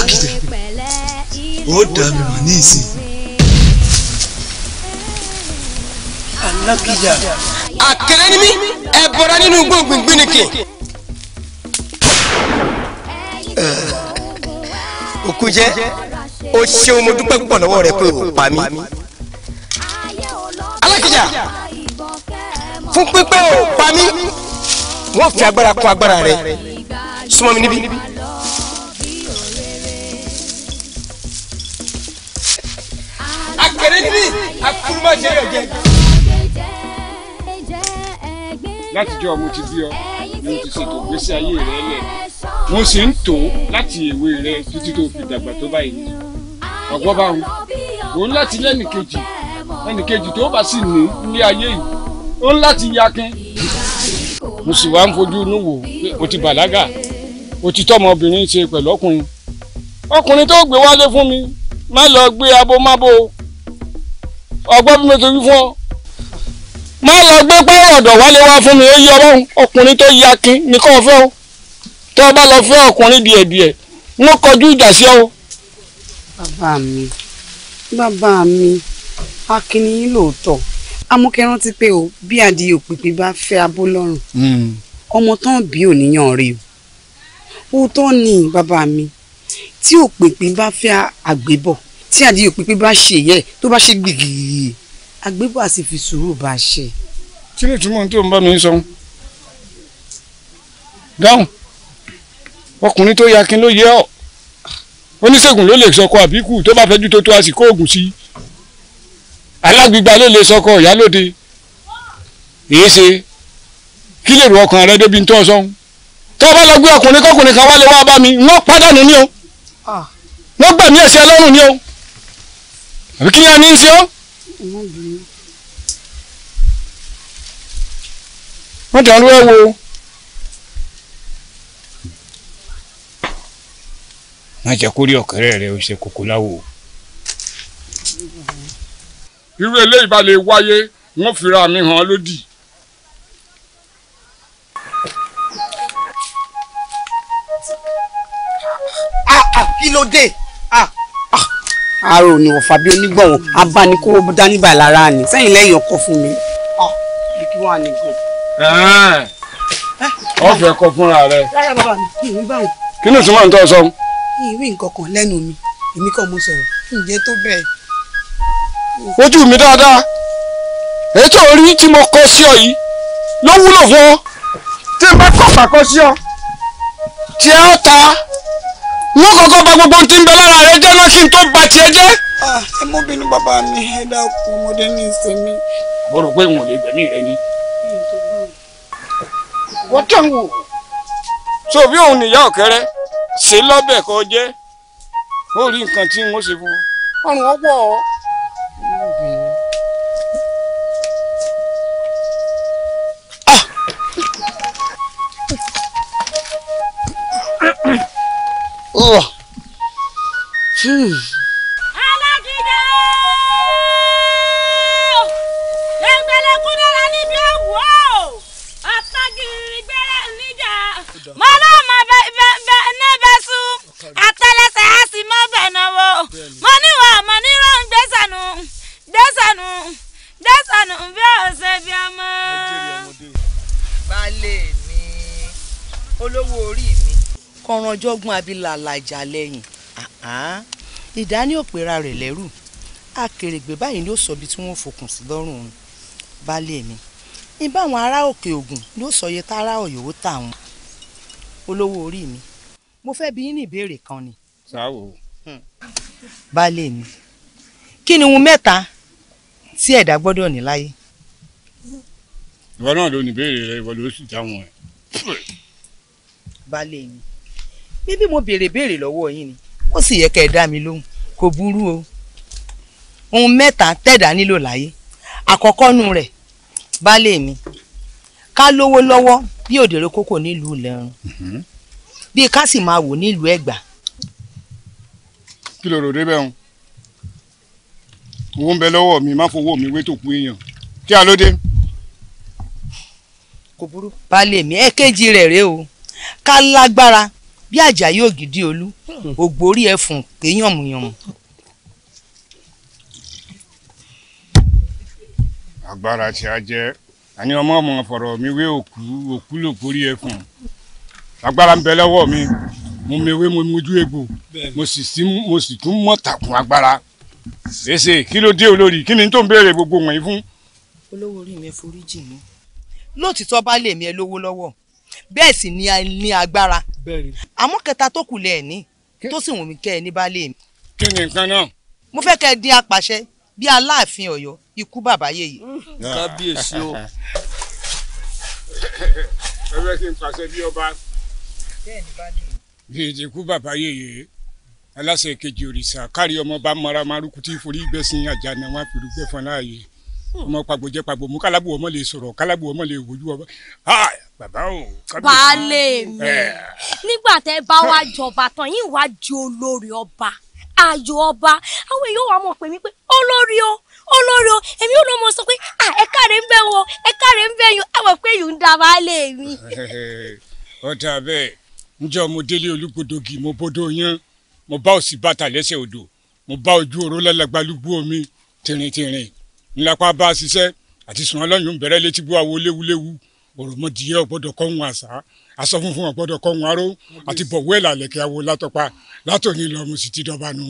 dákìtì ó dà mí mà ní ìsìn. alákìjà. àkèrè ni mí ẹ bọra nínú gbòǹgbìn gbìnìkì. òkú jẹ́ o ṣeun mo dúpẹ́ púpọ̀ lọ́wọ́ rẹ pé o pa mí. alákìjà fún pípẹ́ o pa mí wọ́n fi agbára kún agbára rẹ súnmọ́ mi níbí. àtijọ́ mo ti bí ọ mo ti ṣètò ìgbésí ayé rẹ lẹ̀ mo sì ń tò láti èwe rẹ títí tó fi dàgbà tó báyìí ọ̀gbọ́n bá wọn òun láti lẹ́nìkejì ẹnìkejì tó bá sì ní ilé ayé yìí òun láti yakin mo sì wá ń fojú inú wò pé o ti bàlágà o ti tọ́mọbìnrin ṣe pẹ̀lú ọkùnrin ọkùnrin tó gbé wálé fún mi má lọ gbé abo mábo ọgbọ́n bí mo ti wí fún ọ má lọ gbé pé ọ̀dọ̀ wálé wá fún mi ó yí ọlọ́run ọkùnrin tó yí akin ni kò fẹ́ o tó o bá lọ fẹ́ ọkùnrin díẹ̀díẹ̀ wọ́n kọjú ìjà sí ọ. bàbá mi bàbá mi akin ni lóòótọ́ amúkẹ́rán ti pé o bí adìyẹ òpìpì bá fẹ́ abó lọ́rùn hmm. ọmọ tán bí ò níyàn rí o òótọ́ ni bàbá mi tí òpìpì bá fẹ́ àgbébọ̀ tí adìyẹ òpìpì bá ṣe yẹ tó bá ṣe gbìgìrì agbébọ̀ àti fi sùúrù bá a ṣe. kí ni ìtumọ̀ tí o ń bá mi sọ? dáhùn ọkùnrin tó yakin ló yẹ ọ oníṣègùn ló lè sọkọ àbíkù tó bá fẹjú tó tó àsìkò oògùn sí alágbègbà ló lè sọkọ ìyálóde èyí ṣe kí lè ro ọkàn rẹ débi tó sọ tó bá lọ gbé ọkùnrin kọkùnrin kan wá lè wá bá mi wọn pàdánù ni o wọn gbà mí ẹsẹ Ọlọ́run ni o àbí kí ni a ní í ṣe ọ. wọ́n jọ ń rú ẹ̀wò. má jẹ́ kó rí ọ̀kẹ́rẹ́ rẹ ó ṣe kókó láwo. irú eléyìí bá lè wáyé wọ́n fira mi hàn lódì. Ah, ah, kí ló dé? Ah, àrò ni ọ̀fà bí onígbọ̀wọ́ abánikówó dání báyìí lára ni sẹ́yìn lẹ́yìn ọkọ fún mi. kí wàá ní gan. ọ kọ fúnra rẹ. rárá bàbá mi ìwé báyìí. kí sọ. ìwé lẹ́nu mi èmi kàn mo sọ̀rọ̀ ǹjẹ́ tó bẹ́ẹ̀. ojú mi dáadáa ètò orí tí mo kọ sí ọ yìí ló wúlò fún ọ tí n bá kọ ta gbogbo ń bẹ lára rẹ náà kí n tó ah, ẹ mú bínú bàbá mi ẹ ọmọdé ní ìsinmi. mo rò wọ́n tẹ̀ ń wò. so bí òun nìyá ọ̀kẹ́rẹ́ ṣe lọ́bẹ̀ kọ́ jẹ́ ó rí nǹkan tí wọ́n ṣe fún ọ ọrùn ọwọ́ ọ. Alágídá. mọ́lá ọmọ náà bẹ́ sún àtẹlẹsẹ̀ á sì mọ́ bẹ̀ náwó mo níwọ̀ ọmọ nírọ̀ ń gbẹ́sànù gbẹ́sànù gbẹ́sànù bí ọ̀sẹ̀ mi olówó orí mi. kọ̀ranjọ́gbọ́n abilà làjà lẹ́yìn ìdání òpèrà rẹ̀ lẹ́rù akèrègbè báyìí ni ó sọ ibi tí wọ́n fòkùn sí lọ́rùn òun baálé mi ìbáwọn ará òkè ògùn ni ó sọ iye tára ọ̀yọ́wó tà wọn olówó orí mi mo fẹ́ bi yín ní ìbéèrè kan ni. sáwò. Hmm. baálé mi kí ni ohun mẹ́ta tí ẹ̀dá gbọ́dọ̀ ní láyé. ìwọ náà ló ní ìbéèrè rẹ ìwọ ló sì dáhùn ẹ. baálé mi bíbí mo béèrè béèrè lọ́wọ́ yín ni ó sì yẹ kẹ́ ẹ dá mi lóhùn kò burú o ohun mẹ́ta tẹ̀dá nílò láyé àkọ́kọ́ nu rẹ̀ baálé mi ká lówó lọ́wọ́ bí òdèrè kókò nílùú Ìlọrin mhm. bí ká sì máa wò nílùú Ẹ̀gbá. kí ló rò débẹ̀ ń owó ń bẹ lọ́wọ́ mi má fowó mi wé tó kú èèyàn kí a ló dé. kò burú. baálé mi èkejì rẹ̀ rèé o ká lágbára bí Àjàyí Ògìdì Olú hmm. ògbórí ẹfun kéyànmùyànmù. agbára tí a jẹ́ àní ọmọ ọmọ fọ̀rọ̀ mi wé òkú òkú lò kórí ẹkùn agbára ń bẹ lọ́wọ́ mi mo mewé mo mojú egbò mo sì sí mo sì tún mọ̀ tàkùn agbára ṣèṣe kí ló dé olórí kí ni tó ń béèrè gbogbo wọ̀nyí fún. olówó orí mi ẹ forí jì mí lóòtítọ́ bá lè mi ẹ lówó lọ́wọ́ bẹ́ẹ̀ sì ni a ní agbára àmọ́ kẹta tó kù lẹ́ẹ̀ ní tó sì wù mí kẹ́ ẹ ní bá lè mi. kí ni nǹkan náà. mo fẹ́ kẹ́ ẹ dín apàṣẹ bíi aláàfin ọ̀yọ́ ikú bàbá yèyí. kábíyèsí o. ẹ fẹ́ kí n pàṣẹ bí ọba. bí ètò ikú bàbá yèyí aláṣẹ kejì òrìṣà kárí ọmọ bá mara maruku tí forí gbẹ̀sìn ajá náà wá fìlú gbẹ̀fọn láàyè ọmọ pàgbò jẹ pàgbò mú kálábù ọmọ lè sọ̀rọ̀ kálábù ọmọ lè wojú ọmọ bàbá o. baálé mi eh. nígbà tẹ bá wá jọba tán yín wá di olórí ọba ayò ọba àwọn èèyàn wà mọ̀ pé mi pé olórí o olóró èmi ò lọ mọ sọ pé ẹ káre ń bẹ wọn ẹ káre ń bẹ yín ẹ mọ̀ pé yìí ń da baálé mi. ọ̀dà bẹ́ẹ̀ njẹ́ ọmọ délé olúgbòdògì mo bọ́dọ̀ yán mo bá òsì bàtà lẹ́sẹ̀ odò mo bá ojú oró lálàgbàlúgbò omi tìrìntìrìn ńlápá bá a ṣiṣẹ́ àti sùn ọlọ́yún bẹ̀rẹ̀ létí bó awo léwuléwu òròmọdìyẹ ọ̀gbọ́dọ̀ kọ́hún àṣà aṣọ funfun ọ̀gbọ́dọ̀ kọ́hún aró àti bọ̀wé làlẹ̀kẹ́ awo látọpa látòní lọ́mùsí ti dọ́banu.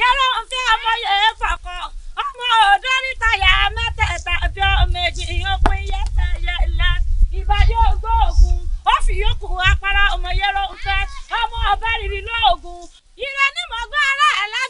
yàrá ń fẹ́ ọmọ yẹn fọkàn ọmọ ọ̀dọ́ níta yà mẹ́tẹ̀ẹ̀ta bí méjì yòókù yẹ́tẹ̀ yẹ ilẹ̀ ìbàdí ògbó ògùn ó fi yòókù apara ọmọ yẹn ló ń fẹ́ ọmọ ọ̀bẹ rírì lóògùn ìrẹ́ ni mo ara ẹ̀ lágbàá.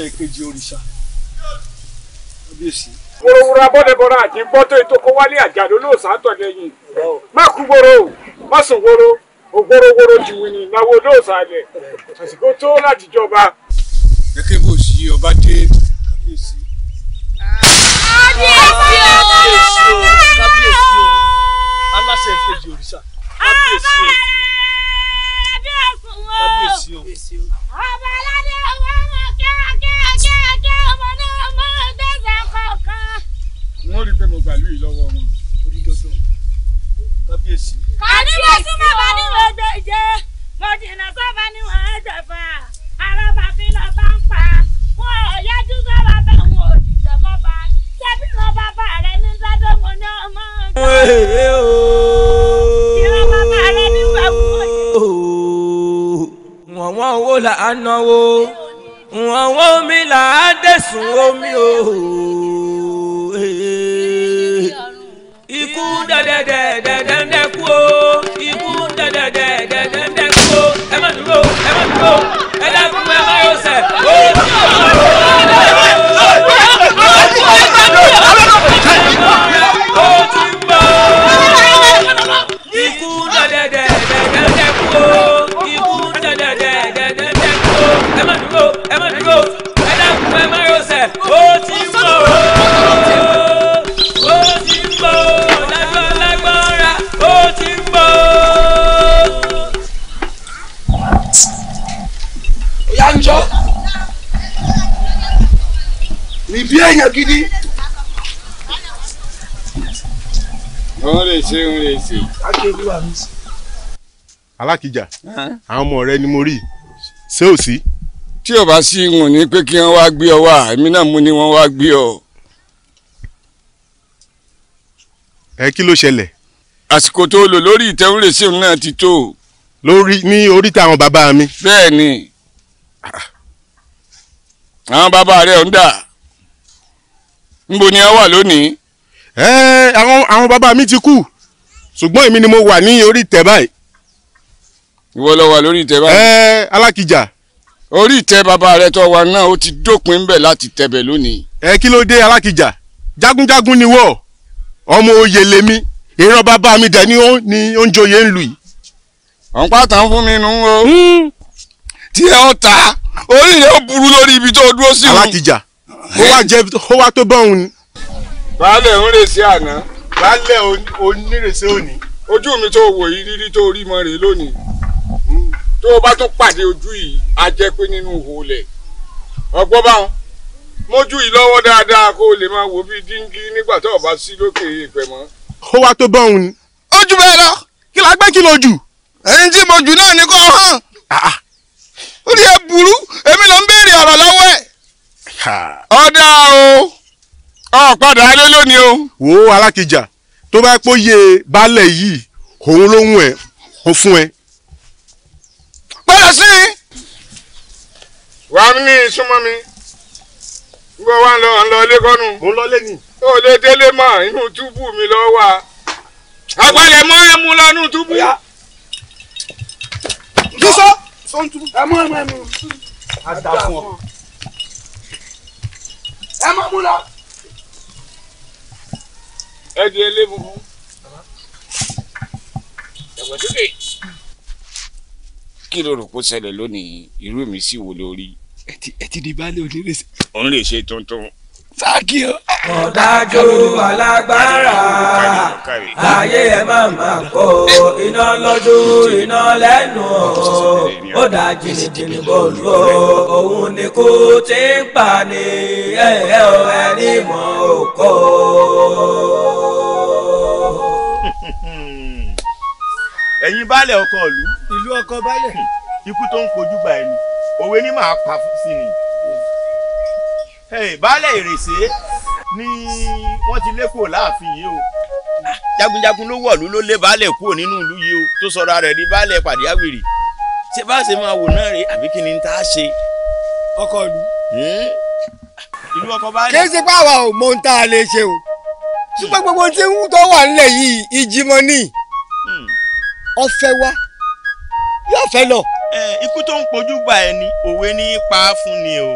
aláṣẹ ìkejì òrìṣà kábíyèsí. wúrowúro abọ́dẹ̀bọ́ra àti gbọ́tọ̀ ètò kó wálé àjàdo lóòsàn àtọ̀lẹ́yìn má kú gbòòrò má sùn gbòòrò ògbòrògbòrò jìwìn ní ìnáwó lóòsàn alẹ̀ àsìkò tó láti jọba. gẹ́gẹ́ bó ṣí ọba dé kábíyèsí. kábíyèsí o kábíyèsí o aláṣẹ ìkejì òrìṣà kábíyèsí o. 我是卖花的人。èèyàn gidi. wọ́n lè ṣe wọ́n lè ṣe. alákìjà àwọn ọmọ rẹ ni mo rí ṣé ò sí. tí ò bá sí wọn ni pé kí wọ́n wá gbé ọ wá èmi náà mú ni wọ́n wá gbé ọ. ẹ kí ló ṣẹlẹ̀. àsìkò tó lò lórí ìtẹ́wúrẹ́ ṣéun náà ti tó. lórí ní oríta àwọn bàbá mi. bẹ́ẹ̀ ni ah. àwọn bàbá rẹ̀ ń dà nbo ni a wà lónìí. ẹ àwọn àwọn bàbá mi ti kú ṣùgbọ́n èmi ni mo wà ní orí ìtẹ́ báyìí. ìwọ ló wà lórí ìtẹ́ báyìí. ẹ alákìjà. orí ìtẹ́ bàbá rẹ tó wà náà ó ti dópin bẹ̀ láti tẹ̀bẹ̀ lónìí. ẹ kí ló dé alákìjà jagunjagun ni wọ ọmọ oyè lèmi ìran bàbá mi dẹ̀ ni oúnjẹ oyè ń lù yìí. ọ̀npá tán fún mi nù ú o. Hmm. tí ẹ ọ̀ ta orí rẹ̀ ó burú lórí ibi tó dúró sí. alákìjà ó wá jẹ ó wá tó bọ́ òun ni. baálẹ̀ ń rèsí àná baálẹ̀ onírèsí òní. ojú mi tó wò yí rírí tó rí mọ́ rèé lónìí tó o bá tún pàdé ojú yìí á jẹ́ pé nínú ìhòòlẹ̀ ọgbọ́n báwọn mójú yìí lọ́wọ́ dáadáa kó o lè máa wò bíi díngí nígbà tó o bá sí lókè ìpẹ́ mọ́. ó wá tó bọ́ òun ni. ó jù bẹ́ẹ̀ lọ kí la gbé kí lo jù. ẹni tí mo jù náà ni kò hàn. Ah, ah. ó ní ẹ burú èmi ló ń béèrè ọ̀rọ̀ lọ́wọ́ ẹ̀ ọ̀dà o ọ̀padà alé lónìí o. wo alákìjà tó bá pọ̀ yé yìí òun ló ń wẹ̀ ó fún ẹ. pẹ̀lẹ́ sí i. wà á ní ìsúnmọ́ mi gbọ́ wa ń lọ ń lọ ilé kọ́nu. mo lọ lẹ́yìn. ó lè délé mọ́ inú túbú mi lọ wà. àgbàlẹ̀ mọ́ ẹ mú lọ inú túbú. sísọ. ẹ mú ẹ mú ẹ mú. a dà fún ọ ẹ máa mú lọ. ẹ di eléburú. ẹ̀wẹ̀ sókè. kí ló rò kó ṣẹlẹ̀ lónìí irú mi sì wò lórí. ẹ ti di baálé onírèsè. òun tuntun sáàkì o. ọ̀dájú alágbára ayé ẹ máa ma kó iná lójú iná lẹ́nu ó dá jìnnìjìnnì bọ́ọ̀lù o òun ni kú ti ń pa ni ẹ ẹni mọ̀ òkò. ẹ̀yin baálẹ̀ ọkọ ìlú ìlú ọkọ baálẹ̀ ikú tó ń fojú bá ẹni òwe ni màá pa sí ni baálé ìrèsé ni wọ́n ti lé kúrò láàfin yìí o jagunjagun ló wọ̀lú ló lé baálé kúrò nínú ìlú yìí o tó sọra rẹ̀ di baálé pàdíyàwìrì ṣé bá ṣe máa wò náà rè àbí kí ni tá a ṣe. ọkọ ìlú. ìlú ọkọ baálé. kì í ṣe pé àwa ò mọ ohun tá a lè ṣe o ṣùgbọ́n gbogbo tí ń tó wà nílẹ̀ yìí ìjìmọ̀ ni hmm. ọ̀fẹ́ wa yóò fẹ́ lọ. ikú tó ń pojú bá ẹni òwe ní í pa á fún ni o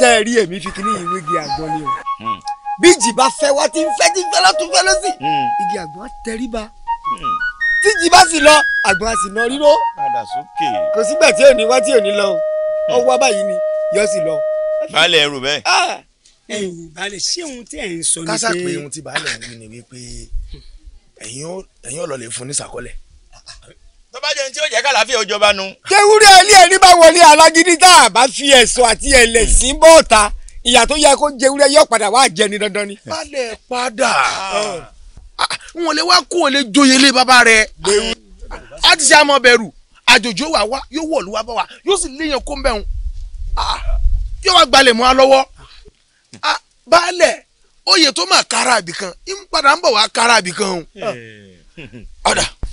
ṣe é rí èmi fi kíní ìwé igi àgbọn ni o hmm. bí ìjì bá fẹ́ wá tí ń fẹ́ tí ń fẹ́ lọ́tún fẹ́ lọ́sì hmm. igi àgbọn á tẹríba hmm. tí ìjì bá sì lọ àgbọn á sì nà ríró kò sígbà tí ò ní wá tí ò ní lọ o ọwọ́ báyìí ni yọ sí lọ. baálé ẹrù bẹ́ẹ̀. Ah! ẹ̀yin baálé ṣé ohun tí ẹ ń sọ ni pé. kásá pé ohun tí baálé ń ni wípé ẹ̀yin ò lọ lè fún ní sàkọlẹ̀ tó bá jẹun tí ó jẹ́ kàlàfíà ó nu. tewúrẹ́ ilé ẹni bá wọlé alágídí bá fi ẹ̀sùn àti ẹ̀lẹ̀ sí bọ́ọ̀ta ìyà tó yẹ kó jewúrẹ́ yọ padà wá jẹ dandan ni. balẹ̀ padà wọn lè wá kó wọn lè joyè lé bàbá rẹ a ti ṣe àmọ́ bẹ̀rù àjòjò wà wá yóò wọ̀lú wá bá wa yóò sì léèyàn kó ń bẹ̀ wọn yóò wá gbalẹ̀ mọ́ a lọ́wọ́ baálẹ̀ oyè tó máa kára àbìkan ń padà ń bọ̀ wá kára àbìkan ọ̀dà.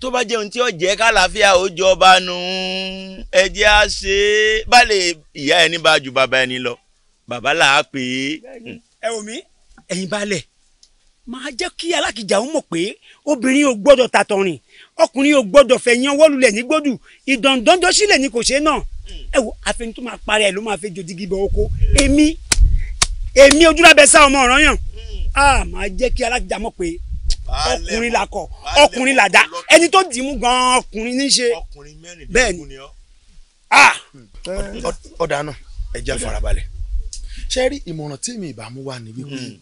tó bá jẹun tí ó jẹ́ kálàáfíà ó jọba nù ẹjẹ́ á ṣe é bálẹ̀ ìyá ẹni bá ju bàbá ẹni lọ bàbá là á pè é. ẹ wò mí ẹ̀yin balẹ̀ máa jẹ́ kí alákìjà ń mọ̀ pé obìnrin ò gbọ́dọ̀ tàtọ̀rìn ọkùnrin ò gbọ́dọ̀ fẹ̀yìn ọwọ́ lulẹ̀ ní gbódù ìdàndọ́njọ́ sílẹ̀ ni kò ṣe náà ẹ wo àfẹni tó máa parẹ́ ẹ ló máa fẹ́ jòdìgì bọ̀ oko èmi èmi ojúlábẹ́sà ọmọ ọ̀rọ̀ yàn hmm. ah, á máa jẹ́ kí alákìjà mọ̀ pé ọkùnrin làkọ ọkùnrin làdá ẹni tó dì í mú gan ọkùnrin níṣe bẹ́ẹ̀ ni ọ̀dà náà ẹ̀jẹ̀ farabalẹ̀ ṣe rí ìmọ̀ràn tí mi ìbá mú wá ní wípé hmm.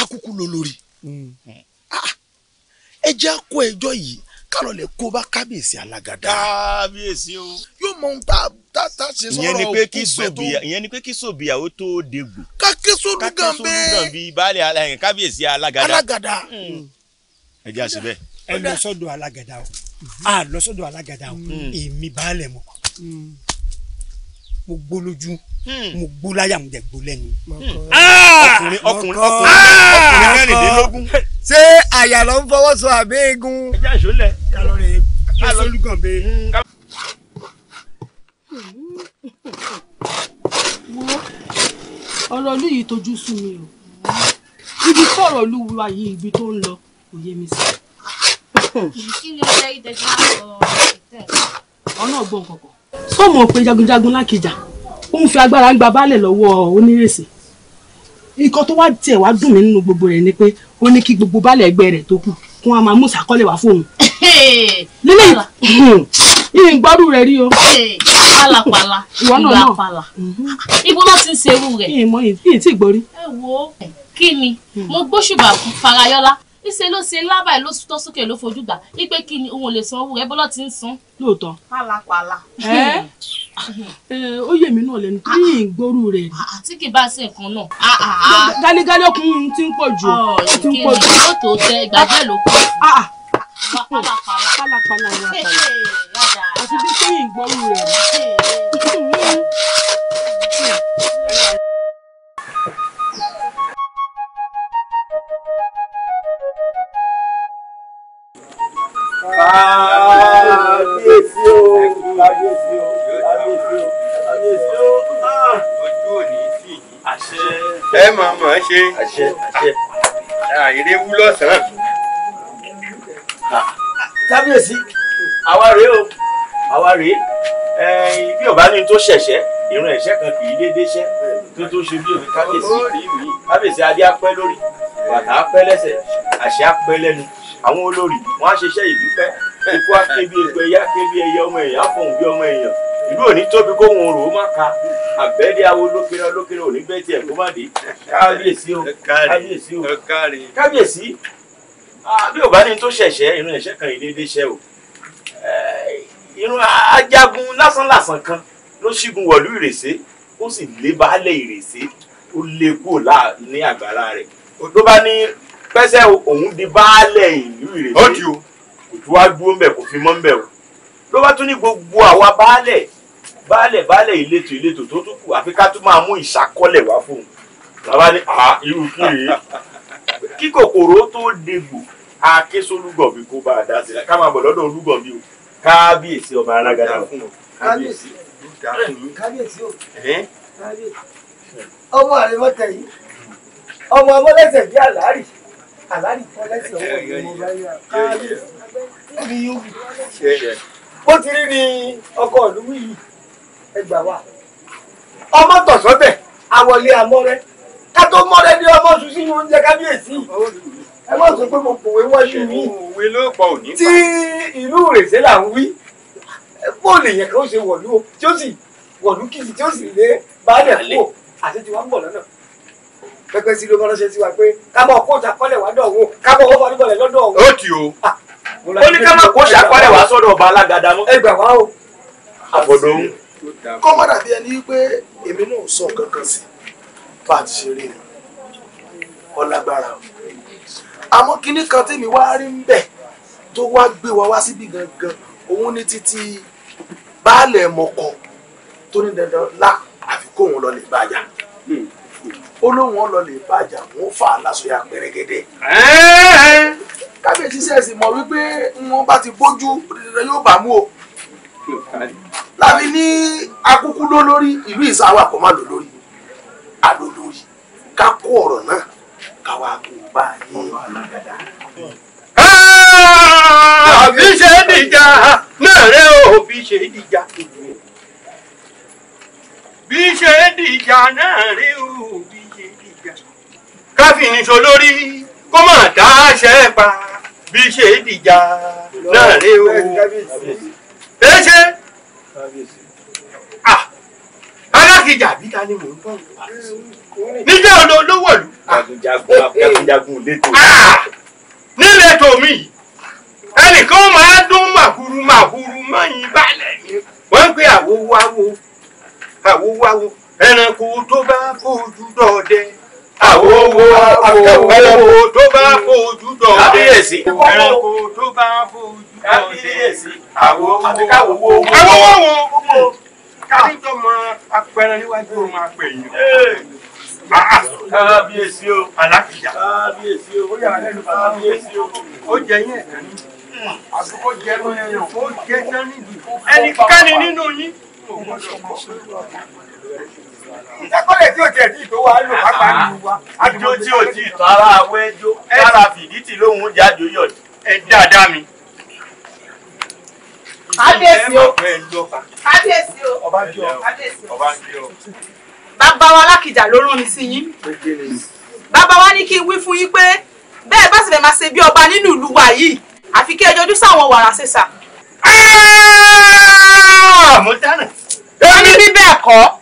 akúkú ló lórí hmm. ẹjẹ́ kó ẹjọ́ yìí kálọ̀ lè kó bá kábíyèsí alágadá. kábíyèsí o. yóò mọ ohun tá a tá a ṣe sọ̀rọ̀ òkú bẹ́ẹ̀ tó. ìyẹn ni pé kí sòbìyàwó tó dégbò. kákẹ́sọ́dún gànbẹ́. kákẹ́sọ́dún gànbẹ́ baálé kábíyèsí alágadá. alágadá. Mm ẹ jẹ́ àṣẹ bẹ́ẹ̀. ẹ lọ sọ́dọ̀ alágàdá o mhm. a lọ sọ́dọ̀ alágàdá o mm. èmi baálẹ̀ mọ̀ mm. mo gbó lójú mm. mo gbó láyà mo dẹ̀ gbó lẹ́nu. ọkùnrin ọkùnrin ọkùnrin mẹ́rìndínlógún. ṣé àyà ló ń fọwọ́ sọ àbí eegun. ẹ jẹ́ àṣọlẹ̀ kálọ̀ rẹ̀ kálọ̀ lùgàn bẹ́ẹ̀. ọ̀rọ̀ ìlú yìí tojú sú mi o ibi tí ọ̀rọ̀ ìlú wa yìí ibi tó ń lọ kò yé mi sí. kí ni ilé ìdẹ́jú máa sọ ìtẹ́? ọ̀nà ọ̀gbọ́n kọ̀ọ̀kan. sọ́mọ̀ pé jagunjagun lákìjà ó ń fi agbára ń gba baálẹ̀ lọ́wọ́ onírèsè nǹkan tó wá tiẹ̀ wá dùn mí nínú gbogbo rẹ̀ ni pé ó ní kí gbogbo baálẹ̀ ẹgbẹ́ rẹ̀ tó kù kí wọ́n á máa mú ìsàkọ́lẹ̀ wá fóun. lílé ìhìn gbọ́rù rẹ̀ rí o. pálapàla ìlàpàlà ibo náà ti ń ṣerú rẹ̀. ìyìn tí ì gbórí. ẹ wo kí ni mo gbóṣùbà fún Farayọlá ìṣe ló ṣe lábàá ló tọ́ sókè ló fojú gbà wípé kí ni òun ò lè san owó rẹ bọ́lá ti ń san. lóòótọ́. pálapàla. ó yè mí náà lẹ́nu tó ní ah, ah. ìgbóru rẹ̀. Ah, tí kì í bá ṣe nǹkan náà. gánígání ọkùnrin ti ń pọ̀ jù. Oh, ó ti ń pọ̀ jù. ó tó tẹ ìgbà bẹ́ẹ̀ ló pọ̀ jù. pálapàla pálapàla àti bí sẹ́yìn ìgbóru rẹ̀. Hmm. kábíyèsí o kábíyèsí o kábíyèsí o kábíyèsí o. ojú òní sí yìí. àṣẹ. ẹ máa mọ̀ ẹ́ ṣe. àṣẹ àṣẹ. àìrè wú lọ́sàn-án. kábíyèsí àwa rèé o àwa rèé bí ọba ní tó ṣẹ̀ṣẹ̀ ìran ẹ̀ṣẹ̀ kan kì í déédéé ṣẹ́ tó tó ṣe bí òfin kábíyèsí kábíyèsí adé á pẹ́ lórí bàtà á pẹ́ lẹ́sẹ̀ àṣẹ á pẹ́ lẹ́nu àwọn olórí wọn á ṣiṣẹ́ ìdúpẹ́ ikú akébi ètò ẹ̀yà akébi ẹ̀yẹ ọmọ èèyàn fọ̀hún bí ọmọ èèyàn ìlú òní tóbi kó wọn rò ó má ka àbẹ́dẹ́ awo lókèrè lókèrè òní bẹ́ẹ̀ tiẹ̀ kó má dé kábíyèsí o kábíyèsí o kábíyèsí bí o bá ní tó ṣẹ̀ṣẹ̀ irun ẹ̀ṣẹ̀ kan ìdédé ṣẹ o irun ajagun lásánlàsàn kan ló ṣígun wọ̀lú ìrèsé ó sì lé baálé ìrèsé ó lé kúò ní àgbàrá rẹ̀ ló bá ní pẹ́sẹ́ òun di baálẹ̀ ìlú ìrètí ó di o kò tún wá dúró mbẹ̀ kò fi mọ́ mbẹ̀ o ló bá tún ní gbogbo àwa baálẹ̀ baálẹ̀ baálẹ̀ ìletò ìletò tó tún kù àfi ká tún máa mú ìṣàkọ́lẹ̀ wá fóun bàbá ní à irú kí rèé kí kòkòrò tó dégbò aké sólúgọ̀bì kó bá a dá sílẹ̀ ká máa bọ̀ lọ́dọ̀ olúgọ̀bì o kábíyèsí ọba alágadá o kábíyèsí kábíyèsí o kábíyèsí ọmọ àrèmọ́tẹ̀ ọmọ ọmọlẹ́sẹ̀ bíi àlárì àlárí kan lẹ́sẹ̀ owó ìlú mo bó ti rí ni ọkọ ìlúwí yìí ẹ gbà wá ọmọ tọ̀sọ́tẹ̀ àwọlé àmọ́rẹ́ ká tó mọ́rẹ́ ní ọmọ sùn sínú oúnjẹ kábíyèsí ẹ má sọ pé mo pòwe wájú mi tí ìlú ìrèsé là ń wí bóòlù yẹn kan ó ṣe wọ̀lú o tí ó sì wọ̀lú kìsì tí ó sì lé baálẹ̀ kú àti tí wọ́n ń bọ̀ lọ́nà. pẹpẹ sí ló mọ ránṣẹ́ sí wa pé kábọ kó ṣàkọlẹ wá dọwọ kábọ kó o ah, ó ní ká má kó ṣàkọlẹ wá ọba alágàdá mọ. ẹ gbà wá o. àbọ̀dọ̀ òun. kọ́ má sọ kankan sí bá a ti ṣe rí ọlágbára o àmọ́ kinní kan wá rí ń bẹ̀ tó gangan òun ní títí tó ní dandan ó lóun ọ lọ lè bàjà wọn fà á lásòyà pẹrẹgẹdẹ. kábíyèsí sẹ́ẹ̀sì mọ̀ wípé wọn bá ti bójú òdìdíran yóò bá mú o. láfi ní akúkú ló lórí ìlú ìsáwà kò má lò lórí àlò lórí ká kó ọ̀rọ̀ náà ká wá kó bá yín alágàdá. àbí ṣe é dìjà náà rẹ òbí ṣe é dìjà. bí ṣe é dìjà náà rí o káfíìnìṣó lórí kó má dá àṣẹ pa bí ṣe dìjà náà rè o èé alákìjà bí ta ni mò ń bọ̀ níjà ọ̀nà olówọ̀lú. jagunjagun lẹ́tọ̀. nílẹ̀ tòmí ẹnìkan máa dún màkúrú màkúrú mọ́yìn balẹ̀ mi wọ́n ń pè àwo wáwo àwo wáwo ẹranko tó bá fojú dọ̀ọ́dẹ́ àwọn owó akẹ́kọ̀ọ́ tó bá fojú dọ̀ kábíyèsí ẹranko tó bá fojú dọ̀ kábíyèsí àwọn owó àwọn owó owó kábíyèsí mọ apẹran níwájú òun apẹyìn kábíyèsí o alákìjà kábíyèsí o ó yàrá lẹ́nu kábíyèsí o ó jẹ yín ẹ̀ka ní àsìkò jẹ ló yẹ yàn ó jẹ jẹ nídìí ẹnikẹ́ni nínú yín ìdákọ́lẹ̀ tí ò tiẹ̀ tí ìtò wa lò pápá nínú wa. ajó tí ò tí ìtọ́ ara awẹ́jó tára fìdítì lóhùn jáde yọ̀dí. ẹ dáadáa mi. kábíyèsí o kábíyèsí o ọba jọ ọba jọ. bàbá wa lákìjà ló rán mi sí yín bàbá wa ní kí n wí fún yín pé bẹ́ẹ̀ bá sì fẹ́ máa ṣe bí ọba nínú ìlú wa yìí àfi kí ẹjọ́ ojú sáwọn wàrà ṣèṣà. mo dáná. ó ní bí bẹ́ẹ̀ kọ́.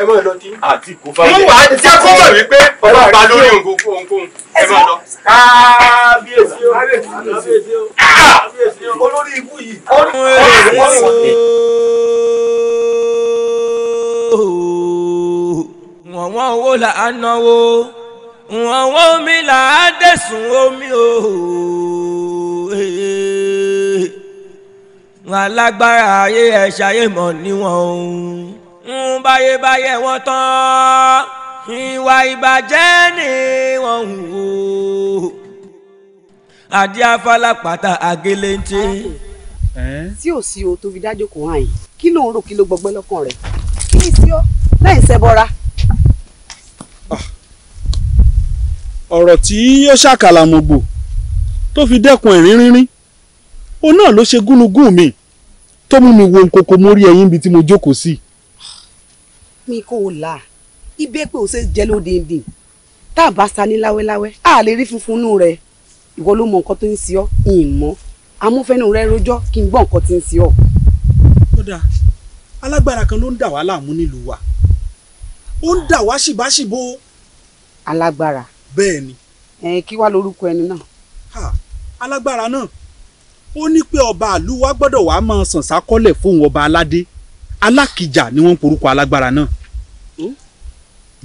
ẹ máa lọ tí. àti kò fà yẹ. wà á jẹ́ kó mọ̀ wípé ọba àgbà lórí ohunkóhun ẹ máa lọ. kábíyèsí o kábíyèsí o kábíyèsí o olórí ibú yìí. wọ́n wọ́n wo là á náwó wọ́n wọ́n mi là á dẹ̀sùn omi o wọn alágbára ayé ẹ̀ ṣayé mọ̀ níwọ̀n o ń báyébáyé wọn tán ìwà ìbàjẹ́ ni wọ́n hù ó àdí afálápàtà àgéléńté. tí ò sí o tó fi dájú kò hàn yìí kí ló ń rò kí ló gbọgbẹ́ lọ́kàn rẹ̀ kí ni tí ó lẹ́yìn sẹ́bọ́ra. Ah. ọ̀rọ̀ tí yóò ṣàkàlàmọ̀gbò tó fi dẹ́kun ẹ̀rín rínrín òun náà ló ṣe gúnugún mi tó mú mi wo nkoko mórí ẹyin ibi tí mo jókòó sí. Si pin kó o là ibẹ̀ pé o ṣe jẹ́ lódìndín tá a bá sa ní láwẹ́láwẹ́ a lè rí funfun nù rẹ ìwọ ló mọ nǹkan tó ń ṣe ọ́ ìmọ̀ amúfẹ́nu rẹ rojọ́ kí n gbọ́ nǹkan tí ń ṣe ọ́. kódà alágbára kan ló ń dà wá láàmú nílùú wa ó ń dà wá ṣìbáṣìbó. alágbára. bẹ́ẹ̀ ni. ẹ kí wá lórúkọ ẹni náà. ha alágbára náà ó ní pé ọba àlú wa gbọ́dọ̀ wàá máa sàn sákọ́lẹ̀ fóun ọba aládé alákìjà ni wọ́n ń porúkọ alágbára náà hmm?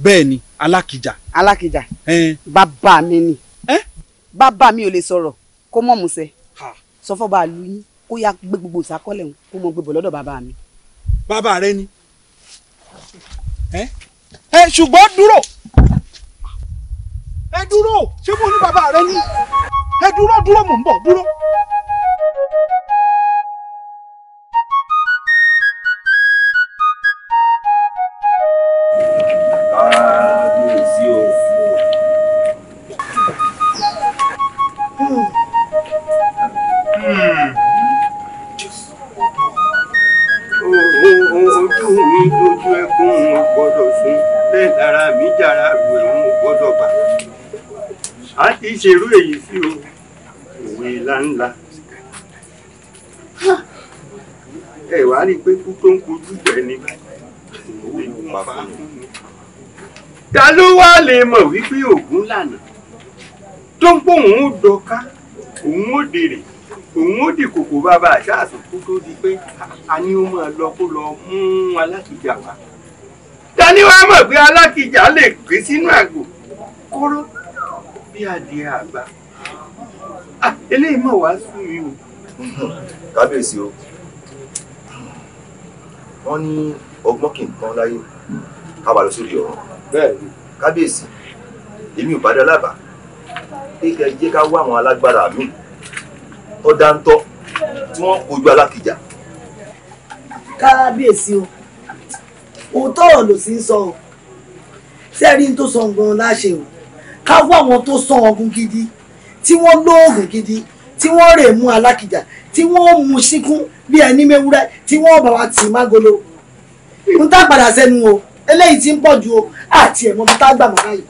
bẹ́ẹ̀ ni alákìjà. alákìjà bàbá mi ni bàbá mi ò lè sọ̀rọ̀ kó mọ̀ musẹ̀ sọ fọ́ bá a lu yín kó yá gbé gbogbo ìsákọ́lẹ̀ kó mọ gbébọ̀ lọ́dọ̀ bàbá mi. bàbá rẹ ni ẹ ṣùgbọ́n dúró ẹ dúró ṣé mo ní bàbá rẹ ni ẹ dúró dúró mò ń bọ̀ dúró. ṣerú èyí sí o òwe ńláńlá ẹ wàá rí i pé kú tó ń kojú bẹ́ẹ̀ ni òwe ń pa fún mi. ta ló wá lè mọ̀ wípé ògún lànà tó ń pòun ó dọ̀ka òun ó dèrè òun ó dìkòkò bàbá àṣàṣù kó tó di pé a ní ó máa lọ kó lọ mú alákìjà wá. ta ni wàá mọ̀ pé alákìjà lè gbé sínú àgbò kóró bí adìẹ àgbà ah, eléyìí mọ̀ wá sùn mí o. kábíyèsí o wọ́n ní ọgbọ́n kì í tán láyé ká wà lọ sórí ọ̀run bẹ́ẹ̀ni kábíyèsí èmi ò bá dá lábàá pé kẹ́ jẹ́ ká wá àwọn alágbára mi tó dáńtọ́ tí wọ́n kojú alákìjà. kábíyèsí o òótọ́ ọ̀rọ̀ ló sì ń sọ o sẹ́ẹ̀rí tó sọ gan-an láṣẹ o ká wá àwọn tó sán ọ̀gùn gidi tí wọ́n lóògùn gidi tí wọ́n rè mú alákìjà tí wọ́n mú síkún bí ẹni mẹ́wúrẹ́ tí wọ́n bá wa tì mágolo ń tá padà sẹ́nu o eléyìí ti ń pọ̀ ju o àti ẹ̀mọ́ bí tá gbà màmá yìí.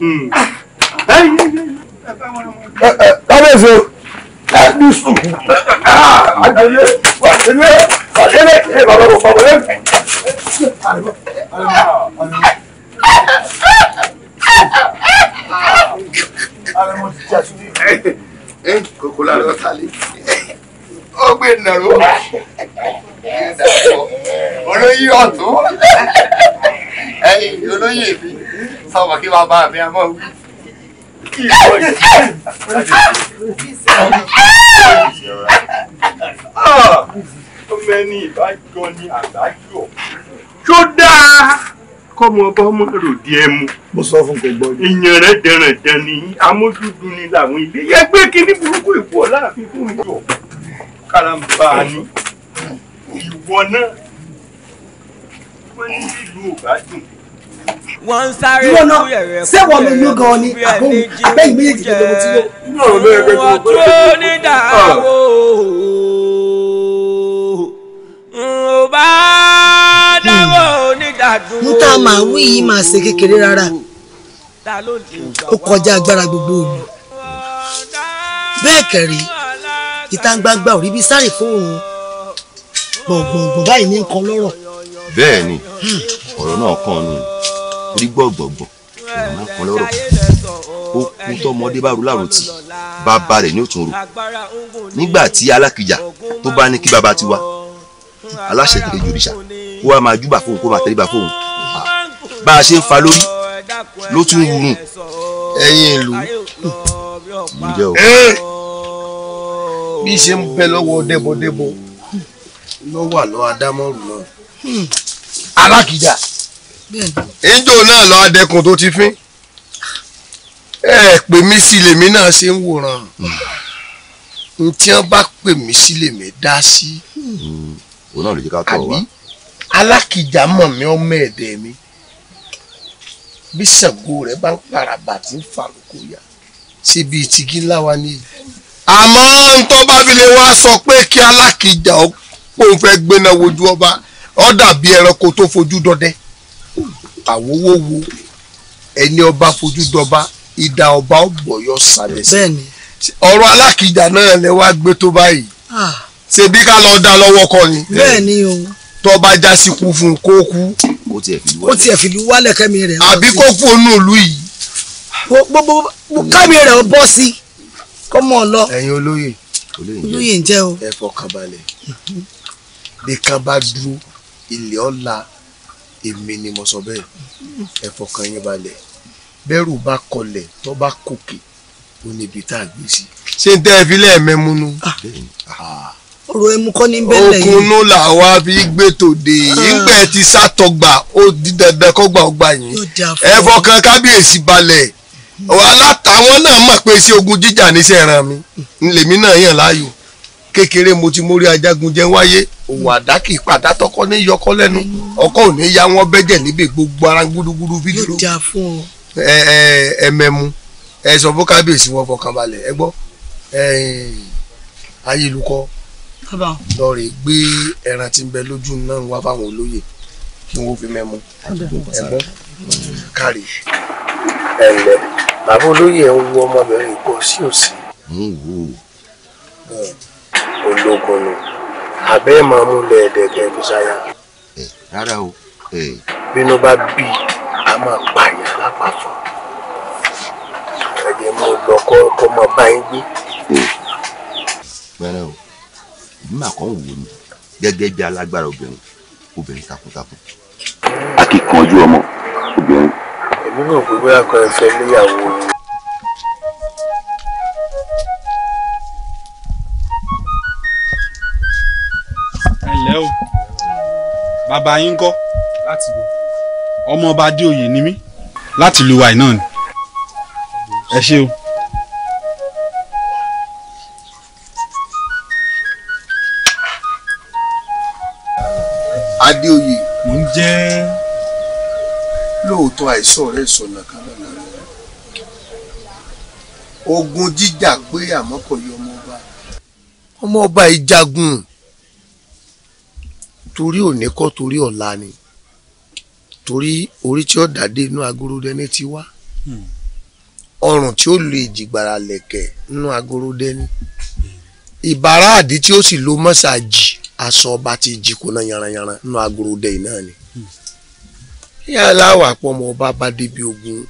Hmm. Ah. kábíyèsí ẹ ní sùn ah, àjẹlé àjẹlé àjẹlé ẹ bàbá bàbá bàbá ara wọn ti jà sílé. ẹ kókó lára ọ̀tá lè ó gbé nàró olóyè ọ̀tún ẹ̀yìn olóyè mi sọmọ kí bàbá mi a máa wí. Ọmọ ẹni ìbájọ ni àgbájọ. Ṣó dáa kọ́mọ ọba ọmọ ròdì ẹ mu. mo sọ fún kò gbọ́. èèyàn rẹ dẹràn dẹràn ní amójúdun ni làwọn ilé yẹ gbé kíní burúkú ìkú ọ̀la àfin ìjọ karamba ni ìwọ náà wọ́n ní nílùú ò bá sáré fún ẹ̀rẹ̀ fún ẹ̀rẹ̀ fún ẹ̀rẹ̀ gan ni abẹ́yìn méjèèjì tó lọ́wọ́ tó ní dàáwó n ò bá dáwọ́ onídàádúró. ń tá a máa wí yìí máa ṣe kékeré rárá ó kọjá agbára gbogbo òòlù bẹ́ẹ̀ kẹ̀rí ìtàǹgbàgbà ò rí bí sáré fóònù gbọ̀ngbọ̀ngbọ̀n báyìí ní nǹkan lọ́rọ̀. bẹ́ẹ̀ ni hmm. ọ̀rọ̀ náà kàn nù orí gbọ̀ngbọ̀ngbọ̀n ọ̀rọ̀ náà kàn lọ́rọ̀ ó kú tọmọdé bá rúlárò tì bàbá rẹ̀ ní òtún rò nígbà tí alákìjà tó bá ní kí bàbá ti wá aláṣẹ kejì òrìṣà kó wa máa júbà fóun kó máa tẹríba fóun bá a ṣe ń fa lórí ló tún rùn ẹ̀yin ìlú bí ṣe ń bẹ lọ́wọ́ débọ̀débọ̀ lọ́wọ́ àlọ́ adámọ̀rù náà alákìjà ìjọ náà lọ adẹkùn tó ti fín ẹ pè mí sí lèmi náà ṣe ń wòran n hmm. wọn bá pè mí sí lèmi dá sí hmm òun náà ló jẹ́ ká tọ̀ wá. àbí alákìjà mọ̀ mí ọmọ ẹ̀dẹ̀ mi bí Ṣàngó rẹ̀ bá ń paraba tí ń fa àlùkò yá ṣe bí ìtìgí ńlá wa ní. àmọ́ ntọ́ bá fi lè wá sọ pé kí alákìjà òun fẹ́ gbéná wojú ọba ó dàbí ẹranko tó fojú dọdẹ àwòwò ẹni ọba fojú dọba ìdá ọba ọgbọyọ sàlẹ sí alákìjà náà lè wá gbé tó báyìí. Ah ṣebí ká lọ dá lọ́wọ́ kọ́ ni. bẹ́ẹ̀ ni o. tó bá já sí kú fún kó kú. ó tiẹ̀ fìlú wálẹ̀ kẹ́mi rẹ̀. àbí kó kú onú ìlú yìí. gbogbo kẹ́mi rẹ̀ bọ́ sí kó mọ̀ lọ. ẹ̀yin olóyè olóyè ń jẹ́ o. ẹ fọkàn balẹ̀ bí kan bá dúró ilé ọ̀la èmi ni mo sọ bẹ́ẹ̀ ẹ fọkàn yín balẹ̀ bẹ́rù bá kọlẹ̀ tó bá kòkè ó tá a gbé sí. ṣé n tẹ́ ẹ fi lẹ́ẹ̀mẹ́mú ọ̀rọ̀ ẹmu kọ́ ní bẹ́ẹ̀ lẹ́yìn. okunnu làwa fi gbé tòde yìí ah. ti sátọgbà ó di dandan kọ́gbà ọgbà yìí ẹ fọkàn kábíyèsí balẹ̀ mm. alátàwọn náà mọ̀ pé sí ogun jíjà níṣẹ́ ràn mí mm. lèmi náà yàn láàyò kékeré mo ti mórí ajagun jẹ́ wáyé òun àdákì padà tọkọ ní yọkọ lẹ́nu mm. ọkọ ò ní ya wọn bẹ́jẹ̀ níbi gbogbo ara gúdúgúdú fi dúró ẹ ẹ ẹ mẹ́mu ẹ sọ fún kábíyèsí wọn fọkàn ẹ gbọ́ ayélujára lọ́ọ̀rẹ́ gbé ẹran tí ń bẹ lójú náà wá fáwọn olóyè kí wọ́n fi mẹ́mu ẹ̀gbọ́n kárí ẹ̀lẹ́ bàbá olóyè ń wo ọmọbìnrin ìkọ sí òsì ológun ni àbẹ́ máa mú lẹ́ẹ̀dẹ̀gẹ̀ bísáyà. rárá o. bínú bá bí a máa pààyàn lápapọ̀ ẹ̀jẹ̀ mo lọ kọ́ ọmọ báyìí gbé. rárá màá kàn wò ni gẹ́gẹ́ bí alágbára obìnrin obìnrin takuntakun. akíkanjú ọmọ obìnrin. èmi náà pé bóyá kan ẹ fẹ́ léyàwó ni. o bàbá yín kọ́ láti wò ọmọ ọba adéoyè ni mí láti lu wàì náà ni ẹ ṣé o. Adéoyè. Mo ń jẹ́. Lóòótọ́ àìsàn rẹ̀ sọ̀nà kan lọ́nà rẹ̀. Ogun jíjà pé àmọ́ kò yọ ọmọ ọba. Ọmọ ọba ìjagun. Torí òní kọ́ torí ọ̀la ni. Torí orí tí ó dàdé inú agorodẹ ní ti wá. Hmm. Ọrùn tí ó lu ìjìgbàrà lẹ̀kẹ̀ nínú agorodẹ ní. Ìbáraàdì tí ó sì lo mọ́sàájì. aṣọ ọba ti jí kóná yanranyanra nínú agorodẹ yìí náà ni hmm. ìyá aláwọ àpọmọ ọba bá débi ogun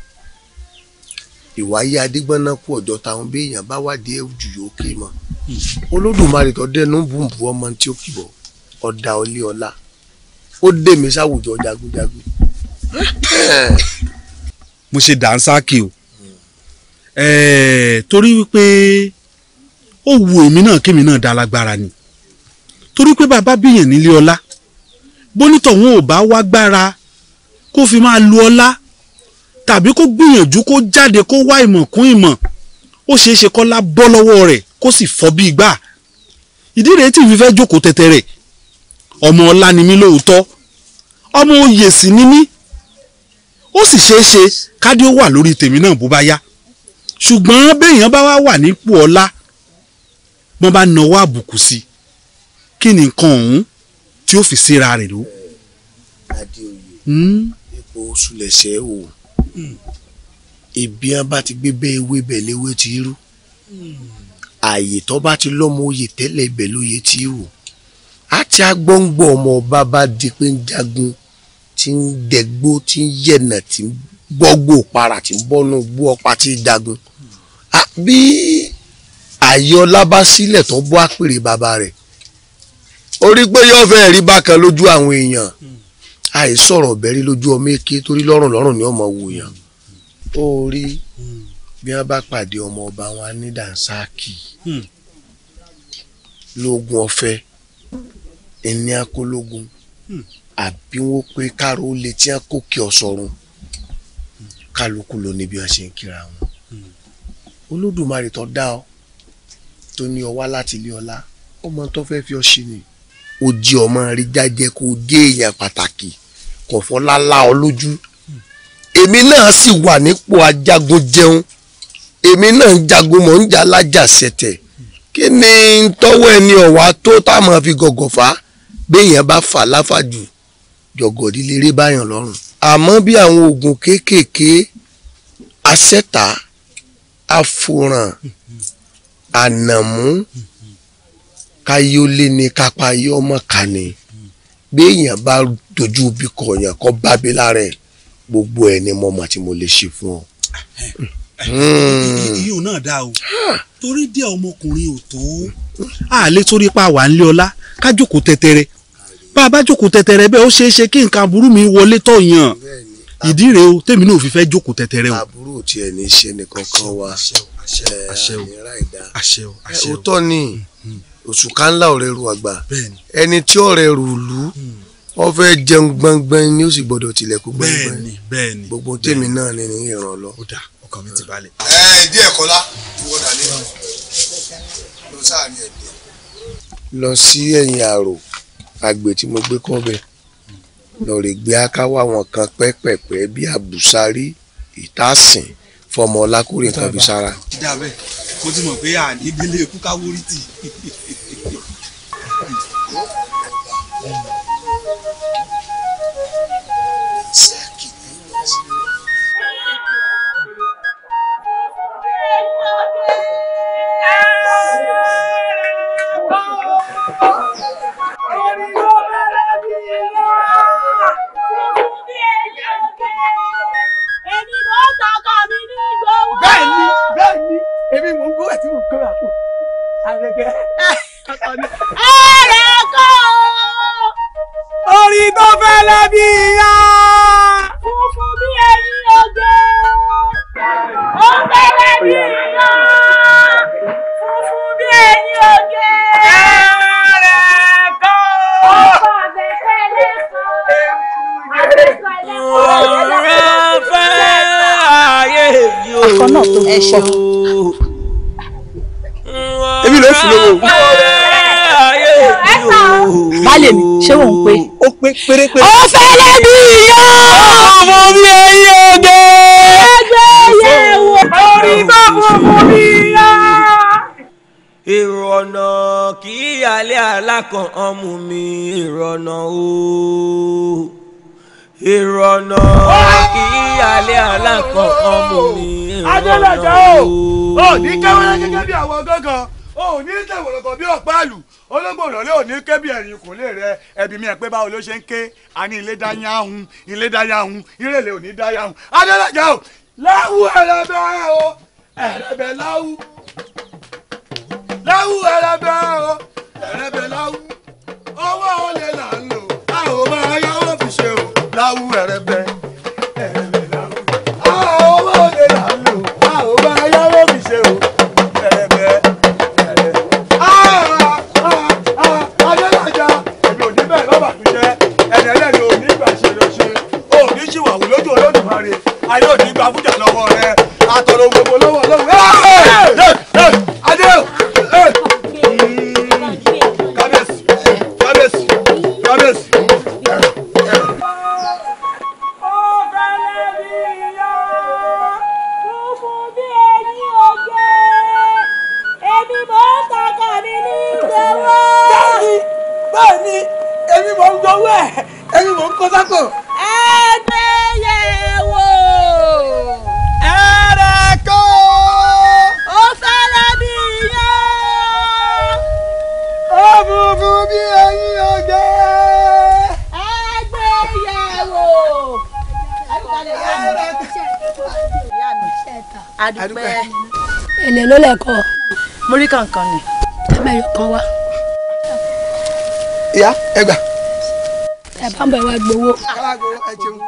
ìwáyé adégbọnà kú ọjọ́ táwọn béèyàn bá wádìí ẹwùjù yóò ké mọ hmm. olódùmarè tó dẹnu bùnbù ọmọ tí ó kìbọ ọdà ọlẹ ọlá ó dé mi sáwùjọ jagunjagun. mo ṣe dànsákì o torí wípé ó wu èmi náà kémi náà dá lágbára ni torí pé bàbá bìyàn nílé ọlá bónítọ̀hún ò bá wá gbára kó fi máa lu ọlá tàbí kó gbìyànjú kó jáde kó wá ìmọ̀ kún ìmọ̀ ó ṣeé ṣe kọ́lá bọ́ lọ́wọ́ rẹ̀ kó sì fọ́ bí igbá ìdí rèé tí ìfífẹ́ jókòó tẹ̀tẹ̀ rẹ̀ ọmọ ọlá ni mí lóòótọ́ ọmọ oyè sì ni mí ó sì ṣeé ṣe kádé ó wà lórí tèmi náà bó bá yá ṣùgbọ́n béèyàn bá wà nípò ọlá wọ́n bá nawọ́ àbùkù sí i kí ni nǹkan ọ̀hún tí ó fi síra rẹ̀ ló. adéoyè ipò hmm? sulẹ̀ṣẹ̀ o ibi wọn bá ti gbé bẹ́ẹ̀ ewé bẹ́ẹ̀ léwé ti rú ààyè tó bá ti lọ́mọ oyè tẹ́lẹ̀ ibẹ̀ lóye ti rú àti agbọ́ngbọ̀n ọmọ ọba bá di pé ń jagun tí ń dẹgbó tí ń yẹ̀nà tí ń gbọ́gbò para tí ń bọ́nu gbó ọ̀pá tí ń jagun bí àyọlá bá sílẹ̀ tó bọ́ àpèrè bàbá rẹ̀ orí pé yóò fẹ́ rí bákan lójú àwọn èèyàn àìsọ̀rọ̀ bẹ́rí lójú ọmọ èké torí lọ́rùn lọ́rùn ni ọmọ wò yàn ó rí bí wọ́n bá pàdé ọmọ ọba wọn ní dànsáàkì hmm. lógún ọ̀fẹ́ ẹni akólógún hmm. àbí wọn pé káró lè tí wọn kò kí ọsọrun hmm. kálukú ló ní wọn ṣe ń kíra wọn olódùmarè tó dá ọ tó ní ọwá láti ilé ọlá ọmọ tó fẹ́ fi ọ ṣe nìyí ó jẹ́ ọmọ rí jájẹ́ kó jẹ́ èèyàn pàtàkì kò fọlá lá ọ lójú èmi náà sì wà nípò ajagun jẹun èmi náà ń jagun mọ̀ ń jà lájà kí ni tọ́wọ́ ẹni ọ̀wá tó táwọn fi gọ̀gọ̀ fà á béèyàn bá fà láfàjù jọ̀gọ̀dí lérè báyàn lọ́rùn àmọ́ bí àwọn oògùn kéékèèké asẹ́ta afòràn ànàmú káyé ó lé ní kápá ayé ọmọ ká ni béèyàn bá dojú ibi kọ yàn kọ bá mi lára ẹ gbogbo ẹ ni mo mọ tí mo lè ṣe fún ọ. ìyóò náà dá o torí díẹ̀ ọmọkùnrin ò tó àlè torí pa wà nílé ọlá kájókòó tẹ̀tẹ̀rẹ̀ bá a bá jókòó tẹ̀tẹ̀rẹ̀ bẹ́ẹ̀ ó ṣeé ṣe kí nǹkan aburú mi wọlé tọ̀ yàn ìdí rèé o tèmi náà ò fi fẹ́ jókòó tẹ̀tẹ̀rẹ̀ o. àbúrò tiẹ̀ ní í ṣe nìkan kan wa àṣẹ àṣẹ ìrà ìdá àṣẹ òótọ́ ni. Mm òṣùká ńlá ọ̀rẹ́ ru àgbà ẹni tí ọ̀rẹ́ rù lù wọ́n fẹ́ jẹun gbọ̀ngbọ̀n ni ó sì gbọ́dọ̀ tilẹ̀kùn gbọ̀ngbọ̀n gbogbo tèmi náà ni ní ìràn lọ. ọkàn mi ti balẹ̀. ẹ ẹ díẹ̀ kọ́lá wọ́n dà lẹ́nu lọ sáàrin ẹ̀dẹ̀. lọ sí ẹ̀yìn àrò àgbè tí mo gbé kọ́ bẹ̀ hmm. lọ gbé aká wá wọn kan pẹ́pẹ̀pẹ́ bí àbùsárí ìtàsìn fọmọ ọlákùnrin nǹkan bíi sára. dábẹ́ mo ti mọ̀ pé àní délé kúkáwórítì. Àrẹ̀kẹ́. Àrẹ̀kọ́. Orí tó fẹ́ lẹ́bi ìyá. Funfun bí ẹyin oge. Ó fẹ́ lẹ́bi ìyá. Funfun bí ẹyin oge. Àrẹ̀kọ́. Ó bọ̀ bẹ̀tẹ̀ lẹ́kọ̀ọ́. Àrẹ̀kọ́ lẹ́kọ̀ọ́. Ọ̀rẹ́ fẹ́ ayé yìí o. Akọ náà tó ń sọ. ṣé òun pé. ó pé pérépéré. ó fẹ́lẹ́ bí iyọ̀. ọmọ mi ẹyẹ ọdẹ. ẹgbẹ́ yẹ̀ wò. orí bàbá ọmọ mi yá. èrò ọ̀nà kí alẹ́ alákan ọmú mi èrò ọ̀nà ooo èrò ọ̀nà kí alẹ́ alákan ọmú mi èrò ọ̀nà ooo. adélájà o ò ní kẹ́wọ́n gẹ́gẹ́ bí àwọn gángan o ò ní tẹ̀wọ̀lọ̀kọ̀ bí ọ̀pá àlù ológbò lọ́lẹ́ òní ké bí ẹ̀yìn kò lè rẹ ẹ̀bí mi ẹ̀ pé báwo ló ṣe ń ké a ní ilé dáyà hun ilé dáyà hun ìrèlè òní dáyà hun adélájà o láwù ẹlẹbẹ o ẹlẹbẹ láwù láwù ẹlẹbẹ o ẹlẹbẹ láwù owó olè là ń lò a ò máa yọ ọ́ fi ṣe o láwù ẹlẹbẹ. kankan ni. tábẹ́lì kan wá. ìyá ẹ gbà. ẹ bá ń bẹ̀ wá gbowó. ẹ bá gbowó ẹ jẹun.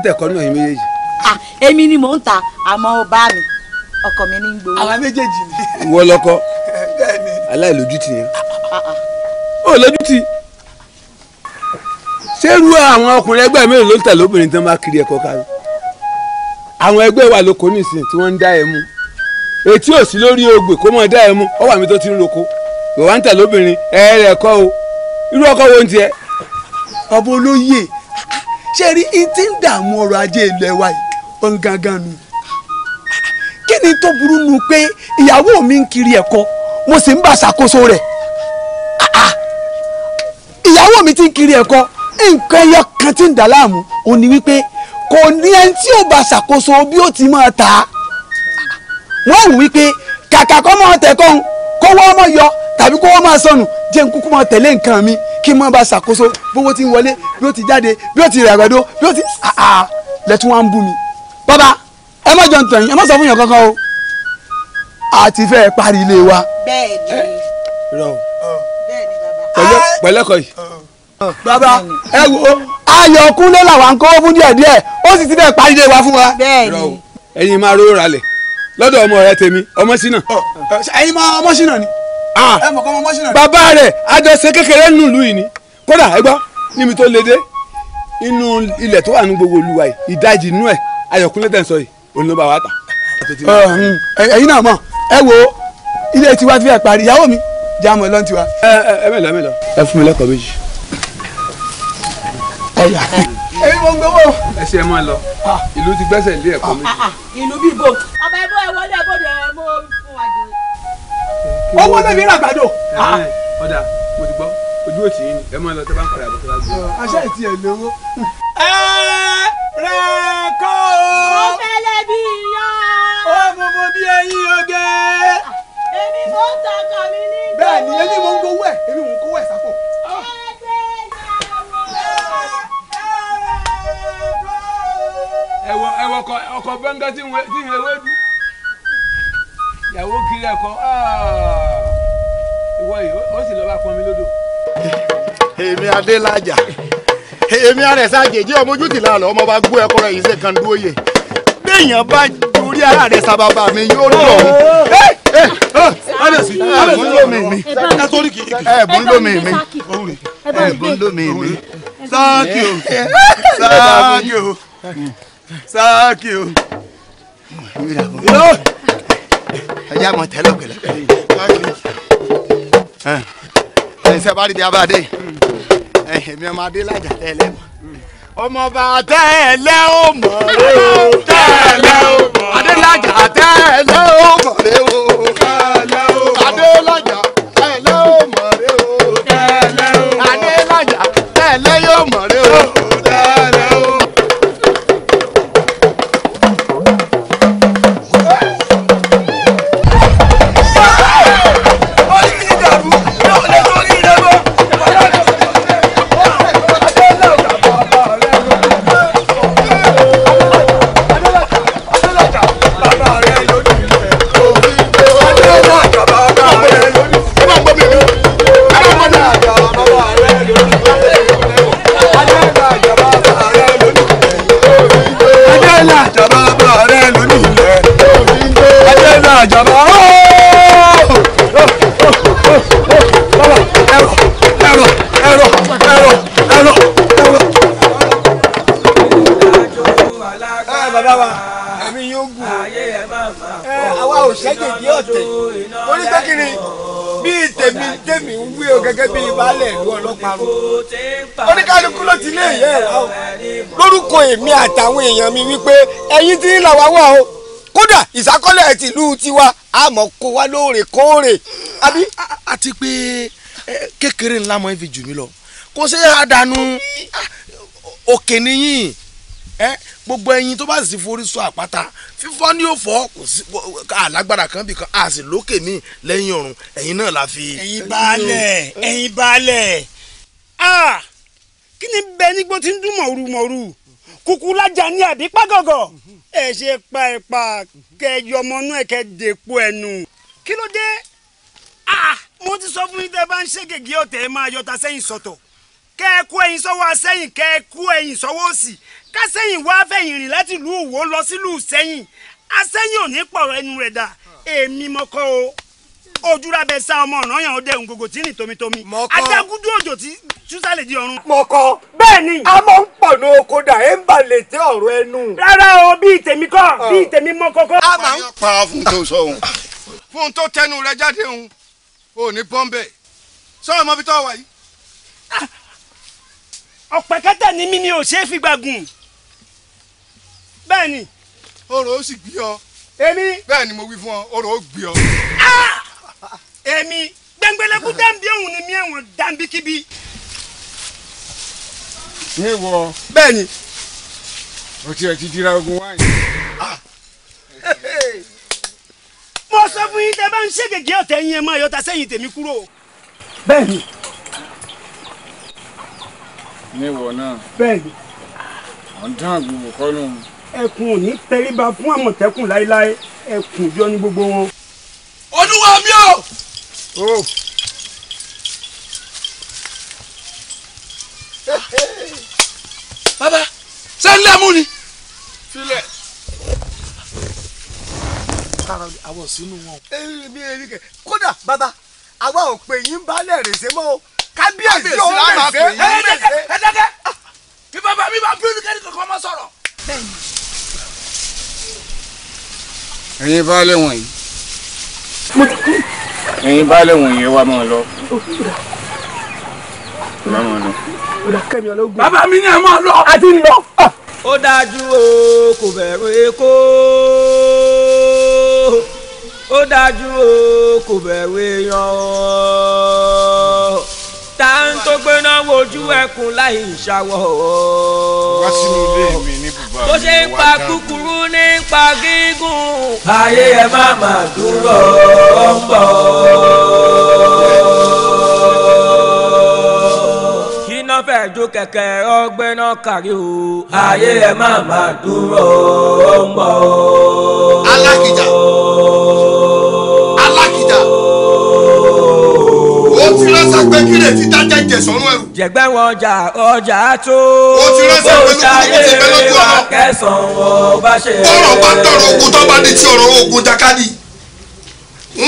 ń tẹ̀kọ́ náà yín méjèèjì. Ah, èmi ni mò ń ta àmọ́ ọba mi ọkọ mi ní gbowó. àwa méjèèjì ni. ìwọ lọkọ aláìlójútì yẹn ah, ah, ó lójútì ṣérú àwọn ọkùnrin ẹgbẹ́ mélòó ló ń tà lóbìnrin tí wọ́n bá kiri ẹ̀kọ́ kárí àwọn ẹgbẹ́ wa lóko nísìnyí tí wọ́n ń dá ẹ mú etí òsì lórí ogbè kó mọ̀ dá ẹ mú ọwọ́ àmì tó ti ń roko ìwà ń tà lóbìnrin ẹ̀ẹ́rẹ̀ ẹ̀kọ́ o irú ọkọ wo ń tiẹ̀. ọba olóyè ṣe rí ìtí dààmú ọrọ̀ ajé ilẹ̀ wa yìí òun nu kí ni tó burú nu pé ìyàwó mi ń kiri ẹ̀kọ́ mo sì ń ṣàkóso rẹ̀ ìyàwó mi ti ń kiri ẹ̀kọ́ nǹkan ẹyọ kan ti ń dà láàmú ni wípé kò ní ẹni tí ò bá ṣàkóso bí ó ti máa tà yọ máa sọnù jẹ́ nkúkú máa tẹ̀lé nǹkan mi kí n máa bá ṣàkóso bówó ti ń wọlé bí ó ti jáde bí ó ti rẹ̀ àgbàdo bí ó ti àà lẹ́tún wá ń bú mi. bàbá ẹ má jọ ń tàn yín ẹ má sọ fún yàn kankan o àti fẹ́ parí ilé wa. bẹ́ẹ̀ni bẹ́ẹ̀ni bàbá. pẹ̀lẹ́kọ̀ ah! yìí. bàbá ẹ wo ayọ̀ kúnlẹ̀ làwọn kọ́ fún díẹ̀díẹ̀ ó sì ti fẹ́ parí ilé wa fún wa. bẹ́ẹ̀ni. ẹ̀yin máa róró ralẹ̀ lọ́dọ̀ ọmọ rẹ tèmi ọmọ sínà. ẹ̀yin máa ọmọ sínà ni. Ah. bàbá rẹ̀ àjọṣe kékeré nùlù yìí ni kódà ẹ gbọ́ níbi tó lédè inú ilẹ̀ tó wà ní gbogbo olúwa yìí ìdajì inú ẹ̀ ayọ̀kúnlẹ̀ tẹ̀ ń sọ yìí òun ló bá wa ta. ẹ̀yin náà mọ̀ ẹ wo ilé tiwa fi ẹ̀ parí ìyàwó mi jáàmù ẹ̀ lọ́ntiwa. ẹ ẹ ẹ mẹ́lọ mẹ́lọ ẹ fún mi lẹ́kọ̀ọ́ méjì. ọ̀yà èyí mo ń gbowó. ẹ ṣe é máa lọ ah. ìlú ti gbẹ́sẹ̀ lé ẹ̀kọ́ ah, méjì. ìlú bíbò ọba ẹgbẹ́ wọlé ẹgbẹ́ owó lẹ́bi rà gbàdo. ọ̀dà mo ti gbọ́ ojú òtí yín ni ẹ máa lọ tẹ́ bá ń padà bọ̀ tẹ́lá gbé. aṣá ìtì ẹ̀ lówó. ẹ rẹ kọ́ o. mo fẹ́lẹ́ bí iyán. ó funfun bí eyín oge. èmi mò ń tọkọ mi ní. bẹ́ẹ̀ ni èmi mò ń gbowó ẹ̀ èmi mò ń kówó ẹ̀ sápò. ẹ̀wọ̀ ẹ̀wọ̀ ọkọ̀ bẹ́ńgá tí ń wé tí ń wé wé dùn ìyàwó kiri ẹ̀kọ́ ah! ìwọ yìí ó sì lọ́ọ́ bá pọnmi lódò. èmi adélájà èmi arẹ̀sà jèjì ọmọjútì lálọ́ ọmọ bá gbó ẹ̀kọ́ rẹ̀ yìí ṣe kan dúró yẹ béèyàn bá orí ara rẹ̀ sábàbà mi yóò lọ òun. alẹ́sì ẹ̀bùn lómi mi ẹ̀bùn eh, lómi mi sáàkì o eh, sáàkì o eh, sáàkì o ẹ yá mọ tẹ́lẹ̀ pẹ̀lẹ́ ẹsẹ bá rí bí abáde èmi ọmọ adé lájà tẹ́lẹ̀ mọ ọmọọba tẹ́lẹ̀ ó mọ rẹ o tẹ́lẹ̀ ó mọ rẹ o adé lájà tẹ́lẹ̀ ó mọ rẹ o tẹ́lẹ̀ ọ̀tẹ̀ orí pé kí ni bí tèmi tèmi ń wí o gẹ́gẹ́ bí baálẹ̀ ìlú ọlọ́pàá rò oníkálukú ló ti lé ìyá ẹ̀ wá o lórúkọ èmi àtàwọn èèyàn mi wípé ẹ̀yin tí ń là wá wà o kódà ìsákọ́lẹ̀ tìlú tiwa àmọ́ kó wá lóòrèkóòrè àbí. àti pé kékeré ńlá mọ́ fi jù mí lọ kó ṣe àdánù òkè nìyí gbogbo ẹyin tó bá sì forí sọ àpáta fífọ́ ní òfò kò sí alágbára kan bìkan a sì lókè míì lẹ́yìn ọ̀run ẹ̀yin náà la fi. ẹ̀yin baálẹ̀ ẹ̀yin baálẹ̀ ah kí ni bẹ́ẹ̀ nígbó tí ń dún mọ̀rú mọ̀rú kúkú lájà ní àbí pàgọ́gọ́ ẹ ṣe pa ìpa kẹjọ ọmọ inú ẹ kẹ dèpo ẹnu kí ló dé ah mo ti sọ fún yín tẹ́ bá ń ṣe gègé ọ̀tẹ̀ ẹ máa yọta sẹ́yìn sọ̀tọ̀ kẹ́ ẹ sọ́wọ́ asẹ́yìn kẹ́ ẹ sọ́wọ́ òsì kásẹ́yìn wá fẹ̀yìn rìn láti ìlú Ìwó lọ sílùú sẹ́yìn asẹ́yìn ò ní pọ̀rọ̀ ẹnu rẹ̀ dà èmi mọ́kọ́ o ojúra bẹ sá ọmọ ọ̀nà yàn ó dẹ̀hùn gògò tí ní tomitomi adágúdú òjò tí ṣúṣà lè di ọ̀run. mọ̀kọ́ bẹ́ẹ̀ ni. a máa ń pọ̀nà oko dà ẹ́ ń bà lè tẹ ọ̀rọ̀ ẹnu. rárá o bíi tèmi kọ́ ah. bíi tèmi mọ kọ́kọ́. a máa ń pa fún tó sọ òun fún tó tẹnu rẹ jáde òun ò ní bọ́ńbẹ́ sọ ọmọ bí tó wà yìí. Ah, ọ̀pẹ̀kẹ́tẹ̀ ni mí mi ò ṣeé fi gbàgùn bẹ́ẹ̀ ni. ọ̀rọ̀ ó sì gbé ọ. èmi. bẹ́ẹ̀ ni mo wí fún ọ ọ̀rọ̀ ó gbé ọ. Ah! èmi gbẹngbẹlẹkú dàbí òun ni mi ẹ̀wọ̀n dàbí kíbi. ní ìwọ. bẹ́ẹ̀ ni. o tiẹ̀ ti dira ogun wáyé. Ah! mo sọ fún yín tẹ bá ń ṣègègé ọ̀tẹ̀ yín ẹ máa yọta sẹ́yìn tèmi kúrò. bẹ́ẹ̀ ni ní ìwọ náà. bẹ́ẹ̀ni. ọ̀dán àgbègbè kọ́ ló ń. ẹkùn ò ní tẹríba fún àmọ̀tẹ́kùn láéláé ẹkùn jọ ní gbogbo wọn. olúwa mi o. o. bàbá ṣé ń lẹ́mú ni. filẹ̀ kára àwọn sínú wọn. kódà bàbá àwa ò pè yín balẹ̀ rèé sẹ́mọ́ o kábíyèsí òun lè ṣe é ẹ dẹdẹ bí bàbá mi bá bínú kẹ́ni kankan máa sọ̀rọ̀. ẹ̀yin baálé wọ̀nyí ẹ̀yin baálé wọ̀nyí wa máa lọ. bàbá mi ni ẹ máa lọ. a ti ń lọ. ó dájú o kò bẹ̀rù èkó ó dájú o kò bẹ̀rù èèyàn o ta ń tó gbéná wojú ẹkùn láì ṣàwọ̀ o. bó ṣe ń pa kúkúrú ní gígùn. ayé ẹ má má dúró ó ń bọ̀. kíná fẹ́ ju kẹ̀kẹ́ ọgbẹ́ná kárí o. ayé ẹ má má dúró ó ń bọ̀. alákìjà. agbẹ́kílẹ̀ ti wọn ọjà ọjà tó. o ti pẹ̀lú ti lójú ọ̀nà. tọrọ bá tọrọ ogun tó bá di ti ọ̀rọ̀ ogun jakadi.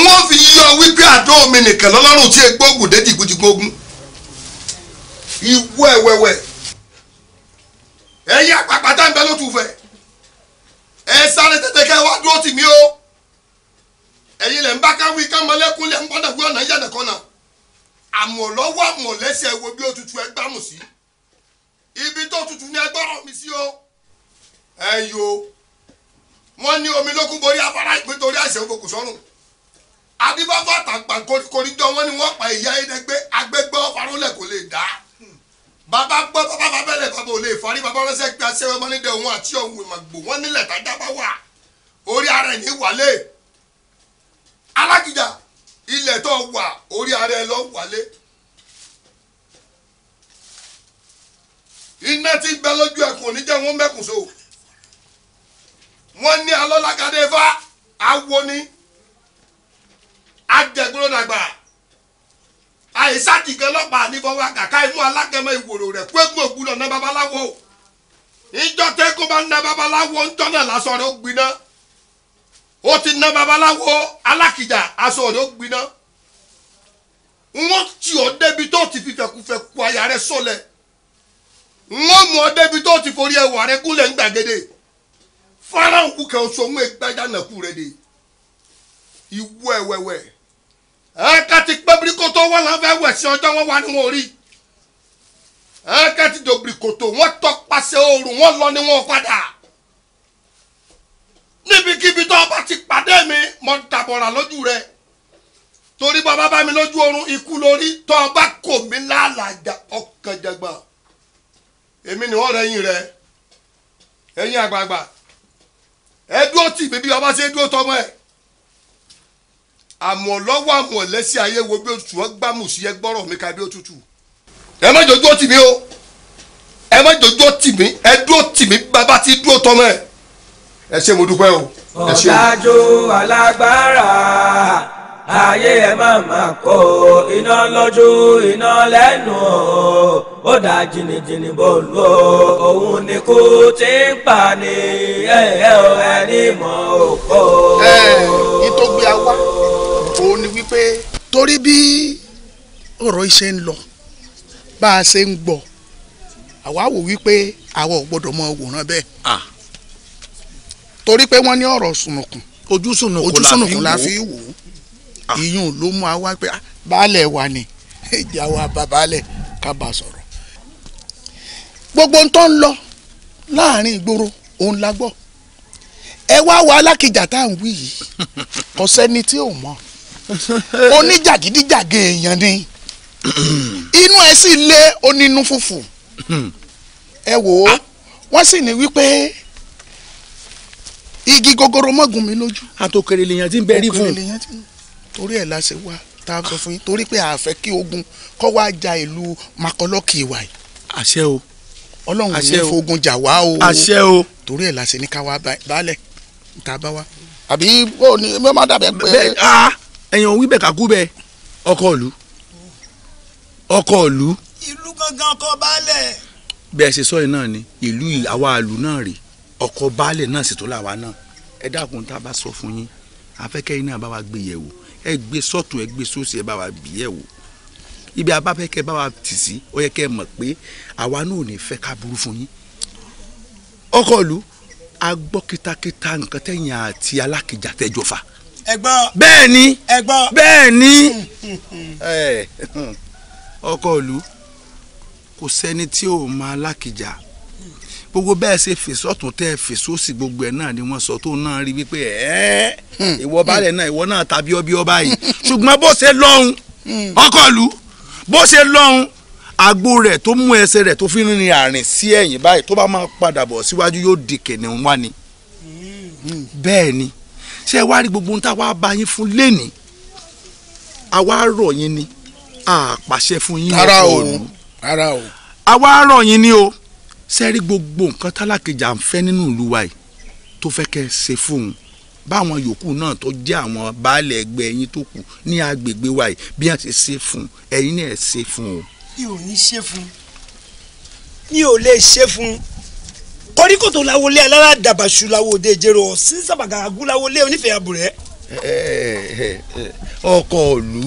wọ́n fi yọ wípé àdó omi nìkan lọ́lọ́run tí egbòogun dé jìgújìgbógun. ìwọ ẹ̀wẹ̀wẹ̀ ẹ̀yìn àpàpàtà ń bẹ lótú fẹ̀ ẹ sáré tètè kẹ́ wá dúró tì mí o ẹ̀yin lẹ́ ń bá káwí ká lẹ́ ń gbọ́dọ̀ àmọ́ lọ́wọ́ àmọ́ lẹ́sẹ̀ wo bí ó tutù ẹ gbámù sí ibi tó tutù ní ẹgbọ́rọ̀ mi sí o ẹ yo wọ́n ní omi lókun borí afárá ìpín torí àìsàn òkòkò sọ́run adibaba àtàgbà koríjọ wọ́n ní wọ́n pa ìyá ẹdẹgbẹ agbẹgbẹ ọfarúnlẹ kò lè dá bàbá gbọ́ bàbá bàbẹ́lẹ̀ bàbá ò lè farí bàbá ránṣẹ́ gbé aṣẹ́wẹ́ mọ́nídẹ òun àti òun ìmọ̀gbò wọ́n nílẹ̀ tájá bá wà orí ara ẹ̀ ní wàlẹ̀ alákìjà ile to wa oriare lo walẹ ine ti gbẹ loju ẹkunnijẹ won mekunso won ni alolakadeva awoni ajegunodagba a isajikọlọpa nifọwa kaka inu alakeme iwororẹ pẹgbọ ogunna nababalawo njọte ko nababalawo njọ n'alasọrọ gbiná ó ti ná babaláwo alákìjà aṣọ rẹ̀ ó gbiná wọ́n tì ọ́ débi tó ti fi fẹ̀kúfẹ̀kú àyà rẹ̀ sọlẹ̀ wọ́n mú ọ débi tó ti forí ẹwà rẹ̀ gúnlẹ̀ ń gbàgede faraw kú kẹ́ ọ sọ mú ẹgbẹ́jà nàkú rẹ̀ de ìwú ẹ̀wẹ̀wẹ̀ ẹ̀ka ti pẹ́bírí kótó wọn lọ́n fẹ́ wẹ̀ sí ọjọ́ wọn wá ní rí ẹ̀ka ti dòbìrì kòtò wọn tọpasẹ̀ oòrùn wọn lọ ní padà níbikíbi tó o bá ti pàdé mi mo dàbọ̀rà lójú rẹ torí bàbá bá mi lójú oorun ikú lórí tó o bá kò mí lálàjà ọkàn jẹgbà èmi ni wọn rẹ yín rẹ ẹ̀yin àgbààgbà ẹ dúró tì mí bí ọba ṣe dúró tọmọ ẹ àmọ́ lọ́wọ́ àmọ́ lẹ́sí ayé wo bí oṣù ọgbàmù sí ẹ gbọ́rọ̀ mi ka bí òtútù ẹ má jọ dúró tì mí o ẹ má jọ dúró tì mí ẹ dúró tì mí bàbá ti dúró tọmọ ẹ ẹ ṣé mo dúpẹ́ o. ọ̀dájú alágbára ayé ẹ máa máa kó iná lójú iná lẹ́nu ó dá jìnnìjìnnì bòlú òun ni kú ti ń pa ni ẹni mọ̀ òkò. ẹ ẹ ìtọ́gbé awa òun ni wípé torí bí ọ̀rọ̀ iṣẹ́ ń lọ bá a ṣe ń gbọ́ àwa wò wípé àwa ò gbọ́dọ̀ mọ òwòrán bẹ́ẹ̀ torí pé wọ́n ní ọ̀rọ̀ sùnùkùn ojú sùnùkùn la fi wò ó ìyún ah. ló mú a wá pé ah, baálẹ̀ wa ni ìjà wa babalẹ̀ ká sọ̀rọ̀ gbogbo ń tó ń lọ láàrin ìgboro òun la gbọ́ ẹ wá wá alákìjà tá à ń wí yìí kò sẹ́ni tí ò mọ̀ oníjàgídíjàgé èèyàn ni inú ẹ sì lé onínú fùfù hmm. ẹ wò ó ah. wọ́n sì ní wípé igi gogoro mọ́gun mi lójú. àtòkèrè lèèyàn ti ń bẹ rí fún un. òkèrè lèèyàn ti ń torí ẹ̀ láṣẹ wá tá a sọ fún yín torí pé a fẹ́ kí ogun kó wá ja ìlú makọlọ́kì wa yìí. àṣẹ o. ọlọ́run ò ní fogun jà wá o. àṣẹ o. torí ẹ̀ láṣẹ ní ká wá balẹ̀ tá a bá wá. àbí ó ní bí wọ́n má dàbẹ̀ pé. bẹ́ẹ̀ a ẹ̀yàn òwí bẹ̀ kákú bẹ ọkọ ìlú ọkọ ìlú. ìlú gangan kọ balẹ̀. bẹ́ẹ̀ ṣe sọ yìí náà ni ìlú àwa ìlú náà rèé ọkọ baálẹ̀ náà sì tó làwa náà ẹ dákun tá a bá sọ fún yín afẹ́kẹ́ yín náà bá wa gbé yẹ̀ wò ẹ gbé sọ́tún ẹ gbé sósì ẹ bá wa bì yẹ̀ wò ibi abáfẹ́kẹ́ bá wa tì sí ó yẹ kẹ́ ẹ mọ̀ pé àwa náà ò ní fẹ́ ká burú fún yín ọkọ ìlú a gbọ́ kitakita nǹkan tẹ̀yìn àti alákìjà tẹ́jọ fa. ẹ gbọ́ bẹ́ẹ̀ ni ẹ gbọ́ bẹ́ẹ̀ ni ọkọ ìlú kò sẹ́ni tí ò mọ alákìjà gbogbo bẹ́ẹ̀ ṣe fèsì ọ̀tún tẹ́ fèsì òsì gbogbo ẹ̀ náà ni wọ́n sọ tó náà rí wípé ẹ́ ìwọ balẹ̀ náà ìwọ náà tàbí ọbí ọba yìí ṣùgbọ́n bó ṣe lọ́hùn ọkọlù bó ṣe lọ́hùn agbo rẹ̀ tó mú ẹsẹ̀ rẹ̀ tó fi rìnrìn àrìn sí ẹ̀yìn báyìí tó bá máa padà bọ̀ síwájú yóò di kìnìún wá ni bẹ́ẹ̀ ni ṣé ẹ wá rí gbogbo ohun tá a wá bá yín fún lénìí a wá rọ̀ yín ni a pàṣẹ fún yín ní ọ̀run rọ̀ yín ni o sẹ́rí gbogbo nǹkan tálákejì à ń fẹ́ nínú ìlú wa yìí tó fẹ́ kẹ́ ṣe fún un báwọn yòókù náà tó jẹ́ àwọn baálé ẹgbẹ́ ẹ̀yin tó kù ní agbègbè wa yìí bí wọ́n ṣe ṣe fún un ẹ̀yin náà ṣe fún un. mi ò ní ṣe fún un mi ò lè ṣe fún un kọ́ríkòtò lawolé aládàbàṣu lawode jẹrọ sí sábàgàgù lawolé onífẹ̀ẹ́ àbúrẹ́. ọkọ̀ òlu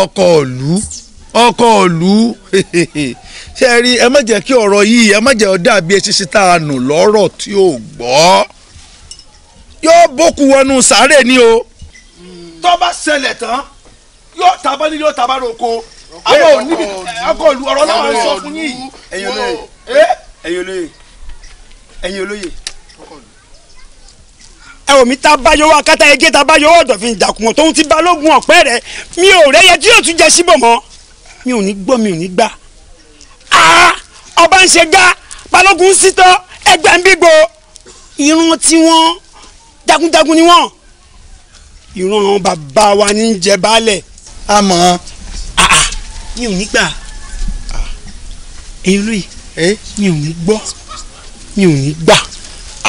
ọkọ̀ òlu ọkọ̀ òlu ṣe rí ẹ má jẹ́ kí ọ̀rọ̀ yìí ẹ má jẹ́ ó dàbí eṣinṣin tá a nù lọ́rọ̀ tí ò gbọ́ yóò bókú wọnú sàárè ni o tó bá ṣẹlẹ̀ tán yóò tábà nílé yóò tábà roko àwọn ò níbi agọlù ọ̀rọ̀ náà sọ fún yìí. ẹ̀yin olóye ẹ̀yin olóye ẹ̀yin olóye ẹ̀wọ̀n mi ta báyọ̀ wá kátà ege ta báyọ̀ wá ọ̀dọ̀fin ìjàkùmọ̀ tóun ti balógun ọ̀pẹ́ rẹ̀ mi ò rẹ́yẹ tí yóò tún jẹ síbọ̀ mọ́ mi ò ní gbọ́ mi ò ní gbà Ah, ọba ń ṣe gá balógun ń sítọ́ ẹgbẹ́ ń bígbó irun tí wọ́n jagunjagun ni wọ́n ìran bàbá wa ní jẹ baálẹ̀. a mọ̀ ọ́n. mi ò ní gbà èyí ah, lóye mi ò ní gbọ́ mi ò ní gbà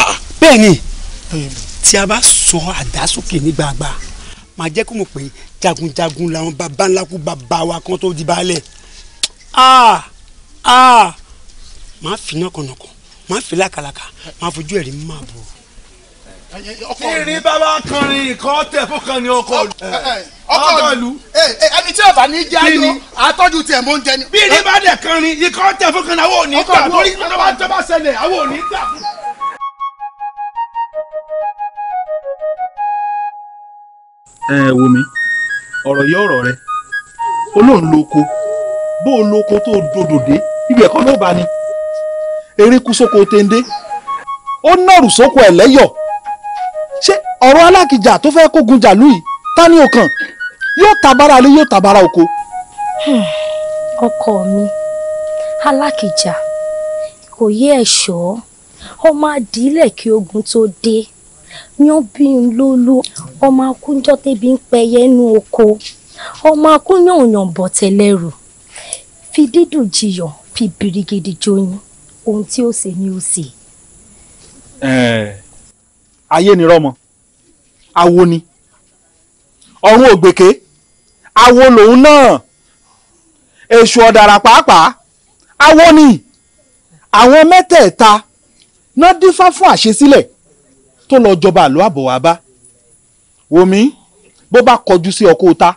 ah, bẹ́ẹ̀ ni tí a bá sọ àdá sókè ní gbàgbà màá jẹ́ kó mọ̀ pé jagunjagun làwọn baba ńlá kú bàbá wa kan tó di baálẹ̀. Ah aa ah! màá fi nàkànàkàn ma fi làkàlàkà ma fojú ẹ̀rí máa bò. irin bàbá kanrin nǹkan tẹ fún kan ní eh, eh, ọkọ ọkọ lu. Eh, ẹni tí ọba ní jẹ́ ayọ̀ àtọ́jú tiẹ̀ mọ́ ń jẹ ni. bí irin bá dẹ̀ kanrin nǹkan tẹ fún kan náà àwọn ò ní gbà torí ọba tó bá ṣẹlẹ̀ àwọn ò ní gbà. ẹ wo mi ọ̀rọ̀ yẹ ọ̀rọ̀ rẹ olóhùn bó o lóko tó o dòdò dé ibi ẹ̀kọ́ ló bá ní erékù sóko téńdé ó nàrù sóko ẹ̀lẹ́yọ̀ ṣé ọ̀rọ̀ alákìjà tó fẹ́ kógun jàlú yìí ta ni ọkàn yóò tabara lé yóò tabara oko. ọkọ mi alákìjà kò yé ẹ̀ṣọ́ ọmọ àdílẹ̀ kí ogun tó dé yan bí n lólu ọmọ akúnjọ́ tẹ́bi ń pẹyẹ nú oko ọmọ akúnyàn òyàn bọ̀ tẹ́lẹ̀rù fi dídùn jiyàn fi birigidi joyin ohun tí ó ṣe ni ó ṣe. Eh. ayé ni rọmọ awo ni ọ̀run ògbèké awo lòun náà èṣù ọ̀dàrà pàápàá awo ni àwọn mẹ́tẹ̀ẹ̀ta náà dífá fún àṣesílẹ̀ tó lọ jọba àlọ́ àbọ̀ wá bá wòmí bó bá kọjú sí ọ kó o ta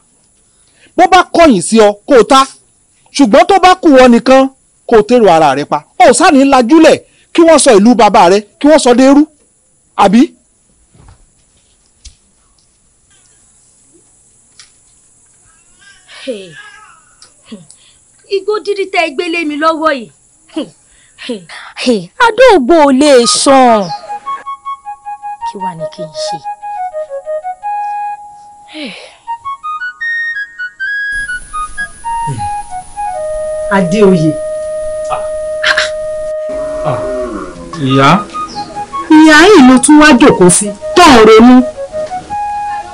bó bá kọ̀yìn sí ọ kó o ta ṣùgbọ́n tó bá kù ọ nìkan kó o tèrò ara rẹ pa ó sáni lajúlẹ̀ kí wọ́n sọ ìlú bàbá rẹ kí wọ́n sọ dẹ́rú àbí. igbó dídí tẹ ẹ gbélé mi lọ́wọ́ yìí adóògbò ò lè sàn kí wàá ní kí n ṣe. Adéoyè. ìyá. ìyá yìí ló tún wá jókòó sí tó ń ronú.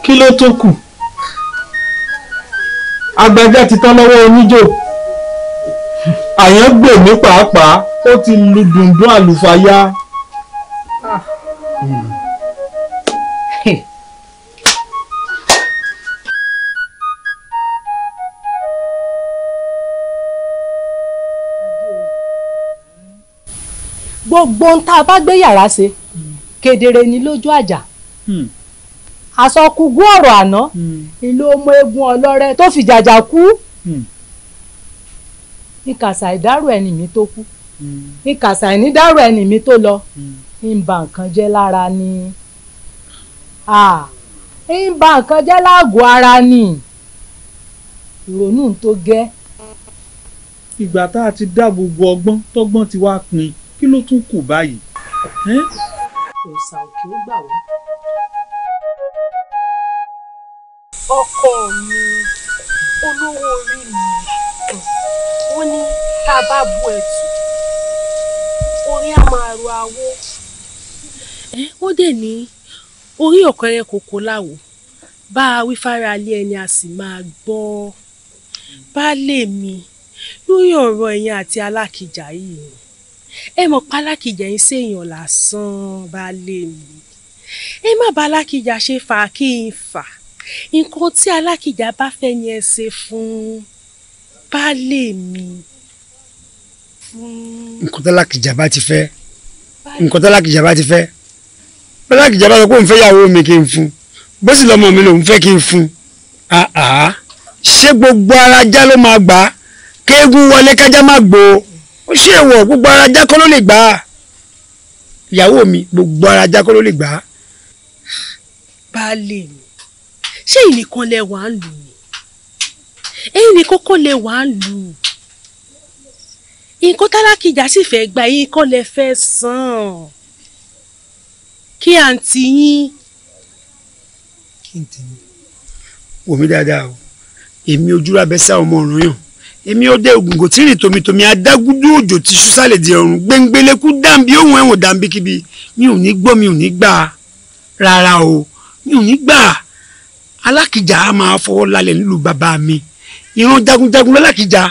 kí ló tó kù agbẹjẹ ti tán lọ́wọ́ oníjó àyàngbè mi pàápàá ó ti lu dùndún àlùfáyà. Ah. Mm. gbogbo ń tá a bá gbé yàrá ṣe kedere ni lójú àjà hmm. àsọkúgú ọ̀rọ̀ àná hmm. ìlú ọmọ eegun ọlọ́rẹ́ tó fi jàjà kú hmm. ìkàsà ìdárò ẹni mi tó kú ìkàsà ìnídárò ẹni mi tó lọ ń nǹkan jẹ́ lára ni ń ba nǹkan jẹ́ láàgọ̀ ara ni ìrònú tó gẹ́. ìgbà tá a ti dá gbogbo ọgbọ́n tọ́gbọ́n ti wá pin kí ló tún kù báyìí. òòsà òkè ó gbà wá. ọkọ mi olówó orí mi wọ́n ní tá a bá bu ẹ̀tù orí á máa ro awó. ó dẹ̀ ní orí ọ̀kẹ́rẹ́ kòkó láwo bá a wí fára lé ẹni a sì máa gbọ́ baálé mi lórí ọ̀rọ̀ ẹ̀yin àti alákìjà yìí ẹ mọ̀ pálákìjà ń ṣèyàn lásán baálé mi ẹ má bá alákìjà ṣe fà kí n fà nǹkan tí alákìjà bá fẹ́ ni ẹ ṣe fún baálé mi. nǹkan tí alákìjà bá ti fẹ́ nǹkan tí alákìjà bá ti fẹ́ alákìjà bá sọ pé òun fẹ́ yàwó mi kí n fún bó sì lọ́mọ mi lòun fẹ́ kí n fún un ṣé gbogbo ara já ló máa gbà á kéégún wọlé kájá má gbòó ó ṣe èèwọ̀ gbogbo ara ajá kọ́ ló lè gbà á ìyàwó mi gbogbo ara ajá kọ́ ló lè gbà á. baálé mi ṣé ìnìkan lẹ wàá lù ní ẹ̀yin nìkan kọ́ lẹ wàá lù nǹkan tálákìjà sì fẹ́ gba yín kọ́ lẹ fẹ́ san kí àǹtí yín. kí n tẹ̀lé wò mí dáadáa o èmi ojúra bẹ́sà ọmọ ọ̀ràn yàn èmi ọdẹ ògùngò tí rìn tòmítòmí adágúdú òjò ti ṣú sálẹ̀ di ọ̀run gbẹ̀ngbẹ̀lẹ́kú dàbí òun ẹ̀wọ̀n dàbí kíbi mi ò ní gbọ́ mi ò ní gbà rárá o mi ò ní gbà alákìjà á máa fọwọ́ lálẹ̀ nílùú bàbá mi ìran jagunjagun lálákìjà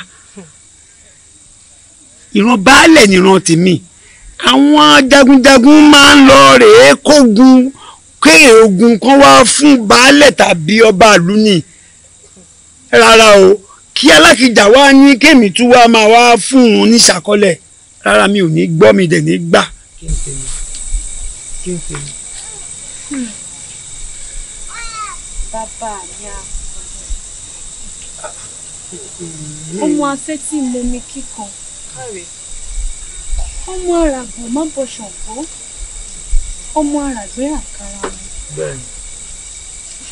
ìran baálẹ̀ nìran tèmi àwọn jagunjagun máa ń lọ rèé kógun kéè ogun kan wá fún baálẹ̀ tàbí ọba àlùní rárá o kí alákìjà wá ní kémi tún wá máa wá fún un ní ṣàkọlẹ̀ rárá mi ò ní gbọ́ mi dẹ̀ ní gbà. bàbá mi á ọmọ afẹ́ tí mo mi kíkan ọmọ àràgbọ̀n má bọ̀ ṣọ̀gbọ́ ọmọ àràgbé àkàrà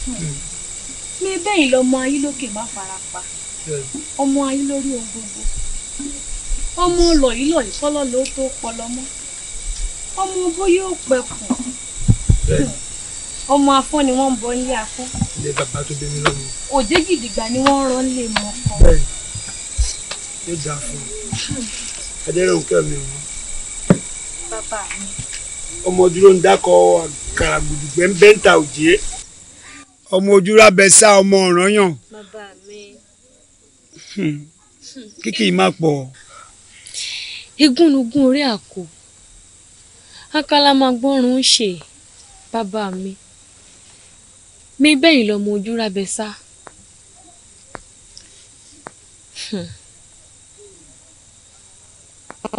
mi mi bẹ́ẹ̀ lọ́mọ ayé má fara pa ọmọ ayé lórí ohun gbogbo ọmọ lọ̀yìnlọ̀ ìfọ́lọ́ ló tó pọlọmọ ọmọ ogún yóò pẹ̀kùn ọmọ afọ́n ni wọ́n ń bọ nílé afọ́n ilé bàbá tó bẹ mí lọ́mọ òjé gidigba ni wọ́n ń rán lè mọ ọkọ bẹ́ẹ̀ yóò dáa fún un adẹ́rùnkẹ́ mi wọn. bàbá mi. ọmọ dúró ń dákọ kàràgùdùgbẹ́ ń bẹ́ńtà òjé ọmọ ojúra bẹ sá ọmọ ọ̀ràn yàn. bàbá mi. Hmm. kíkì má pọ̀. igúnnugún orí àkó akálá máa gbọ́rùn ún ṣe bàbá mi mi bẹ́yìn lọ́mọ ojú rábẹ sá. Hmm.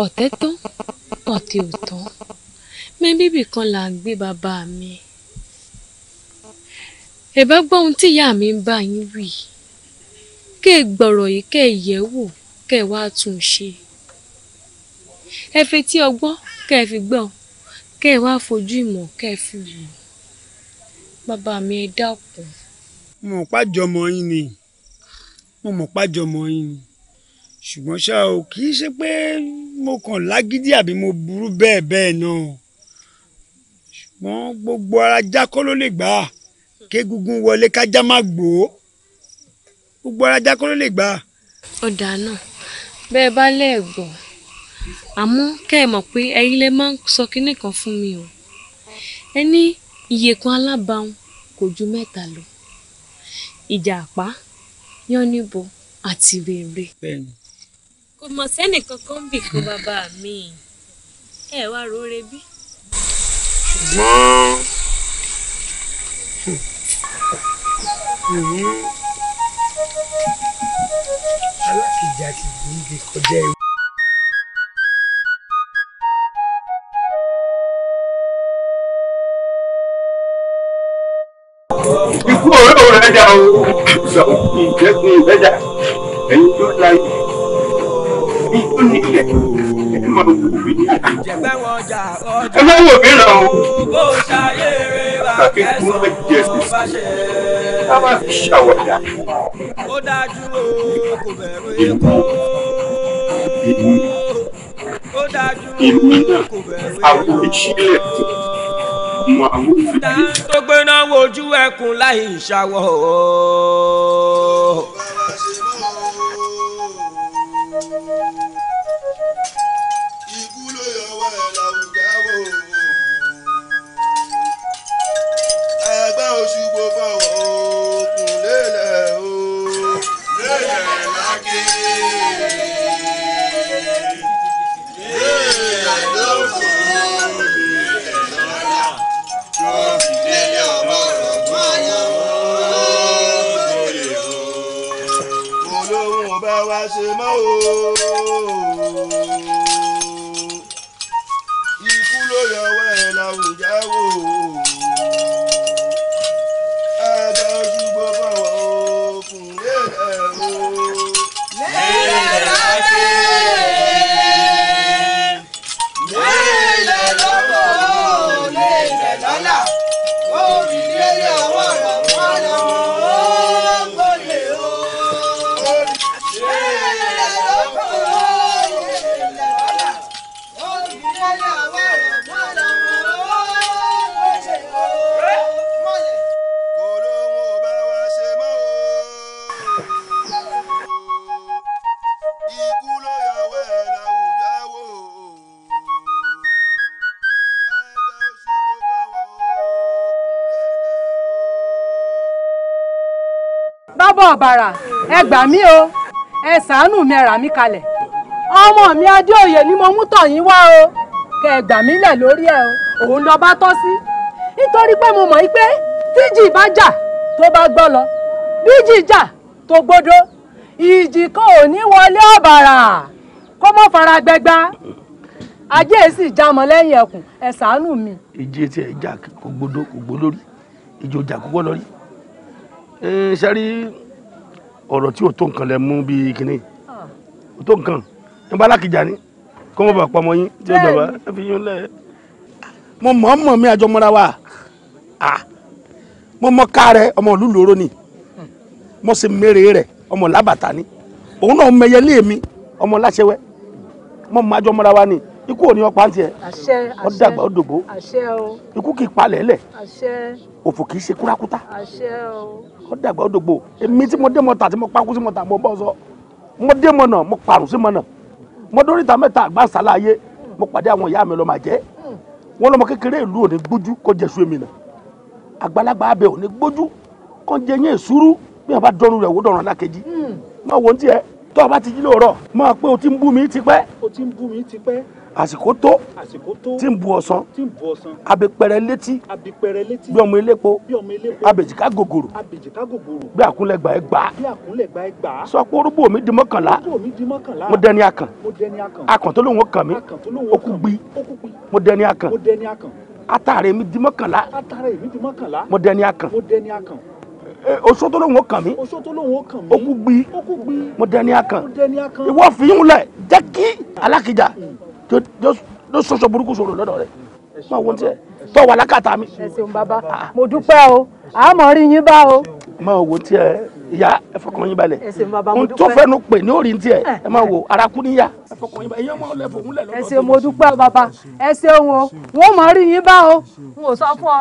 ọ̀tẹ̀ tán ọ̀tẹ̀ ò tán mi bíbì kan là ń gbé bàbá mi ẹ bá gbọ́ ohun tí ìyá mi ń bá yín wí kẹ́ ẹ gbọ̀rọ̀ yìí kẹ́ ẹ yẹ̀ wò kẹ́ ẹ wáá tún un ṣe ẹ fetí ọgbọ́n kẹ́ ẹ fi gbọ́n kẹ́ ẹ wáá fojú ìmọ̀ kẹ́ ẹ fi wò bàbá mi ẹ dákun. mo mọ̀ pájọmọ yín ni mo mọ̀ pájọmọ yín ni ṣùgbọ́n ṣá o kì í ṣe pé mo kàn lágídí àbí mo burú bẹ́ẹ̀ bẹ́ẹ̀ náà ṣùgbọ́n gbogbo ara jákọ́ ló lè gbà kéegungun wọlé kájá má gbòó gbogbo ara jákọ́ ló lè gbà. ọ̀dà náà bẹ́ẹ̀ bá lẹ́ẹ̀gbọ́ àmọ́ kẹ́ ẹ mọ̀ pé ẹ̀yin lè máa ń sọ kinní kan fún mi o ẹ ní iye kan alábàáhùn kò ju mẹ́ta lọ ìjàpá yánníbo àti rere. kò mọ̀ sẹ́nì kankan bì kó bàbá mi ẹ wá róore bí. ṣùgbọ́n alákìjà ti gbòǹde kọjá ewu. ikú òwe òwe ẹja o sọ ìjẹkùn ìgbẹjà ẹni tó la ikú ní máa wò mí. ẹ má wò mí ràn o. kàkí kú lè jẹ sísè ká má fi ṣàwọ̀dà. ìlú ìlú ìlú náà àwọn ìṣílẹ̀ tó mọ àwọn ìlú. tó gbéná wojú ẹkùn láì ṣàwọ̀ o. gbà mí o ẹ ṣàánú mi ẹ mi mí kalẹ̀ ọmọ mi adéoyè ni mo mú tọ̀yìn wá o kẹ ẹ gbà mí lẹ̀ lórí ẹ o òun lọ bá tọ́ sí nítorí pé mo mọ̀ yí pé tíjì bá jà tó bá gbọ́ lọ bíjì jà tó gbódó ìjì kan ò ní wọlé ọ̀bàrà kó mọ́ fara gbẹgba ajé sì já mọ́ lẹ́yìn ẹkùn ẹ ṣàánú mi. ìjì etí ẹ̀ jà kò gbódó kò gbó lórí ìjì ò kò gbó lórí ṣe rí ọ̀rọ̀ tí ò tó nǹkan lẹ mú bíi kínní ò tó nǹkan ẹ bá alákìjà ni kó mọ̀ bá pamọ́ yín tí ó jọba ẹ fi yín lẹ̀. mo mọ̀ ọ́ mọ̀ mí àjọmọ́ra wa mo mọ ká rẹ ọmọ ìlú lóró ni mo sì mèrè rẹ ọmọ làbàtà ni òun náà mẹyẹ lé mi ọmọ láṣẹwẹ mo mọ àjọmọ́ra wa ni ikú ò ní ọ̀pá tiẹ̀ ó dàgbà ó dògbó ikú kì í palẹ̀ lẹ̀ òfò kì í ṣe kúrakúta ó dàgbà ó dògbó èmi tí mo dé mọ́ta tí mo pákú sí mọ́ta mo bọ́ sọ mo dé mọ́nà mo parùn sí mọ́nà mo dóríta mẹ́ta àgbà sàlàyé mo pàdé àwọn ìyá mi lọ mà jẹ́ wọn lọmọ kékeré ìlú ò ní gbójú kó jẹ suemi nà àgbàlagbà abẹ ò ní gbójú kó jẹ yẹn sùúrù bí wọn bá dọrùn rẹ wò dọrùn alákejì máa wò ó tiẹ̀ tó o bá ti jí lóòrọ̀ máa pé o ti ń bú mi tipẹ́. o ti ń bú mi tipẹ́ àsìkò tó tí ń bu ọ̀sán abẹ́pẹ̀rẹ̀ létí bí ọmọ elépo abèjìká gògòrò bí àkúnlẹ̀gbà ẹ gbà á sọ pé orúbó mi di mọ́kànlá mo dẹni akàn akàn tó lóun kàn mí ó gbi mo dẹni akàn atare mi di mọ́kànlá mo dẹni akàn eh, oṣó tó lóun kàn mí ó gbi mo dẹni akàn ìwọ fi ń lẹ jẹ́ kí alákìjà. Mm ló sọ̀sọ̀ burúkú sọ̀rọ̀ lọ́dọ̀ rẹ̀ máa wọ́n e. tiẹ̀ tọ́ wà lákàtà mi. ẹ ṣeun bàbá ah, ah. mo dúpẹ́ o àmọ́ rí yín bá o. máa wo tiẹ̀ e. ìyá ẹ fọkàn yín balẹ̀ ohun tó fẹ́nu pè ní òrìn tiẹ̀ e. eh. ẹ máa wo arakú níyà ẹ fọkàn yín balẹ̀ ìyá máa lẹ fòun lẹ lọ́dọ̀. ẹ ṣeun mo dúpẹ́ bàbá ẹ ṣeun o wọn mọ̀ rí yín bá o n ò sọ fún ọ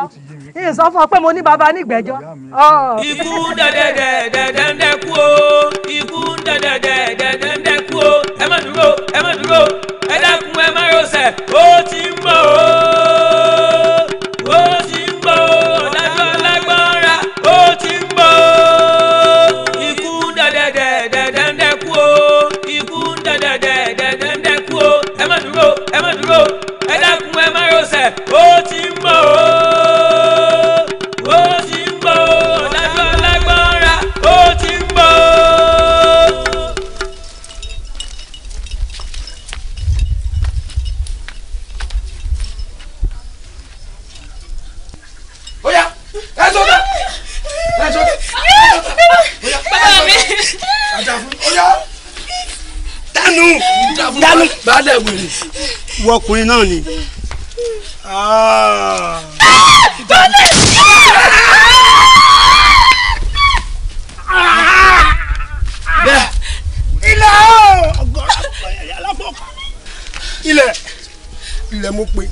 n ò sọ fún ọ pé mo ní bàbá nígbẹ́jọ́. ikú dẹ̀dẹ̀dẹ̀dẹ̀dẹ̀ kú o ikú dẹ̀dẹ̀dẹ̀dẹ̀dẹ̀ kú o ẹ má dúró ẹ má dúró ẹkún ẹ má yọsẹ ó ti ń bọ̀ bàdà wèrè. wọ ọkùnrin náà ni. bẹ́ẹ̀ ilẹ̀ ilẹ̀ ilẹ̀ mo pè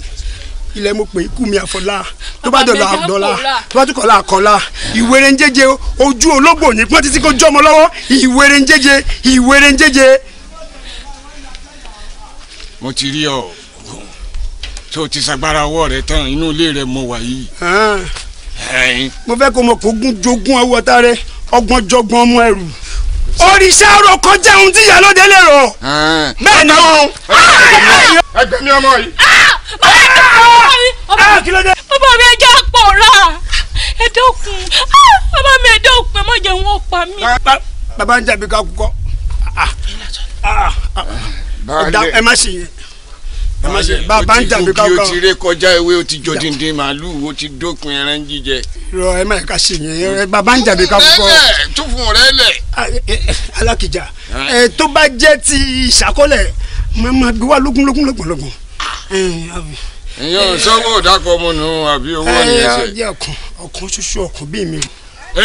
ilẹ̀ mo pè ikú mi àfọlá tó bá dọ̀là àdọ́là tó bá tukọ̀là àkọ́là ìwéré ń jẹ́jẹ́ ojú ológbò ní pọ́n títí kó jọ́mọ lọ́wọ́ ìwéré ń jẹ́jẹ́ ìwéré ń jẹ́jẹ́ mo ti rí ọ tó ti ṣàgbára ọwọ́ rẹ tán inú ilé rẹ mo wà yìí. mo fẹ́ kó mo kó gún jogún ọwọ́ tá rẹ ọgbọ́n jọgbọ́n ọmọ ẹrù òrìṣà ọ̀rọ̀ kọjá ohun tí ìyálóde lè rọ. bẹ́ẹ̀ ni wọn. ẹgbẹ́ mi ọmọ yìí. bàbá mi ọmọ yìí. bàbá mi ẹjọ́ pọ̀ rà ẹ bàbá mi ẹ dọ́kun ẹ ah! jẹ́ wọn pa mí. bàbá ń jàbí ká kú ah! ah! ẹ má ṣe yẹn bàbá ń jàbí káwọn. o ti ré kọjá ewé o ti jọ dìndín màálù o ti dókun ẹran jíjẹ. rọ ẹ má ká sí yẹn bàbá ń jàbí káwọn kọ. tó fún rẹ lẹ. alákìjà ẹ tó bá jẹ́ ti ìṣàkọlẹ̀ máa ma gbé wa lógúnlógún lọ́gbọ̀nlọ́gbọ̀n èèyàn sọ́wọ́ òdàpọ̀ ọmọ nù àbí owó ní ẹ ọkàn ọkàn ṣoṣo ọkàn bíi mi. ẹ ẹ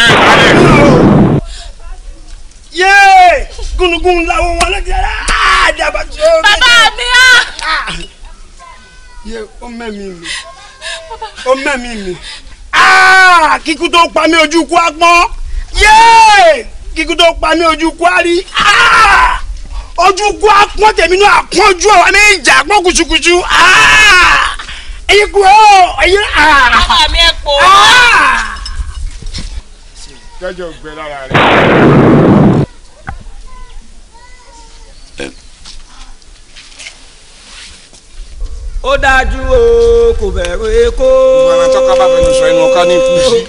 yéé gúnugún làwọn wọn lọ́dí ara ah, àdàbà tí ó. bàbá mi á. Ah! Ah! yé ó mẹ́mí mi ó mẹ́mí mi kíkú tó pa mí ojú kú á pọ́n yéé kíkú tó pa mí ojú kú á rí ojú kú á pọ́n tèmi náà pọ́n ojú ọ̀wá méjì àpọ́n kùsùkùsù ẹ̀yin kú ọ́ ẹ̀yin. bàbá mi ẹ̀ pọ̀. jọjọ gbẹ lára rẹ. ó dájú o kò bẹ̀rù èkó. ìgbàlá tọ́ka bá fẹ́ sọ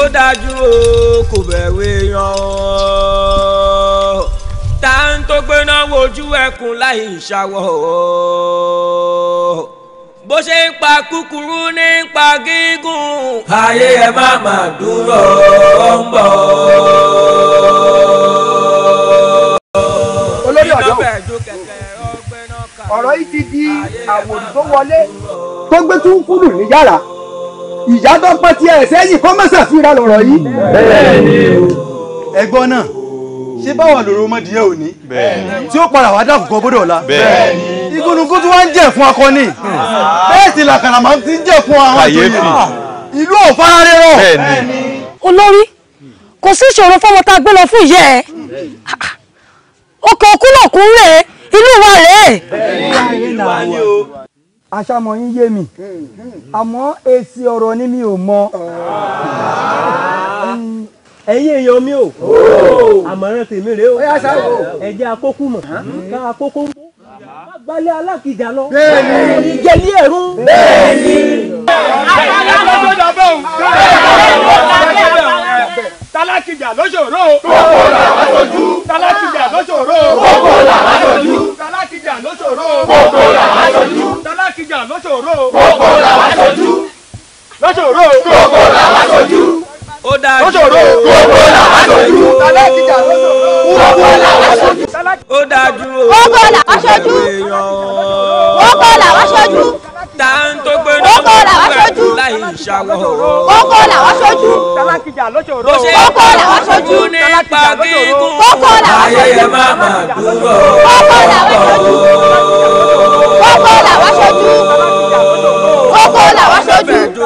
ó dájú o kò bẹ̀rù èèyàn o. ta ń tó gbéná wojú ẹkùn láì ṣàwọ̀ o. bó ṣe ń pa kúkúrú ní ń pa gígùn. ayé ẹ má má dúró ó ń bọ̀ o. olórí ọ̀dọ́ o ọ̀rọ̀ yìí ti di àwòrán tó wọlé tó gbé tún kúrò ní yàrá ìyá tó pẹ́ tí ẹ̀ sẹ́yìn kọ́ mọ́ ṣàfihàn lọ̀rọ̀ yìí. bẹ́ẹ̀ni ẹ̀gbọ́n náà ṣé báwa lòrò ọmọdìyẹ òní tí ó padà wá dàkùkọ bọ́dọ̀ ọ̀la igúnnugún tí wọ́n ń jẹ́ fún akọni bẹ́ẹ̀ sì làkàrà máa ti ń jẹ́ fún àwọn àjòyè ìlú ọ̀fárárẹ́ rọ̀. olórí kò sí ìṣòro fọmọ tá a gbé lọ fún ìyá ẹ ọkọ̀ òkú náà kún rèé ìlú wa rèé. aṣámọ yín yé mi àmọ́ èsì ọ̀rọ̀ ni mi ò mọ̀ ẹ̀yin èèyàn mi ò àmọ̀ràn tèmi rèé o ẹ̀jẹ̀ àkókò mọ̀ ká àkókò ń bọ̀ alákìjà lọ. bẹ́ẹ̀ni ìjẹlí ẹ̀rú. bẹ́ẹ̀ni. àgbàlagbà tó dàbọ̀ o. bẹ́ẹ̀ni bẹ̀. tálákìjà lọ́ṣọ̀rọ̀. kókó là wá sojú. tálákìjà lọ́ṣọ̀rọ̀. kókó là wá sojú. tálákìjà lọ́ṣọ̀rọ̀. kókó là wá sojú. tálákìjà lọ́ṣọ̀rọ̀. kókó là wá sojú. lọ́ṣọ̀rọ̀. kókó là wá sojú. ó dájú. lọ́ṣọ̀rọ̀. kókó là wá sojú. tálákìjà lọ́ṣọ̀rọ̀. kókó là wá sojú. ó dájú. kókó là wá sojú. kókó là wá sojú ta ń tó gbé ní ọmọ ìlú láì ṣàwọ̀. kókó làwọn ṣojú. bó ṣe kókó làwọn ṣojú. nípa gígùn kókó làwọn ayẹyẹ máa máa dúró. kókó làwọn ṣojú. kókó làwọn ṣojú. kókó làwọn ṣojú.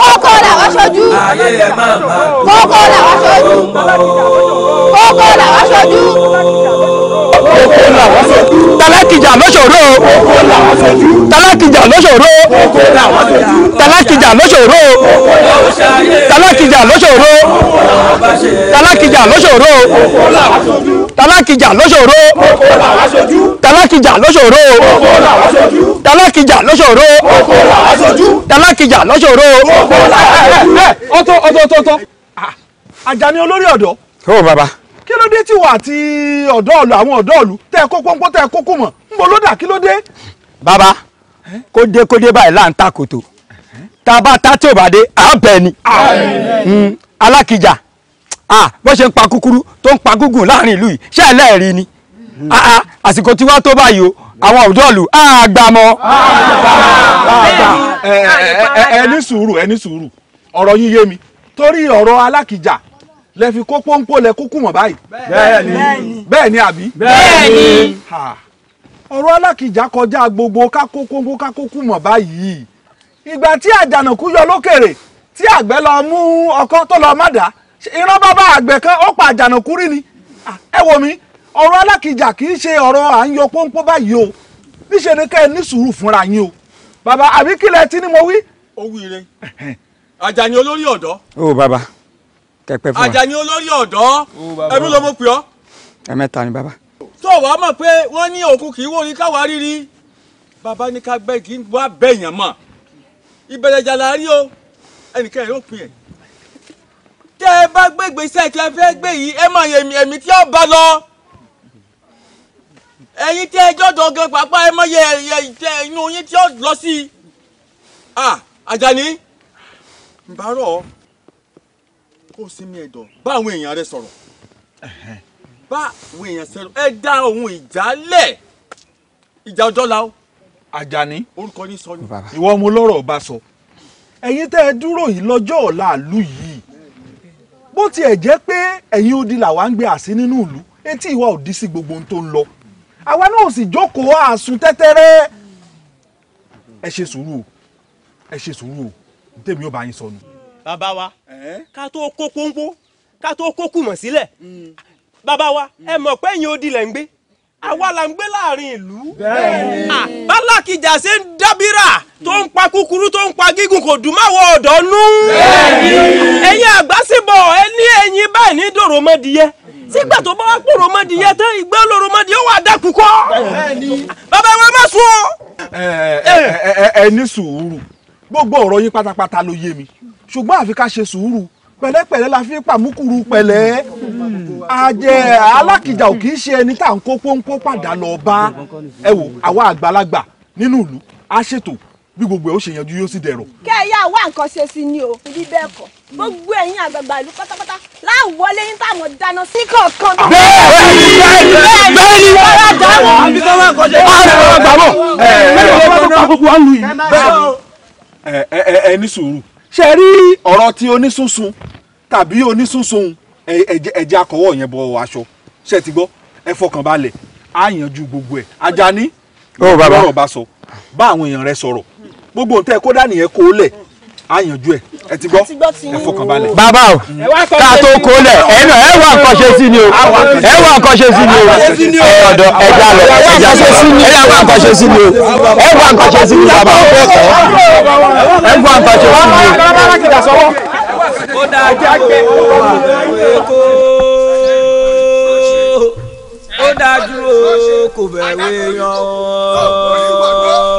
kókó làwọn ṣojú. ayẹyẹ máa máa dúró. kókó làwọn ṣojú. kókó làwọn ṣojú. Tálákìjà lóṣòro Tálákìjà lóṣòro Tálákìjà lóṣòro Tálákìjà lóṣòro Tálákìjà lóṣòro Tálákìjà lóṣòro Tálákìjà lóṣòro Tálákìjà lóṣòro Tálákìjà lóṣòro. ọ̀tọ̀ ọ̀tọ̀ ọ̀tọ̀ ah, Àjàní olórí ọ̀dọ́. ó bàbá kí ló dé tí wà àti ọ̀dọ́ọ̀lù àwọn ọ̀dọ́ọ̀lù tẹ́ ẹ kó pọ́npọ́ tẹ́ ẹ kó kù mọ̀ ń bọ̀ lódà kí ló dé. bàbá kódé kódé báyìí là ń ta kòtò tá a bá ta tí ò bá dé à á bẹ̀ ni alákìjà bó ṣe ń pa kúkúrú tó ń pa gúngùn láàrin ìlú yìí ṣé ẹlẹ́ẹ̀rí ni àsìkò tí wàá tó báyìí o àwọn ọ̀dọ́ọ̀lù àgbàmọ́. ẹ ní sùúrù ẹ ní sùúrù ọ̀rọ̀ yín yé mi torí ọ̀rọ̀ alákìjà lẹ fi kó pọ́npọ́ lẹ kúkú mọ̀ báyìí. bẹ́ẹ̀ni bẹ́ẹ̀ni àbí. bẹ́ẹ̀ni. ọ̀rọ̀ alákìjà kọjá gbogbo ká kó pọ́npọ́ ká kúkú mọ̀ báyìí. ìgbà tí àjànàkú yọ lókèrè tí àgbẹ̀ lọ mú ọkọ́ tó lọ mọ̀dá ìran bàbá àgbẹ̀ kan ó pa àjànàkú rí ni. ẹ wo mi ọ̀rọ̀ alákìjà kì í ṣe ọ̀rọ̀ à ń yọ pọ́npọ́ báyìí o níṣẹ́ ni kẹ́ ẹ ní sùúrù fúnra yín o. bàbá àbí kílẹ̀ tí ni mo wí. ó wí kẹpẹ fún wa. Àjàní olórí ọ̀dọ́ ẹnu ló mọ̀ pé ọ́. ẹ̀mẹ́ta ni bàbá. tó wàá mọ̀ pé wọ́n ní òkú kì í wò ní káwa rírí bàbá ní ká gbẹ́ kí wá bẹ̀yàn mọ̀ ìbẹ̀rẹ̀ jà láàrí o ẹnìkan yóò pin ẹ̀. tẹ́ ẹ bá gbé gbèsè tẹ́ ẹ fẹ́ gbé yìí ẹ mọ̀ èmi èmi tí ó bá lọ. ẹ̀yin tẹ́ ẹjọ́ dọ̀gẹ́ pàápàá ẹ mọ̀ yẹ inú yín tí ó lọ sí i. Àjàní ń bá rọ̀ ọ́ kó sinmi ẹ̀dọ̀ bá àwọn èèyàn rẹ sọ̀rọ̀ bá àwọn èèyàn sọ̀rọ̀ ẹ dá ohun ìjálẹ̀ ìjà ọjọ́ la ó. Àjàní orúkọ ní sọ ni ìwọ ọmọ ọlọ́rọ̀ ọba sọ ẹ̀yin tẹ́ ẹ dúró yìí lọ́jọ́ ọ̀la ìlú yìí bó tiẹ̀ jẹ́ pé ẹ̀yin odi làwa ń gbé àsí nínú ìlú etí ìwà òdì sí gbogbo ohun tó ń lọ àwa náà sì jókòó àsun tẹ́tẹ́rẹ́ ẹ ṣe sùúrù ẹ ṣe sùúrù o ò bá yín sọnù bàbá wa ká tó kó pọ́npọ́ ká tó kó kùmọ̀ sílẹ̀ hmm. bàbá wa hmm. ẹ mọ̀ pé ẹ̀yin odi lẹ̀ ń gbé àwa la ń gbé láàrin ìlú. ń dábìrà tó ń pa kúkúrú tó ń pa gígùn kò dùn máwọ ọ̀dọ́ nú. ẹ̀yin àgbàsíbọ̀ ẹ ní ẹ̀yin báyìí ní dòròmọdìyẹ sígbà tó bá wá mọdìyẹ tán ìgbẹ́ o. ẹ ẹ ẹ ní gbogbo ọ̀rọ̀ yín pátápátá ló yé mi. ṣùgbọ́n àfi ká ṣe sùúrù pẹ̀lẹ́pẹ̀lẹ́ la fi ń pàmùkùrù pẹ̀lẹ́ àjẹ́ alákìjà ò kì í ṣe ẹni tá à ń kó pọ́npọ́ padà lọ ẹ wò àwa àgbàlagbà nínú ìlú a ṣètò bí gbogbo ẹ ó ṣe yanjú yóò sì dẹ̀rọ̀. kẹ́ ẹ yá wá nǹkan ṣe sí ni o ibi bẹ́ẹ̀ kọ́ gbogbo ẹ̀yin àgbààgbà ìlú pátápátá láwọlé yín táwọn dáná sí kọ̀ọ̀kan. bẹ́ẹ̀ni bẹ́ẹ̀ni bẹ́ẹ̀ni wọ́n yà dá àbí tó máa kọjá ọ̀rẹ́ ṣe rí ọ̀rọ̀ ti onísúnsun tàbí onísúnsun ẹ̀jẹ̀ akọ̀wọ́ yẹn bọ aṣọ ṣe ti gbọ́ ẹ fọkàn balẹ̀ á yanjú gbogbo ẹ̀ Àjàní ọ̀rọ̀ bá sọ bá àwọn èèyàn rẹ sọ̀rọ̀ gbogbo nǹkan ẹ kó dání ẹ kó lẹ̀ á yanjú ẹ̀ ẹ ti gbọ́ ẹ fọkànbalẹ̀. bàbá o ká tó kó lẹ̀ ẹnu ẹ wà nǹkan ṣe sí ni o ẹ wà nǹkan ṣe sí ni o ọ̀dọ̀ ẹja lọ ẹja ṣe sí ni ẹ wà nǹkan ṣe sí ni o ẹ wà nǹkan ṣe sí ni bàbá o bẹ́ẹ̀ kọ́ ẹ wà nǹkan ṣe sí ni o ó dájú o kò bẹ̀rù èèyàn o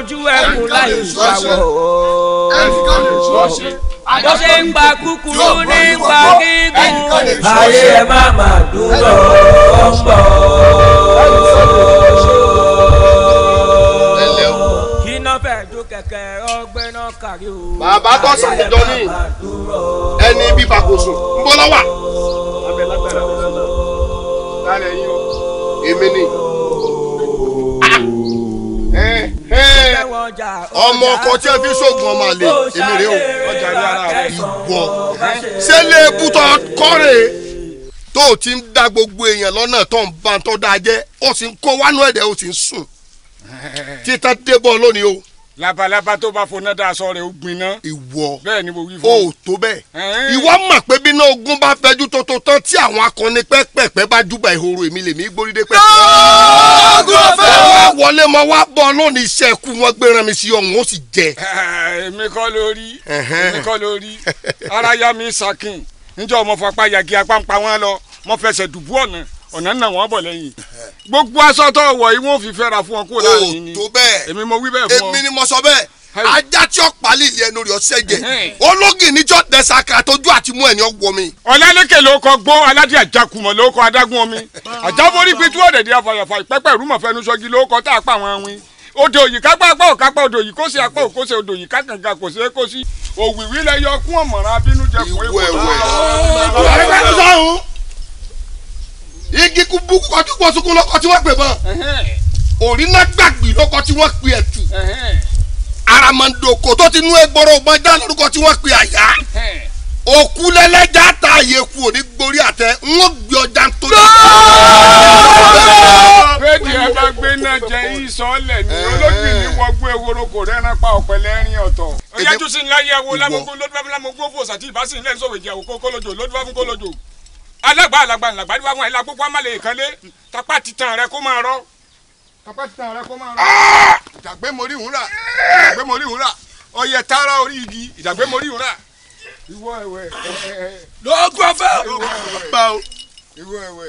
ojú ẹkùn láì ṣàwọ̀ ooo bó ṣe ń gba kúkúrú ní gígùn ayé ẹ má má dúró ó ń bọ̀ ooo kí náà fẹ́ ju kẹ̀kẹ́ ọgbẹ́ náà kárí o. bàbá tó ṣàtijọ́ ní ẹni bíbá kò ń bọ́ lọ́wọ́. abẹ́ lágbára mi lọ́nà. lálẹ́ yìí o èmi ni. ọmọ ọkọ tí ẹ fi ṣoògùn ọmọ àlè èmi rè o ìwọ ṣẹlẹ̀ ebutọ kọ́rẹ́ tó o ti ń dá gbogbo èèyàn lọ́nà tó ń bá tó dáa jẹ́ o sì ń kó wánú ẹ̀dẹ̀ o sì ń sùn títà débọ̀ lónìí o. labalábá tó bá foná dá aṣọ rẹ̀ ó gbiná. ìwọ bẹ́ẹ̀ ni mo wí fún ọ. o tó bẹ́ẹ̀ ìwọ mọ̀ pé bí náà ogun bá fẹjú tó tó tán tí àwọn akọni pẹ́pẹ́pẹ́ bá júbà ìhoro èmi lèmi gbóríde pẹ́. ọgùn ọfẹ́ wa. wọlé mọ wá bọ lónìí iṣẹ́ ikú wọn gbéra mi sí ọ̀hún ó sì jẹ. èmi kọ́ lórí èmi kọ́ lórí ara ya mi sakin níjọ́ mo fapá yagi apá ń pa wọ́n lọ mo fẹsẹ̀ dùbú ọ̀nà ọ̀nà náà wọ́n bọ̀ lẹ́yìn gbogbo aṣọ tó wọ̀ yìí wọ́n fi fẹ́ra fún ọ kó láàrin ni tó bẹ́ẹ̀ èmi mo wí bẹ́ẹ̀ fún ọ èmi ni mo sọ bẹ́ẹ̀ ajá tí ó palí ilé ẹnu rẹ̀ jẹ ológin níjọ́ dẹ̀sàkà tójú àti mú ẹni ọgbọ mi. ọ̀làlékè ló kọ gbọ́ aládé àjàkùmọ̀ ló kọ adágún omi ah. àjábọ̀rí pitú ọ̀dẹ̀dẹ̀ afàyàfà ìpẹ́pẹ́ ìrúmọ̀ fẹnusọ́gi ló kọ tá a pa àwọn awin odò yìí kápá apá òkápá odò yìí kó sí apá òkó sí odò yìí kákàǹkà kò sí kó sí òwìwí lẹ yọ kún ọ̀mọ̀ràn abínú jẹ kó ikú náà. ìwẹ̀wẹ̀ igi búkú kọjú pọ̀ sunkún lọ́kọ̀ tí wọ́n pè bọ́ òrìnà gbàgbì lọ́kọ̀ tí wọ́n pè ẹ̀tù aramandoko tó ti nú egboro gbọ́njá lórúkọ tí wọ́n pè àyà òkú lẹ́lẹ́jà ta àyè kú òní gborí àtẹ ń gbé ọjà tó ní. bẹ́ẹ̀ni ẹ bá gbé náà jẹ ìsọ̀lẹ̀ ni olóògbé ní wọgbó ewúro kò rẹ́ran pa ọ̀pẹ̀lẹ̀ ẹ̀rin ọ̀tọ̀. ìyá tó sì ń láyé ẹwo lámúgbó lọ́dún bá fún lámúgbó fòsàtì ìbásìn lẹ́yìn sọ̀rọ̀ ìjà òkó kólójó lọ́dún bá fún kólójó alágbá alágbá alágbá ni wà fún ẹ lágbó wà má lè titan rẹ kó máa rọ tapá titan rẹ kó máa rọ. Ah! ìdàgbé morí ìhùnrà ìdàgbé morí ìhùnrà ọyẹ tààrà orí igi ìdàgbé morí ìhùnrà. ìwọ ẹwẹ lọgùn ọfẹ o. ìwọ ẹwẹ.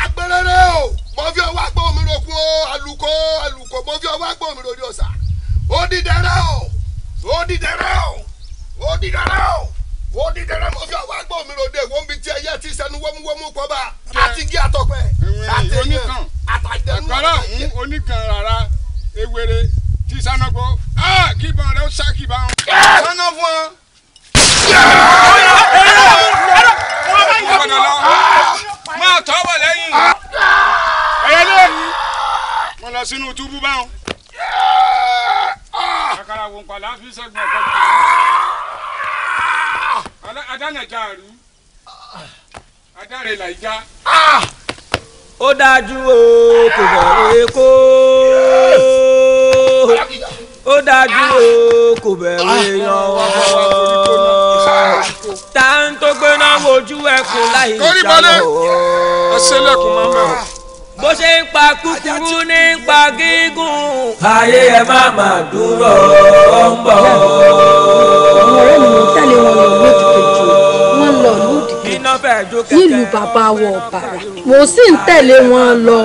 agbẹrẹrẹ o mo fi ọwọ́ agbọ omi ro kún o alùkò alùkò mo fi ọwọ́ agbọ omi ro di ọ̀sà ó di dẹrẹ o ó di dẹrẹ o ó di dẹrẹ o wo ní dẹrẹ mọ fi ọwọ agbọ mi ròde wo ń bi tí ẹ yẹ ti sẹnu wọmúwọmú kọ bá àti gí àtọpẹ àtẹyìn àtàjẹnu àtàjẹ. ẹ̀kọ́ ọ̀hún oníkan rárá ewere ti sanagbo ah kí ìbọn rẹ ó sá kí ìbọn. sanna fún ọ. máa tọ́ bọ̀ lẹ́yìn. ẹ̀yẹ lọ sínú túbú báwọn. kakara wo nǹkan láti fi ṣẹ́gun ọ̀kọ́ adánàjàrú adáre làìjà. ó dájú o kò bẹ̀rẹ̀ kó ó dájú o kò bẹ̀rẹ̀ yọ̀wọ̀ tá à ń tó gbéná wojú ẹkùn láì jà lọ. torí balẹ̀ ẹ ṣẹlẹ̀kùn máa ń bẹ̀rù bó ṣe ń pa kúkúrú ní ń pa gígùn. ayé ẹ má má dúró ó ń bọ̀. àwọn ọ̀rẹ́ mi ò tẹ̀lé wọn lọ lójú kejì wọn lọ lójú kejì nílùú bàbá wọ ọ̀bàrà mo sì ń tẹ̀lé wọn lọ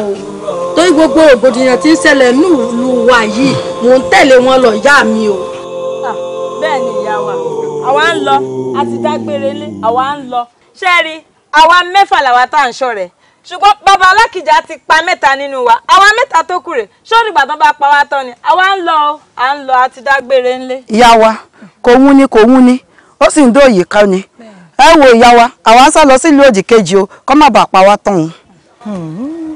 o torí gbogbo ògbódìyàn tí ń ṣẹlẹ̀ nílùú wa yìí mo ń tẹ̀lé wọn lọ ìyá mi o. Ah, bẹ́ẹ̀ ni ìyá wa àwa ń lọ a ti dágbére lé àwa ń lọ ṣẹ́ẹ́rì àwa mẹ́fà làwa tá à ń ṣọ̀rẹ́ ṣùgbọ́n bàbá Alákìjà ti pa mẹ́ta nínú wa àwa mẹ́ta tó kù rè sórí ìgbà tó bá pa wá tán ni àwa ń lọ à ń lọ àti dágbére ńlé. ìyá wa kò wún ni kò wún ni ó sì ń dó òyì ká ni ẹ wo ìyá wa àwa ń sá lọ sílùú òdì kejì o kó má bàa pa wá tán o. Hmm.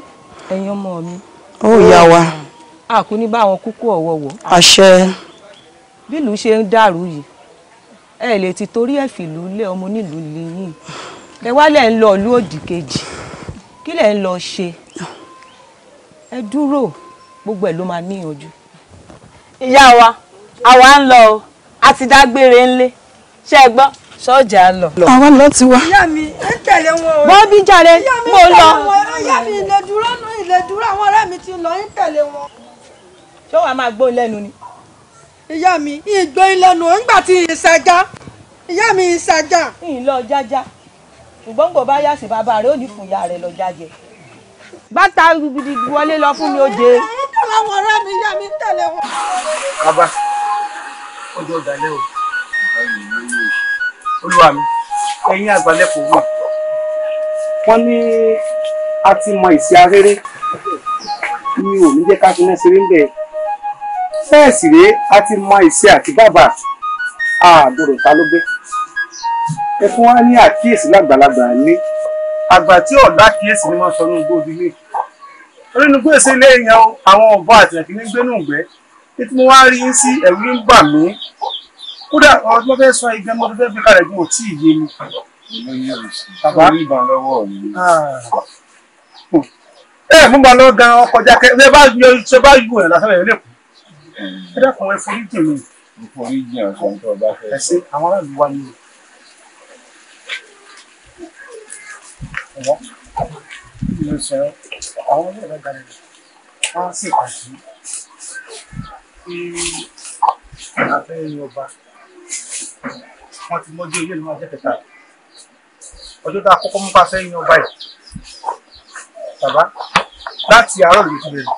ẹ̀yin ọmọ mi. ó ìyá wa. a kò ní bá wọn kúkú ọ̀wọ̀wọ̀. àṣẹ. bí ìlú ṣe ń dàrú yìí ẹ lè ti torí ẹ̀ lé ọmọ onílùú lè yìn ẹ wálẹ̀ ń lọ ìlú òdì kejì kí lẹ̀ ń lọ ṣe ẹ dúró gbogbo ẹ̀ ló máa níyanjú. ìyá wa àwa ń lọ o a ti dágbére ńlé ṣé ẹ gbọ́ ṣọ́ọ̀jà á lọ. àwa lọ ti wá. ìyá mi ẹ tẹ̀lé wọn o. bọ́bí jàre mo lọ. ìyá mi ilé dúró nù ilé dúró àwọn ọ̀rẹ́ mi ti lọ ń tẹ̀lé wọn. ṣé wàá máa gbóhùn lẹ́nu ni. ìyá mi ìgbóhùn lẹ́nu ò ń gbà tí ìṣàjà ìyá mi ìṣàjà. ìlọ jájá ṣùgbọ́n kò bá yàsìn bàbá rẹ̀ ó ní fún ìyá rẹ̀ lọ jáde. bàtà gidi wọlé lọ fún mi ó jẹ. àwọn ọ̀rẹ́ mi yá mi tẹ̀lé wọn. bàbá ọjọ́ ìdálẹ́ o olúwa mi ẹ̀yin àgbálẹ́pọ̀ wà wọ́n ní a ti mọ ìsí aréré mi ò ní jẹ́ ká fi náà ṣeré ń bẹ̀ bẹ́ẹ̀ sì rèé a ti mọ ìsí àti bàbà àgbòrò ta ló gbé ẹ fún wa ní àkíyèsí lágbàlagbà ní àgbà tí ọ̀dà àkíyèsí ni wọ́n sọ ní gbogbo ilé orí inú gbèsè ilé yẹn àwọn ọ̀bọ àti ẹ̀kí ní gbénú ìgbẹ́ ní tí mo wá rí sí ẹ̀rú ń bà mí kódà ọ̀rọ̀ tí wọ́n fẹ́ sọ igẹ́ mo fẹ́ fi kalẹ̀ bí mo tí ì yé mi. bàbá ah. ẹ mú ba lọ gan ọkọ jákẹ́ ẹ bá yọ ṣe bá yù ẹ̀ lásán ẹ̀ lẹ́kọ̀ọ́ ẹ dákun ẹ forí jì mí. forí jì ọ̀sán tó o ẹ ṣe àwọn aráàlú wá ní ẹ̀wọ́n ló ṣe àwọn ẹ̀rọ gbàdúrà wọ́n á sì pàṣẹ kí abẹ́rẹ́ ọba wọ́n ti mọ́jú ilé ìlú ajẹ́ kẹta ọjọ́ tá a kọ́kọ́ mú bá fẹ́ yan ọba yìí bàbá láti àárọ̀ lè tún bẹ̀rẹ̀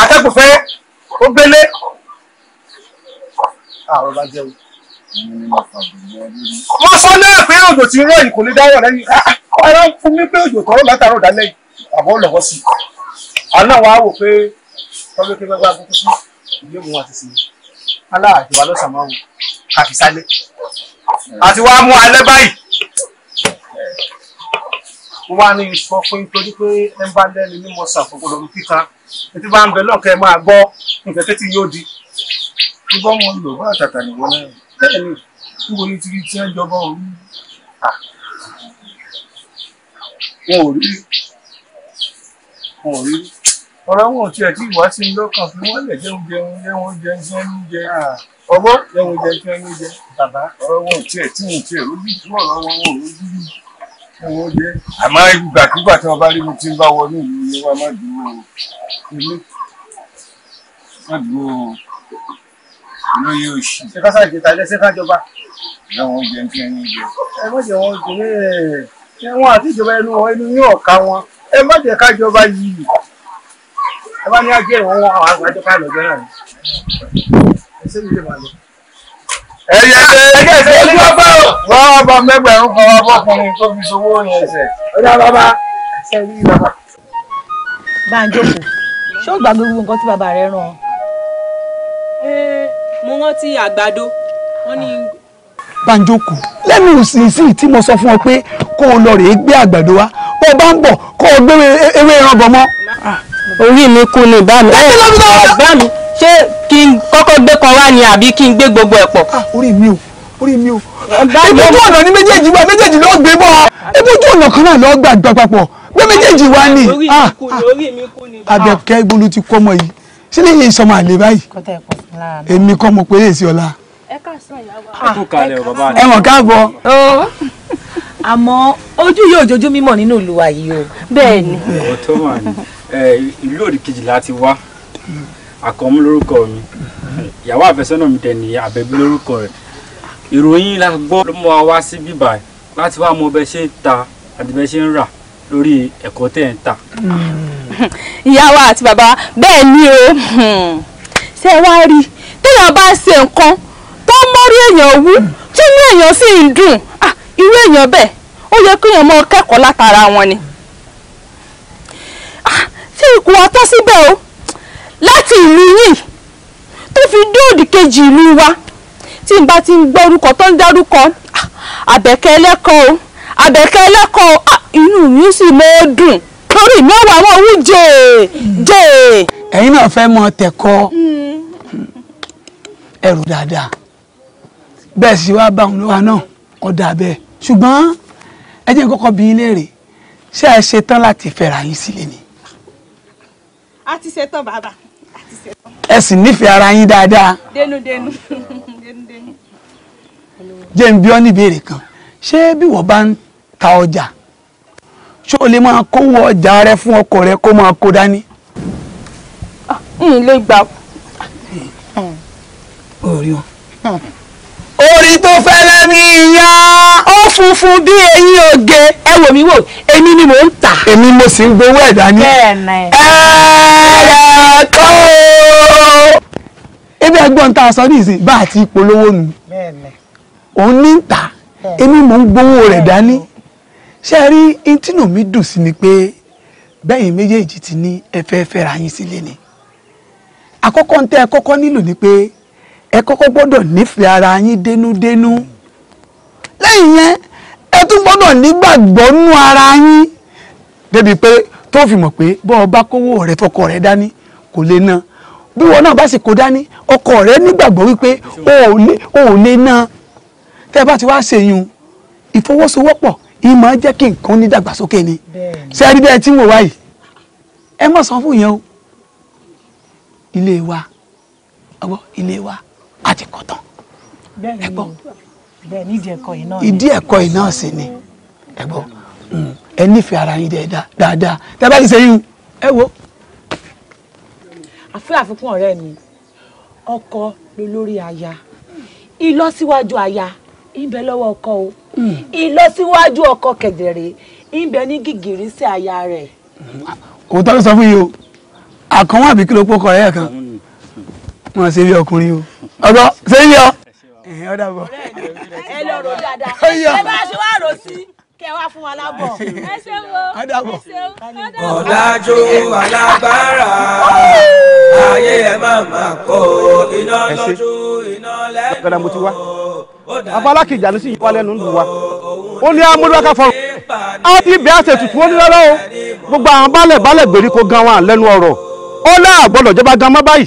akẹ́kọ̀ọ́ fẹ́ ó gbélé àárọ̀ bá jẹ́ o. wọ́n sọ náà ẹ̀rọ ń fún mi pé òjò tọ́rọ̀ látàárọ̀ dálẹ́ yìí àbọ̀ lọ́wọ́ sí i àná wàá wò pé tọ́lú pé gbẹ́gbẹ́ agbókú sí ìlú òun àti sinmi aláàjọ wa lọ́sàn máa wò káfí sálẹ̀ àti wàá mú alẹ́ báyìí mo wá ní sọ fún yín torí pé ẹ ń bá lẹ́nu ní mo sàn kòkòrò mi kíkan etí bá ń bẹ lọ́ọ̀kẹ́ ẹ máa gbọ́ nǹkan tẹ́tí yóò di. gbígbọ́ mo lò bá àtàtà nìwọ náà bẹ́ẹ̀ ni wọn ò rí wọn ò rí ọ̀rọ̀ ò tiẹ̀ tí ìwà sí lọ́kàn fún wọn lè ah. jẹun jẹun jẹun jẹun jẹun jẹ ọgbọ́ jẹun jẹun jẹun jẹ bàbá ọ̀rọ̀ ò tiẹ̀ tí wọn ò tiẹ̀ lójú tí wọn ò lójú jẹun jẹ àmọ́ ìgbàkúgbà tí wọn bá rí mi tí ń bá wọnú ìlú ni wọn má dúró ilé má dúró lóye oṣù. ṣé ká sáà jẹta ilé ṣé ká jọba. ìyá wọn jẹun jẹun jẹ. ẹ mọ̀ jẹ́ wọn jẹ́ wọn àti ìjọba ẹnu ẹnu yín ọ̀ka wọn ẹ má jẹ́ kájọba yìí ẹ bá ní ajé ìwọ̀n wọn àwọn àgbàjọ ká lọ́jọ́ náà ni ẹ ṣe ìdílé màá lọ. ẹyẹ ẹyẹ ṣe ẹni wọn bá wọn wọn bá mẹgbẹrún kan wọn bọ fún mi tó fi ṣòwò yẹn ṣe ọjà bàbá ṣe rí bàbá. bá a ṣé ó gbàgbé gbogbo nǹkan tí bàbá rẹ rán ọ. mo rántí àgbàdo wọn ní banjoko lẹ́nu ìsinsìnyí tí mo sọ fún ọ pé kó o lọ rèé gbé àgbàdo wa bó o bá ń bọ̀ kó o gbé ewé ẹran bọ̀ mọ́. Ah, orí mi kú ni bá mi eh, bá mi ṣé kí n kọ́kọ́ gbé kan wá ni àbí kí n gbé gbogbo ẹ̀ pọ̀. Ah, orí mi o orí mi o ìbójú eh, ọ̀nà ni méjèèjì wá méjèèjì ló gbé bọ́ ìbójú ọ̀nà kan náà ló gbàgbà papọ̀ gbé méjèèjì wá ni ah, Àbẹ̀kẹ́ gbolu ti kọ́ ọmọ yìí sílẹ̀ yìí sọmọ àlè báyìí kọ́ mo péré sí ẹ mọ̀ káàbọ̀ oh. àmọ́ ojú yóò jojú mímọ̀ nínú ìlú yìí o. bẹ́ẹ̀ ni. mà ní ìlú òdì kejì láti wá àkànmú lórúkọ mi ìyàwó àfẹsọ́nà mi dẹ̀ ní àbẹ̀bí lórúkọ rẹ̀ ìròyìn la gbọ́ ló mú wa wá sí bíbá láti wá mọ bẹ ṣe ń ta àti bẹ ṣe ń rà lórí ẹ̀kọ́ tẹ̀ ń tà. ìyá wa àti bàbá bẹ́ẹ̀ ni o ṣé wàá rí téèyàn bá ṣe nǹkan torí èèyàn wú tí inú èèyàn sì ń dùn ah, irú èèyàn bẹ́ẹ̀ ó yẹ kéèyàn mọ kẹ́kọ̀ọ́ látara wọn ni tí ah, ikú wa tán síbẹ̀ o láti ìlú yìí tó fi dé òdì kejì ìlú wa tí n bá ti ń gbọ́ orúkọ tó ń dárúkọ ah, àbẹ̀kẹ́ ẹlẹ́kọ̀ọ́ o àbẹ̀kẹ́ ẹlẹ́kọ̀ọ́ inú mi sì mọ́ ó dùn torí mi ò wà wọ́n wú jèè jèè. ẹ̀yin náà fẹ́ mọ tẹ̀kọ́ hmm. hmm. ẹrù dáadáa bẹ́ẹ̀ sì wá bá òun lọ́wọ́ náà ọ̀dà bẹ́ẹ̀ ṣùgbọ́n ẹ jẹ́ kọ́kọ́ bí ilé rè ṣé ẹ ṣe tán láti fẹ́ra yín sílé ni. a ti ṣe tán bàbá a ti ṣe tán. ẹ sì nífẹ̀ẹ́ ara yín dáadáa. dénúdénú dénúdénú. jẹ́ n bí ọ́ níbèrè kan ṣé bí wọ́n bá ń ta ọjà ṣé o lè máa kówó ọjà rẹ fún ọkọ rẹ kó máa kó dání. Ah, n ò lè gbà. orí wọn. Hmm. orí tó fẹ́lẹ́ mi yá ó funfun bi eyin oge ẹ wò mí wò èmi ni mò ń tà. èmi mo si ń gbowó ẹ̀ dání. bẹ́ẹ̀ni. ẹ̀ẹ́dẹ̀ kọ́ o. ebi ẹgbọ́n tá a sọ ní ìsìn bá àti ìpolówó nu. bẹ́ẹ̀ni. òun ní ń tà èmi mò ń gbowó rẹ̀ dání. intinu mi dùn si ni pé bẹ́yìn méjèèjì ti ní ẹ fẹ́ yín sílé ni. àkọ́kọ́ ń tẹ́ ẹ kọkọ nílò ni pé. ẹ kọ́kọ́ gbọ́dọ̀ nífẹ̀ẹ́ ara yín dénúdénú lẹ́yìn yẹn ẹ tún gbọ́dọ̀ nígbàgbọ́ nú ara yín débi pé tó fi mọ̀ pé bọ́ ọ bá kówó rẹ tọkọ rẹ dání kò lè ná bí wọn náà bá sì kó dání ọkọ rẹ nígbàgbọ́ wípé o ò lè ná tẹ́ bá ti wá ṣèyún ìfọwọ́sowọ́pọ̀ ìmọ̀ jẹ́ kí nǹkan ní dàgbàsókè ni ṣé ẹ rí bẹ́ẹ̀ tí mo wá yìí ẹ má san fún yẹn o ilé wa ọgbọ́ ilé wa a ti kọ́ tán. ẹ gbọ́ ìdí ẹ̀kọ́ yìí náà sì ni ẹ gbọ́ hmm. ẹ nífẹ̀ẹ́ ara yín dáadáa tẹ́ bá ti ṣe yín ẹ wo. àfẹ́ àfikún ọ̀rẹ́ mi ọkọ lólórí aya ìlọsíwájú aya ìbẹ lọ́wọ́ ọkọ o hmm. ìlọsíwájú ọkọ kẹdẹrẹ ìbẹ ní gìgìrì sí aya rẹ̀. òótọ́ ló sọ fún yìí o àkànwọ́ àbí ló pọ́kọ ẹ̀yà kan wọ́n ṣe bí ọkùnrin o ọ̀rọ̀ ṣé yọ. ọ̀dà bọ̀. ẹ lọ rò dáadáa ẹ bá ṣe wá rò sí kẹ wá fún wa lábọ̀. ẹ ṣe wo ẹ ṣe wo. ọ̀làjú alábàárà ayé ẹ máa máa kó iná lójú iná lẹ́nu afalákìjà ní sí yíwá lẹ́nu ń lù wá ó ní amúlùwákà fọrùn á ti bẹ́ẹ̀ ṣètùtù ó ní lọ́lọ́ gbogbo àwọn balẹ̀ balẹ̀ gbèríko gan wa lẹ́nu ọ̀rọ̀ ó láà gbọ́dọ̀ jọba gan mọ́ báyìí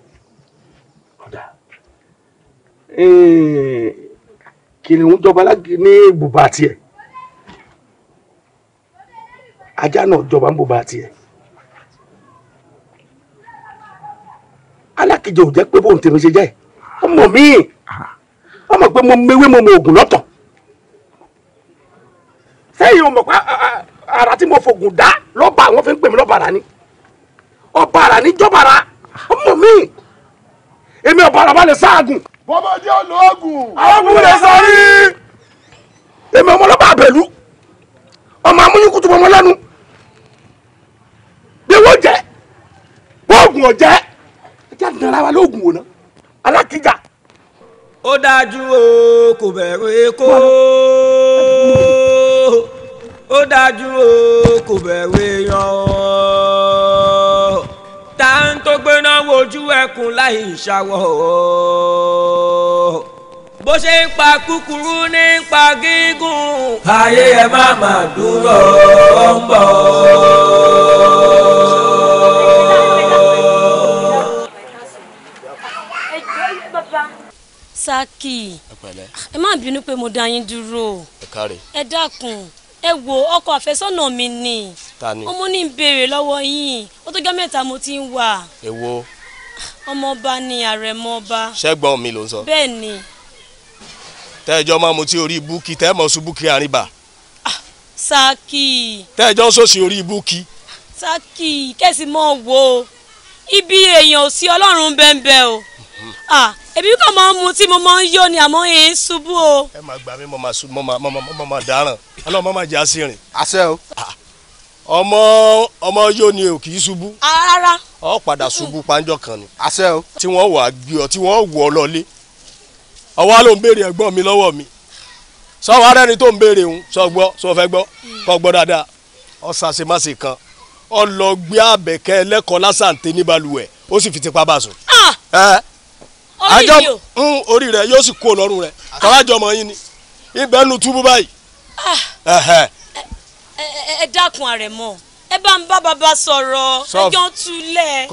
Eh, kìnìún jọba lági ní bùbá tiẹ̀ ajá náà jọba ń bùbá tiẹ̀ alákìjọ ò jẹ́ pé bóun tèmi ṣe jẹ́ ọmọ mi ọmọ pé mo mewé mo mọ oògùn lọ́tọ̀ sẹ́yìn ọmọ pé ara tí mo fògùn dá lọ́ba àwọn fi ń pè mí lọ́ba ara ni ọba ara ni jọba ara ọmọ mi èmi ọba ara bá lè sáàgùn bọ́mọdé ọ̀nà ogun. àbúrò sọrí. èmi ọmọ ọlọ́pàá àbẹ̀lú ọmọ amúnyíkùtù ọmọ lẹ́nu bí wọ́n jẹ́ bóògùn ọ̀jẹ́ ẹjẹ́ àdìdàlá wa lóògùn wò ná alákìjà. ó dájú o kò bẹ̀rù èkó ó dájú o kò bẹ̀rù èèyàn o ń tó gbéná wojú ẹkùn láì ṣàwọ̀ ooo bó ṣe ń pa kúkúrú ní ń pa gígùn. ayé ẹ má má dúró ó ń bọ̀ Saki ẹ má bínú pé mo dá yín dúró ẹ dákun ẹ wo ọkọ àfẹ́sọ́nà mi ni ọmọ ní béèrè lọ́wọ́ yín ó tó jọ mẹ́ta mo ti ń wà. èwo. ọmọọba ni àrẹ̀mọba. ṣẹ́gbọ́n mi ló ń sọ. bẹ́ẹ̀ ni. tẹ́ẹ̀jọ́ máa mo ti orí búkì tẹ́ẹ̀ mọ̀ sún búkì àríbà. Ah, sákì. tẹ́ẹ̀jọ́ sòsì orí búkì. sákì kẹ́sì mọ́ wo ibi èèyàn ò sí ọlọ́run bẹ́ẹ̀ bẹ́ẹ̀ o. Mm-hmm. ah èmi kò mọ mu tí mo mọ ń yó ni àmọ́ ẹ ń ṣubú o. ẹ máa gbà mí mo máa ṣubú mo máa mo máa dáràn ọlọ́run mo máa jà sí rìn. àṣẹ o. Ah, ọmọ ọmọ yó ni o kì í ṣubú. rárá. ọ padà ṣubú panjọ kan ni. àṣẹ o. tí wọ́n wà gbé ọ tí wọ́n wọ̀ ọ lọlé ọwọ́ ló ń béèrè ẹ̀gbọ́n mi lọ́wọ́ mi sọ́wọ́ arẹ́ni tó ń béèrè ń sọ gbọ́ sọ fẹ́ gbọ́ kọ́ gbọ́ dáadáa ọ̀sàṣemáṣe kan ọlọ́gbé àbẹ̀kẹ́ ẹlẹ́kọ̀ọ́ lásàǹtẹ̀ níbalùwẹ̀ ó sì fi tipa bá sùn. Ah! àjọ ń hmm, orí rẹ yóò sì kú ọlọ́run rẹ kọ́lájọ ọmọ yín ni ibẹ̀ nu túbú báyìí. Ah. ẹ dákun àrẹ̀mọ ẹ bá ń bá bàbá sọ̀rọ̀ ẹjọ́ túlẹ̀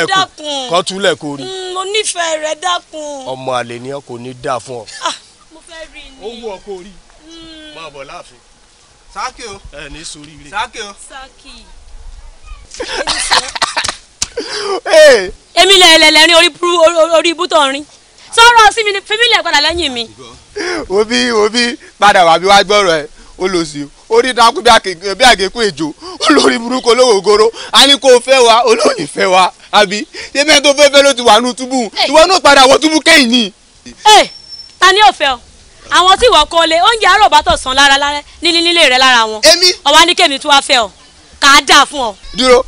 ẹ dákun kọ́ túlẹ̀ kò rí. Hmm, mo nífẹ̀ẹ́ rẹ dákun. ọmọ àlè ni kò ní dáa fún ọ. Ah, mo fẹ́ rí ni. ó wù ọ kó rí hmm. máa bọ̀ láàfin. sáàkì o ẹ ní sórí rẹ. sáàkì o. sáàkì. èmi lẹ̀ lẹ̀ rin orí ibú tó ń rin sọ̀rọ̀ sí mi ni fímílẹ̀ padà lẹ́yìn mi. obi, òbí padà wà bí wàá gbọ́rọ̀ ẹ̀ ó lọ sí o ó rí dákú bí àgékún èjò ó lórí burúkú olówó ògoro a ní kó o fẹ́ wa olóyìn fẹ́ wa àbí ṣé bẹ́ẹ̀ tó fẹ́ fẹ́ ló ti wà nù túbú ìwọ náà padà wọ túbú kẹ́yìn ni. ẹ ta ni òfẹ o àwọn tí ìwọ kọ lé oúnjẹ àárọ̀ bá tọ̀ sàn lára lára nílé nílé rẹ lára wọn. ọwọ́ ní kèmí tí wàá fẹ́ ọ kà á dà fún ọ. dúró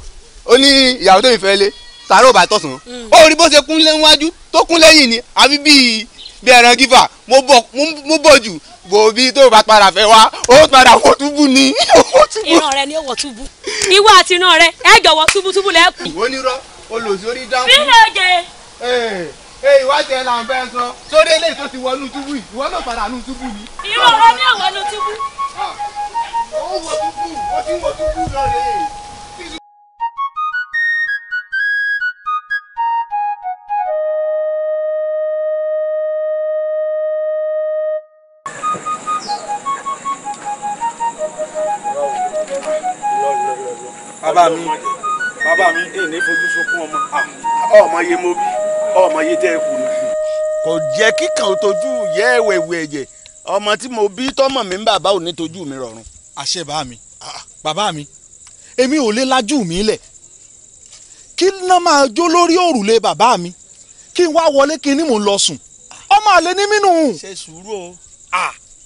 ó ní ìyàwó tó ń sàárò bá tọ̀sán mm. ó rí bó ṣe kún léwájú tó kún lẹ́yìn ni àbí bíi bí ẹran gífà mo bọ̀ jù bòbí tó bá padà fẹ́ wá ó padà wọ túbú ni. iná rẹ ni ó wọ túbú ìwọ àti iná rẹ ẹ jọ̀wọ́ túbútúbú lẹ́kùn. ìwọ ni rọ olùsórí dáhùn. bí lóye. ee ee ìwádìí ẹ là ń fẹ́ sọ sórí eléyìí tó ti wọnú túbú yìí ìwọ ló padà nù túbú ni. ìwọ rẹ ni ó wọnú túbú. Ah, ó wọ túbú ó ti wọ túbú lọ rèé. bàbá mi bàbá mi èyí ní fojú sunkún ọmọ ọmọ yé mo bí ọmọ yé tẹ́ ẹ kù ní. kò jẹ́ kíkan tójú yẹ ẹ̀wẹ̀wẹ̀ ẹ̀jẹ̀ ọmọ tí mo bí tọ́mọ mi ń bàbá ò ní tójú mi rọrùn. àṣẹ bá mi bàbá mi èmi ò lè lajú mi lẹ̀ kí ná máa jó lórí òrùlé bàbá mi kí n wá wọlé kí ni mò ń lọ sùn ọmọ àlè ní mínú. ṣe sùúrù o.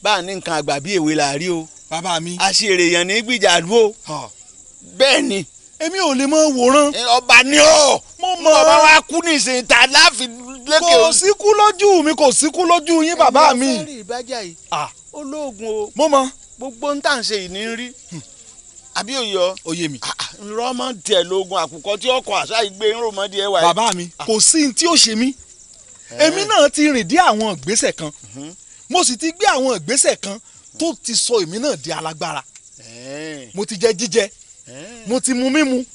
bá a ní nǹkan àgbà bíi èwe la o. bàbá mi. àṣìrè èèyàn ní gbìjàdú o bẹ́ẹ̀ ni èmi ò lè mọ wòran. ọba ni ọ mo mọ ọba wa kú ní ìsìn ta láàfin lẹkẹ. kò síkú lójú mi kò síkú lójú yín bàbá mi. ẹ̀yin ọ̀sẹ̀ ìbájà yìí olóògùn o. mo mọ. gbogbo ń tà ń ṣe ìní rí. Hmm. àbí òye ọ. òye mi. Ah, ah, irọ́ mọ̀ tiẹ̀ lóògùn àkùkọ tí ọkọ̀ àṣà ìgbé ńrò mọ́ di ẹwà. bàbá mi ah. kò sí ní tí ó ṣe mí. Eh. èmi náà ti rìn dé àwọn ìgbésẹ̀ kan mhm. mo sì ti gbé àwọn ìgbésẹ̀ kan tó ti sọ èmi náà di alágbára eh. mo ti jẹ jíjẹ Eh. mo ti mu mímu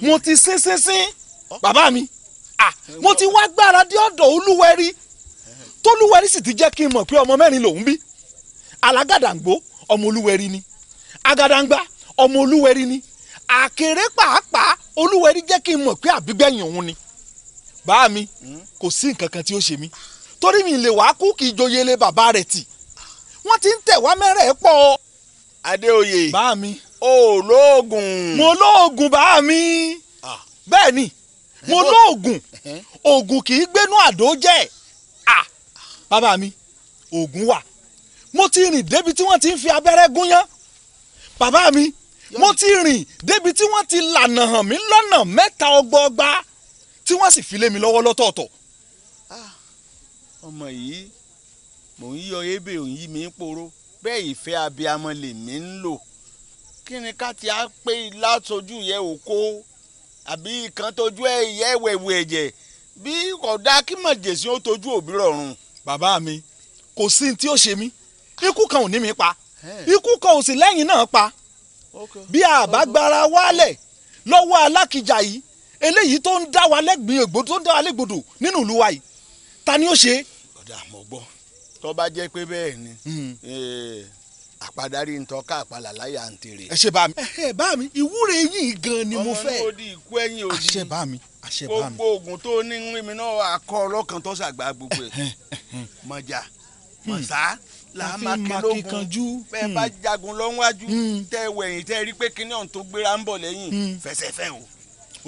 mo ti sín sín sín bàbá mi ah, eh, mo ti wá gbára dé ọ̀dọ̀ olúwẹ̀rí eh. tólúwẹ̀rí sì ti jẹ́ kí n mọ̀ pé ọmọ mẹ́rin lòún bí alágàdàǹgbò ọmọ olúwẹ̀rí ni agàdàǹgbà ọmọ olúwẹ̀rí ni àkèré pàápàá olúwẹ̀rí jẹ́ kí n mọ̀ pé àbígbẹ̀yìn òun ni bá mi hmm? kò sí nǹkan kan tí ó ṣe mí torí mi lè wá kú kí ìjòyè lé bàbá rẹ̀ tì wọ́n ti ń tẹ̀ wá mẹ́rẹ̀ adéoyè bá mi olóògùn. mo lóògùn bá mi bẹ́ẹ̀ ni mo lóògùn oògùn kì í gbénú àdó jẹ́ bàbá mi oògùn wà mo ti rìn débi tí wọ́n ti ń fi abẹ́rẹ́ gúnyán bàbá mi mo ti rìn débi tí wọ́n ti lànà hàn mí lọ́nà mẹ́ta ọgbọọgba tí wọ́n sì fi lé mi lọ́wọ́ lọ́tọ̀ọ̀tọ̀. ọmọ yìí mò ń yọ ebè òun yí mi ń poro bẹ́ẹ̀ ìfẹ́ abiyamọ lèmi ń lò kí ni ká ti á pé látọjú yẹ òkó àbí ìkan tójú ẹ ìyẹ ìwẹ̀wù ẹ̀jẹ̀ bí ọ̀dà kí mọ̀ jèsì ó tójú òbí rọrùn. bàbá mi kò sí ní tí ó ṣe mí ikú kan ò ní mi pa ikú kan ò sì lẹ́yìn náà pa bí àbágbára wálẹ̀ lọ́wọ́ alákìjà yìí eléyìí tó ń dá wa lẹ́gbìn ògbódò tó ń dá wa lẹ́gbòdò nínú ìlú wa yìí ta ni ó ṣe. ọ̀dà àmọ́ gbọ́ tó bá jẹ́ pé bẹ́ẹ̀ ni hmm. eh, àpàdárí ntọ́ka àpàlà láyà ń tèrè. ẹ ṣe bá mi. ẹ bá mi ìwúre yín gan ni mo fẹ́. ọmọ ní odi ìkú ẹ̀yìn odi. àṣẹ bá mi àṣẹ bá mi. gbogbo oògùn tó ní ń rìn mí náà akọ ọlọ́kan tó ṣàgbà gbogbo ẹ̀. mọ̀jà hmm. mọ̀sá la máa kílógún bẹ́ẹ̀ bá hmm. jagun lọ́wájú hmm. tẹ́ wẹ̀yìn tẹ́ rí pé kíní ọ̀hún tó gbéra ń bọ̀ lẹ́yìn fẹsẹ̀fẹ́ o.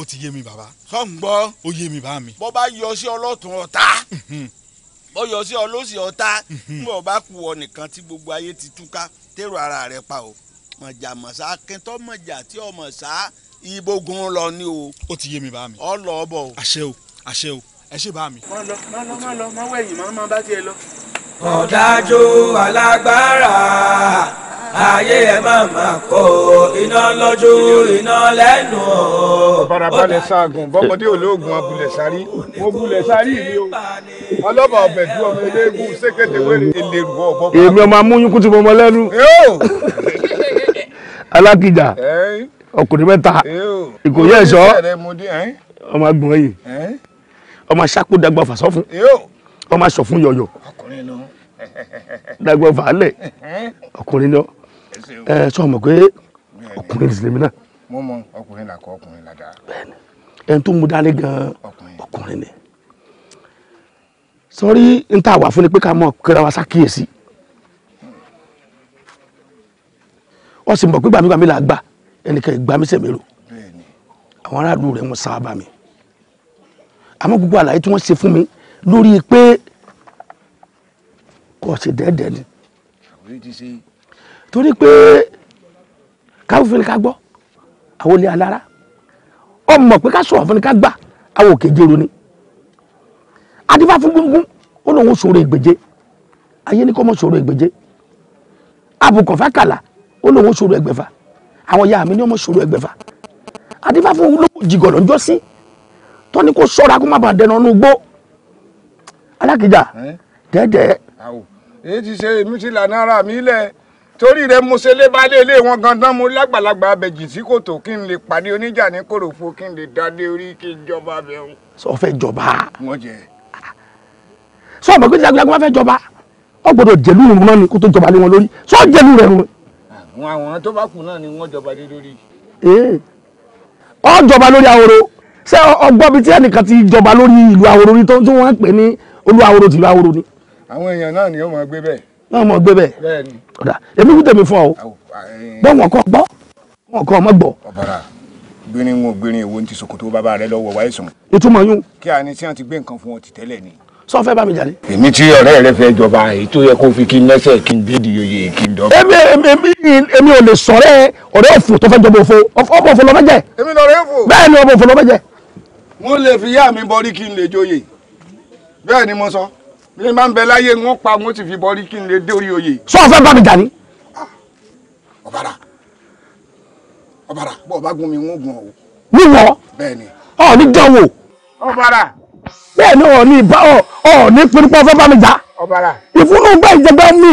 ó ti yé mi bàbá. sọ́ǹgbọ́. ó yé mi bá mi. bọ́ bá yọ sí ọlọ́tún ọ̀tá bọ́yọ̀ sí ọ ló sì ọ ta mú ọba kú ọ nìkan tí gbogbo ayé ti túká tèrò ara rẹ pa o mọ̀jà mọ̀sá kẹntọ́ mọ̀jà tí ọ mọ̀sá ibogun lọ ni o. ó ti yé mi bá mi. ọ lọ bọ o. àṣẹ o àṣẹ o ẹ ṣe bá mi. má lọ má lọ má lọ má wẹ̀yìn má má bá tiẹ̀ lọ. ọ̀dájú alágbára ayé ẹ má má kó iná lójú iná lẹ́nu o. barabalẹ̀ ṣaagun bọ́mọdé olóògùn abulẹ̀ sáré mo bulẹ̀ sáré mi o ọlọ́ba ọbẹ̀ dú ọmọ eléégún ṣékété wẹ́rẹ́ eléèrú ọ̀bọ. èmi ọmọ amúyúnkú tí mo mọ lẹ́nu alákìjà ọkùnrin mẹ́ta ìkòyí ẹ̀ṣọ́ ọmọ agbọ̀n yìí ọmọ aṣáko dàgbà fàṣọ́fún ọmọ aṣọ̀fún yọ̀yọ̀ dàgbà fàálẹ̀ ọkùnrin náà ẹ sọ ọmọ pé ọkùnrin ìsìlẹmí náà. mo mọ ọkùnrin làkọ ọkùnrin làdá. bẹ́ẹ̀ni ẹni tó mú dání gan ọkùnrin ni sọrí n ta wà fún ni pé ká mọ kíra wa ṣàkíyèsí wọ́n sì mọ̀ pé gbàmígbàmí là gbà ẹnìkan ìgbàmísẹ̀ mélòó àwọn aráàlú rẹ̀ wọ́n sábà mi àmọ́ gbogbo àlàyé tí wọ́n ṣe fún mi lórí pé kò ṣe dẹ́ẹ̀dẹ́ ni. torí pé ka fún ni ká gbọ́ àwọn ní alára ọmọ pé ká sọ̀rọ̀ fún ni ká gbà àwọn òkè ni adífá fún gbogbo ó lóun sọ̀rọ̀ ìgbèje ayé ní kọ́ mọ́ sọ̀rọ̀ ìgbèje abùkọ̀fà kàlà ó lóun sọ̀rọ̀ ẹgbẹ̀fà àwọn ìyá mi ní ọmọ sọ̀rọ̀ ẹgbẹ̀fà adífá fún olówó jìgọ̀dọ̀ ńjọ́ sí tọ́ni kó sọ́ra kó má bàa dẹnu alákìjà èyí torí rẹ mo ṣe lé balẹ̀ ilé wọn gandan mo lágbàlagbà abẹjì sí kòtò kí n lè pàdé oníjà ní kòròfo kí n lè dalé orí kí n jọba bẹun. sọ fẹ́ jọba. wọn jẹ. sọ ma pé jagunjagun bá fẹ́ jọba wọn gbọ́dọ̀ jẹlu irun náà ni kó tó jọba lé wọn lórí sọ jẹlu rẹ run. àwọn àwòrán tó bá kù náà ni wọn jọba lé lórí. ee ọ jọba lórí ahoro ṣé ọgbọ́n bíi tí ẹnìkan ti jọba lórí ìlú ahoro ni tó wọ́n pè ní olú ahoro tìlú ahoro ni. àwọn èèyàn náà ni ó mọ̀ gbé bẹ́ẹ̀. náà mọ̀ gbé bẹ́ẹ̀. bẹ́ẹ̀ ni ọ̀dà èmi kú tèmi fún ọ bọ́ wọn kọ́ gbọ́ wọn kọ́ ọmọ gbọ́. ọ̀bàrà gbìnrin wọn gbìnrin èwo ní ti ṣòkòtò bàbá rẹ lọ́wọ́ wáyé sùn. ìtumọ̀ yún. kí a ní tí wọ́n ti gbé nǹkan fún wọn ti tẹ́lẹ̀ ni. sọ fẹ́ bá mi jàre. èmi tí ọ̀rẹ́ rẹ fẹ́ jọba èyí tó yẹ kó fi kí n lẹ́sẹ̀ kí n bídì oyè kí n dọ́. èmi èmi èmi ò lè sọ̀rẹ́ ọ̀rẹ́ òfò tó fẹ́ jọba òfò ọ̀pọ̀ òfò lọ́fẹ́ jẹ. èmi lọ́rẹ́ ní máa ń bẹ láyé wọn pa wọn sì fi bọrí kí n lè dé orí oyè. sọ fẹ́ bá mi jà ni. Ah, ọ̀bàrà ọ̀bàrà bọ́ọ̀ bá gún mi wọ́n gùn ọ́. níwọ̀ bẹ́ẹ̀ni. ọ ní dánwò. ọ̀bàrà. bẹ́ẹ̀ni ọ ní ìbá ọ ọ ní pinpọ́n fẹ́ bá mi jà. ọ̀bàrà. ìfúnnú bá ìjẹgbẹ́ mi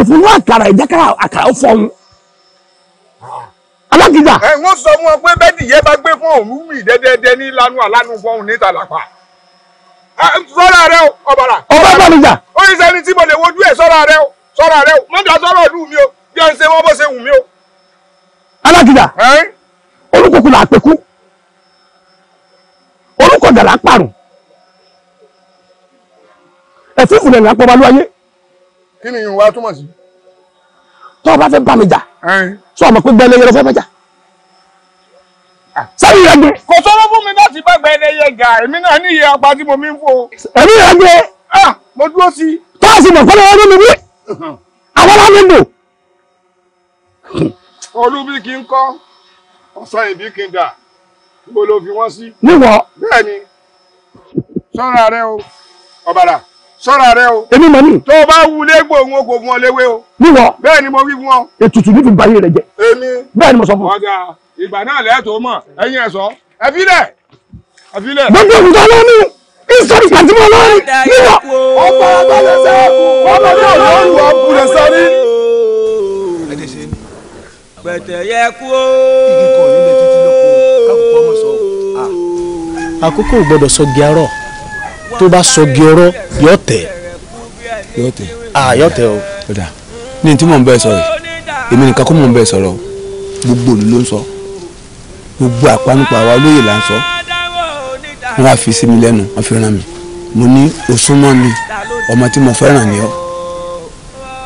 ìfúnnú àkàrà ìjẹkàrà àkàrà ó fọ́n. Ah. alákìjà. ẹ wọ́n sọ fún ọ pé bẹ́ẹ̀ Ah, sọ́ra rẹ o ọ̀bàrà. ọba bá mi jà. ó ní sẹ́ni tí mo lè wojú ẹ̀ sọ́ra rẹ o sọ́ra rẹ o mọ́tà sọ́ra ìlú mi o bí ọ̀n ṣe wọ́n bó ṣe wù mí o. alákìjà olùkókò là á pẹ̀kú olùkọ̀dà là á pààrùn ẹ̀fífù lẹ̀ là á pọ̀ balùwáyé. kí ni ìwà túmọ̀ sí. tọ́ ọ bá fẹ́ bá mi jà sọ ọmọ pé gbẹ́lẹ́ yẹlẹ fẹ́ bá jà sẹ́mi rẹ̀ gbé. kò sọ́wọ́ fún mi láti bá gba ẹlẹ́yẹ gà èmi náà ní iye apá tí mo mi ń fò. èmi rẹ̀ gbé. Ah, mo dúró sí i. tọ́ọ̀sì mọ̀ fọ́lọ́ ọdún mi wí. àwọn láti lò. olúbi kí n kọ́ ọ̀sán ìbí kí n dà níbo ló fi wọ́n sí. níwọ̀. bẹ́ẹ̀ ni sọ́ra rẹ o ọ̀bàrà sọ́ra rẹ o. èmi mọ̀ ní. tó o bá wulé gbòòrùn o kò fún ọ léwé o. níwọ. bẹ́ẹ̀ ni mo wí fún ọ. ètùtù nífi báyé rẹ jẹ. èmi. bẹ́ẹ̀ ni mo sọ fún ọ. ọjà ìgbà náà lẹ́ẹ̀tọ́ mọ̀ ẹ̀yin ẹ̀ sọ lẹ̀ ẹ lẹ̀. gbogbo olùkọ́ ló ní ìsọ̀rí pàtí mo lọ́rí níwọ. ọba abẹ́lẹ́sẹ̀ ọba náà ló lù ọ́ tó bá sọgi ọ̀rọ̀ yọ yọ tẹ. ah yọ tẹ o. ọ̀dà ní tí mò ń bẹ́ẹ̀ sọ̀rọ̀ èmi nìkan kọ́ mò ń bẹ́ẹ̀ sọ̀rọ̀ gbogbo òní ló ń sọ gbogbo àpánupọ̀ àwa olóyè là ń sọ wọn á fi sí mi lẹ́nu wọn fi ràn mí mo ní osúnmọ́ mi ọmọ tí mo fẹ́ràn ni ọ́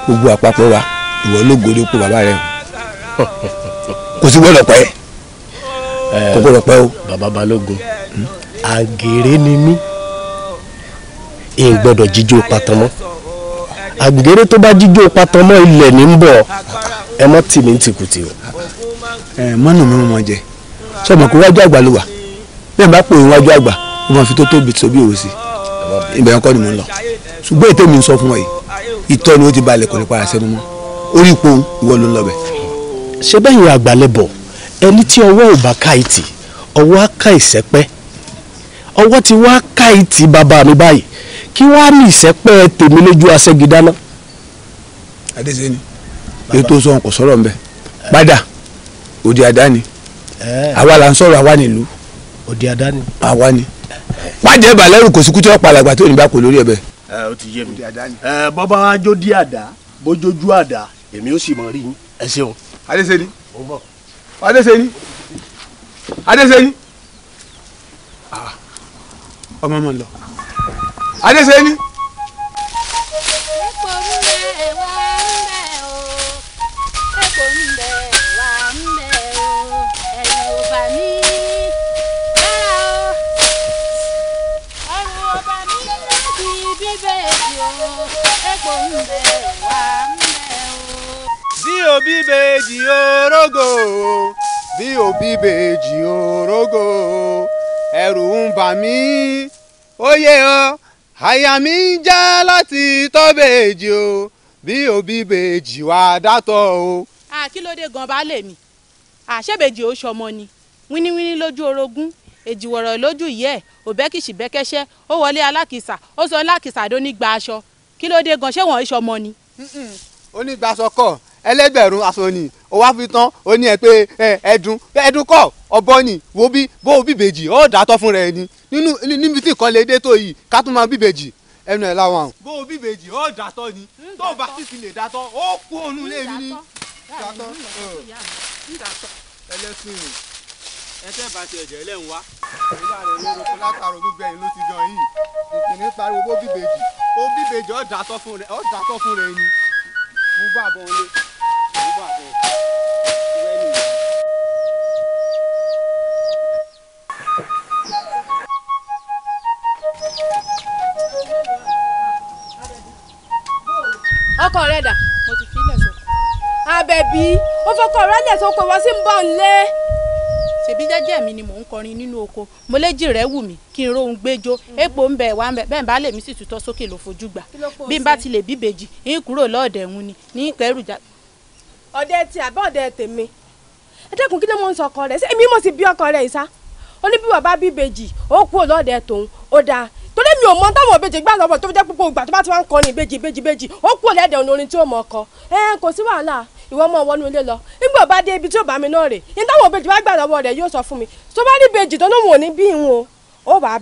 gbogbo àpapọ̀ wa ìwọ ló gòdè kó bàbá rẹ o kò sí gbọ́dọ̀ pẹ́ kò gbọ́dọ̀ pẹ́ o. bàbá balógun àgèrè ni mí. Hmm? ẹ gbọ́dọ̀ jíjó patan mọ́ àgbèrè tó bá jíjó patan mọ́ ilẹ̀ ní ń bọ̀ ẹ mọ́ tì mí ń tìkùtì o. ẹ mọ́nù mi mọ̀ jẹ sọmọ kó wájú àgbà ló wà bẹ́ẹ̀ bá pè wájú àgbà ló máa fi tó tóbi tó bí òwe sí ibẹ̀ ọkọ ni mo ń lọ ṣùgbọ́n ètò mi ń sọ fún ọ yìí ìtọ́ ni ó ti balẹ̀ kò ní para sẹ́nu mọ́ orí ipò ìwọ ló ń lọ bẹ̀. ṣé bẹ́yìn àgbàlẹ̀ bọ̀ ẹni tí ọwọ́ ò bá ká ìtì ọwọ́ á ká ìsẹ́pẹ́ ọwọ́ ti wá ká ìtì bàbá mi báyìí kí wàá ní ìsẹ́pẹ́ tèmi lójú aṣẹ́gi dáná. adéṣeni. ètò sọ̀rọ̀ kò sọ̀rọ̀ mbẹ́ padà òde àdáni eh. àwa là ń sọ̀rọ̀ àwa nílùú. òde àdáni. àwa ni wájẹ balẹ̀rù kò sí kú tí wọ́n palàgbà tó ní bá kò lórí ẹ bẹ́ẹ̀. ẹ eh, o ti yé mi ẹ eh, bọ́bá wa jó dí àdá bójójú àdá èmi ó sì mọ̀ rí ẹ ṣeun. adéṣeni adéṣeni adéṣeni ah. ọmọ mọ lọ adéṣeyí ni. òbí bèjì orógò bí òbí bèjì orógò ẹ̀rù ń bà mí ó yé o àyà mi ń já láti tọ́ bèèjì o bí òbí bèèjì wà dátọ̀ o. kí ló dé gan baálé mi àṣebèjì ó ṣọmọ ni wíníwíní lójú orogún èjìwọ̀rọ̀ lójú ìyẹ́ ẹ̀ òbẹ́kìṣì bẹ́kẹ́ṣẹ́ ó wọlé alákìsà ó sọ alákìsà ló ní gba aṣọ kí ló dé gan ṣé wọ́n ṣọmọ ni. onígbàsọ kọ ẹlẹgbẹrún aṣọ ni ó wá fi tán ó ní ẹ pé ẹdun ẹdun kọ ọbọ ni wo bí bó o bí bèjì ó dàtọ fún rẹ ni nínú níbi tí nǹkan lè dé tó yìí ká tún máa bíbejì ẹnu ẹ̀ láwọn. bó o bíbejì ó dàtọ ni tó o bá sì ti lè dàtọ ó kú òun lé mi ní. dàtọ ẹlẹ́sìn ẹtẹ́ bá ti ẹ̀jẹ̀ lẹ́ ń wá. ìlà rẹ̀ ló roko látàrọ gbígbẹ ìlú ti gan yìí ìkíní pariwo bó bíbejì ó bíbejì ó dàtọ fún ó dàtọ fún rẹ ni. mo bá a bọ̀ wọlé mo bá a bọ̀ wọlé. ọkọ rẹ dà. mo ti fi ilẹ̀ sọ́kọ̀. àbẹ̀bí ó fọkọ rẹ lẹ̀ sọ́kọ̀ wọ́n sì ń bọ̀ nílé. ṣèbí jẹ́jẹ́ mi ni mò ń kọrin nínú oko mo léjì rẹ̀ wù mí kí n rohun gbẹ́jọ mm-hmm. epo ń bẹ̀ wá ń bẹ̀ bẹ́ẹ̀ bá lèmi sì tutọ́ sókè ló fojú gbà bí n bá ti bí bèjì ń kúrò lọ́ọ̀dẹ̀ ń ni ní kẹrùjà. ọ̀dẹ ti àbẹ́ ọ̀dẹ tèmi ẹ dẹ́kun kí ló mọ̀ ń sọ ọkọ rẹ̀ ṣé èmi mo sì bí ọkọ rẹ̀ ìsá ó ní bí bàbá bí bèjì ó kúrò lọ́ọ̀dẹ̀ tòun ó dáa torí mi ò mọ táwọn ìbejì gbà lọ́wọ́ tó fi jẹ́ púpọ̀ ìgbà tó bá ti wá ń kọ́ ìbejì ìbejì ìbejì ó kú lẹ́dẹ̀ ọ̀nà tí ó mọ̀ ọkọ ẹ kò sí wàhálà ìwọ ọmọ wọnú ilé lọ nígbà bá dé ibi tí ò bá mi náà rè táwọn ìbejì bá gbà rẹ̀ yóò sọ fún mi tó bá rí ìbejì tó lóun ò ní bí o ó wàá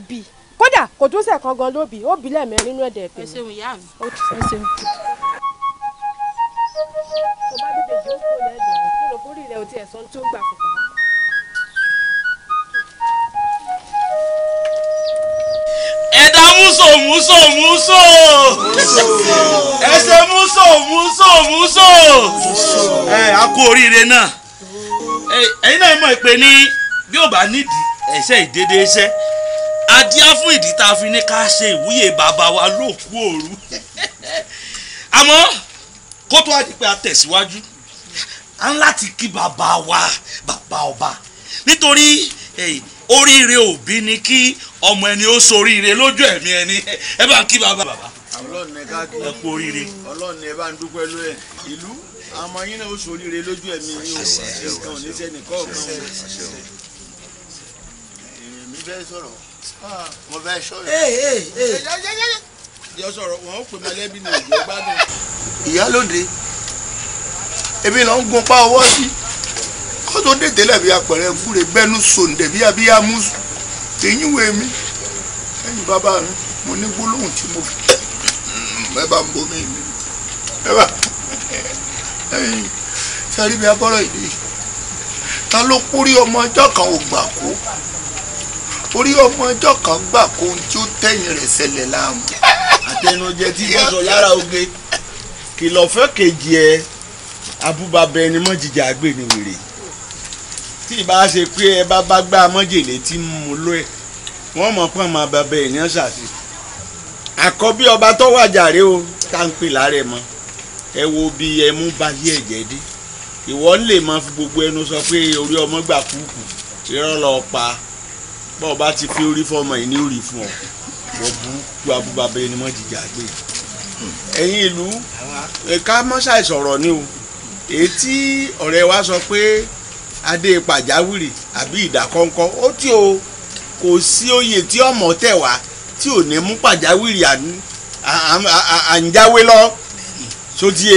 múso múso múso ẹsẹ̀ múso múso múso ẹ a kú oríire náà ẹ̀yin náà mọ̀ pé ní bí ò bá nídìí ẹ̀ṣẹ̀ ìdédé iṣẹ́ adíá fún ìdí tá a fi ní ká ṣe ìwúyè bàbá wa lóòkú òru àmọ́ kó tó àdí pé a tẹ̀síwájú à ń láti kí bàbá wa bàbá ọba nítorí. Hey, oríire òbí ni kí ọmọ ẹni ó soríire lójú ẹ̀mí ẹni ẹ bá ń kí bàbá. ọlọ́run ẹ ká kí ẹ kú oríire. ọlọ́run ẹ bá ń dúpẹ́ ló ẹ̀ ìlú àmọ́ yín náà ó soríire lójú ẹ̀mí yín o nǹkan ò ní sẹ́ni kọ́ọ̀kan o. èrè mi fẹ́ sọ̀rọ̀ ah, mo fẹ́ sọ̀rọ̀. ìyá sọ̀rọ̀ wọn ó pè mọ́lẹ́bí ní ìjọba náà. ìyálòde ebi náà ń gun pa ọwọ́ sí ọtọ dèdè lẹbi apẹrẹ fúre bẹnu sòǹdẹ bí abíyá mùsùn èyí wo èmi ẹ̀yin bàbá mi mo ní gbólóhùn tí mo fi ẹ bá ń bomi mi ẹ bá ẹ̀yin sẹrí bí abọ́rọ̀ ìdí ta ló kórí ọmọ ọjọ́ kan ò gbà kó orí ọmọ ọjọ́ kan gbà kó ohun tí ó tẹ̀yìn rẹ̀ ṣẹlẹ̀ láàmú. àtẹnujẹ tí mo sọ lára oge kìlọ̀ fẹ́ kejì ẹ abúbabẹ ẹni mọ́ jìjà àgbè ni wèrè tí ì bá ṣe pé ẹ bá bá gbá mọ́jèlé tí ń mú ẹ wọ́n mọ̀ pọ́n máa bàbá èèyàn ṣàṣì àkọ́bí ọba tó wàjà rèé o tá ń pè lárẹ̀ mọ́ ẹ wo bí ẹ mú bayé ẹ̀jẹ̀ dé ìwọ ń lè máa gbogbo ẹnu sọ pé orí ọmọ gbà kúkú irọ́ lọ pa bọ́ ọba ti fi orí fọmọ yìí ní orí fún ọ wọ́n burúkú abúbabẹ ni wọ́n jìjà gbé ẹ̀yin ìlú ẹ̀ka mọ́ṣáì sọ̀rọ̀ ni o èyí tí ọ̀rẹ́ wa sọ pé adé pàjáwìrì àbí ìdákọ́ńkọ́ ó tí o kò sí oyè tí ọmọ tẹ̀ wá tí ò ní mú pàjáwìrì àǹjáwé lọ sódì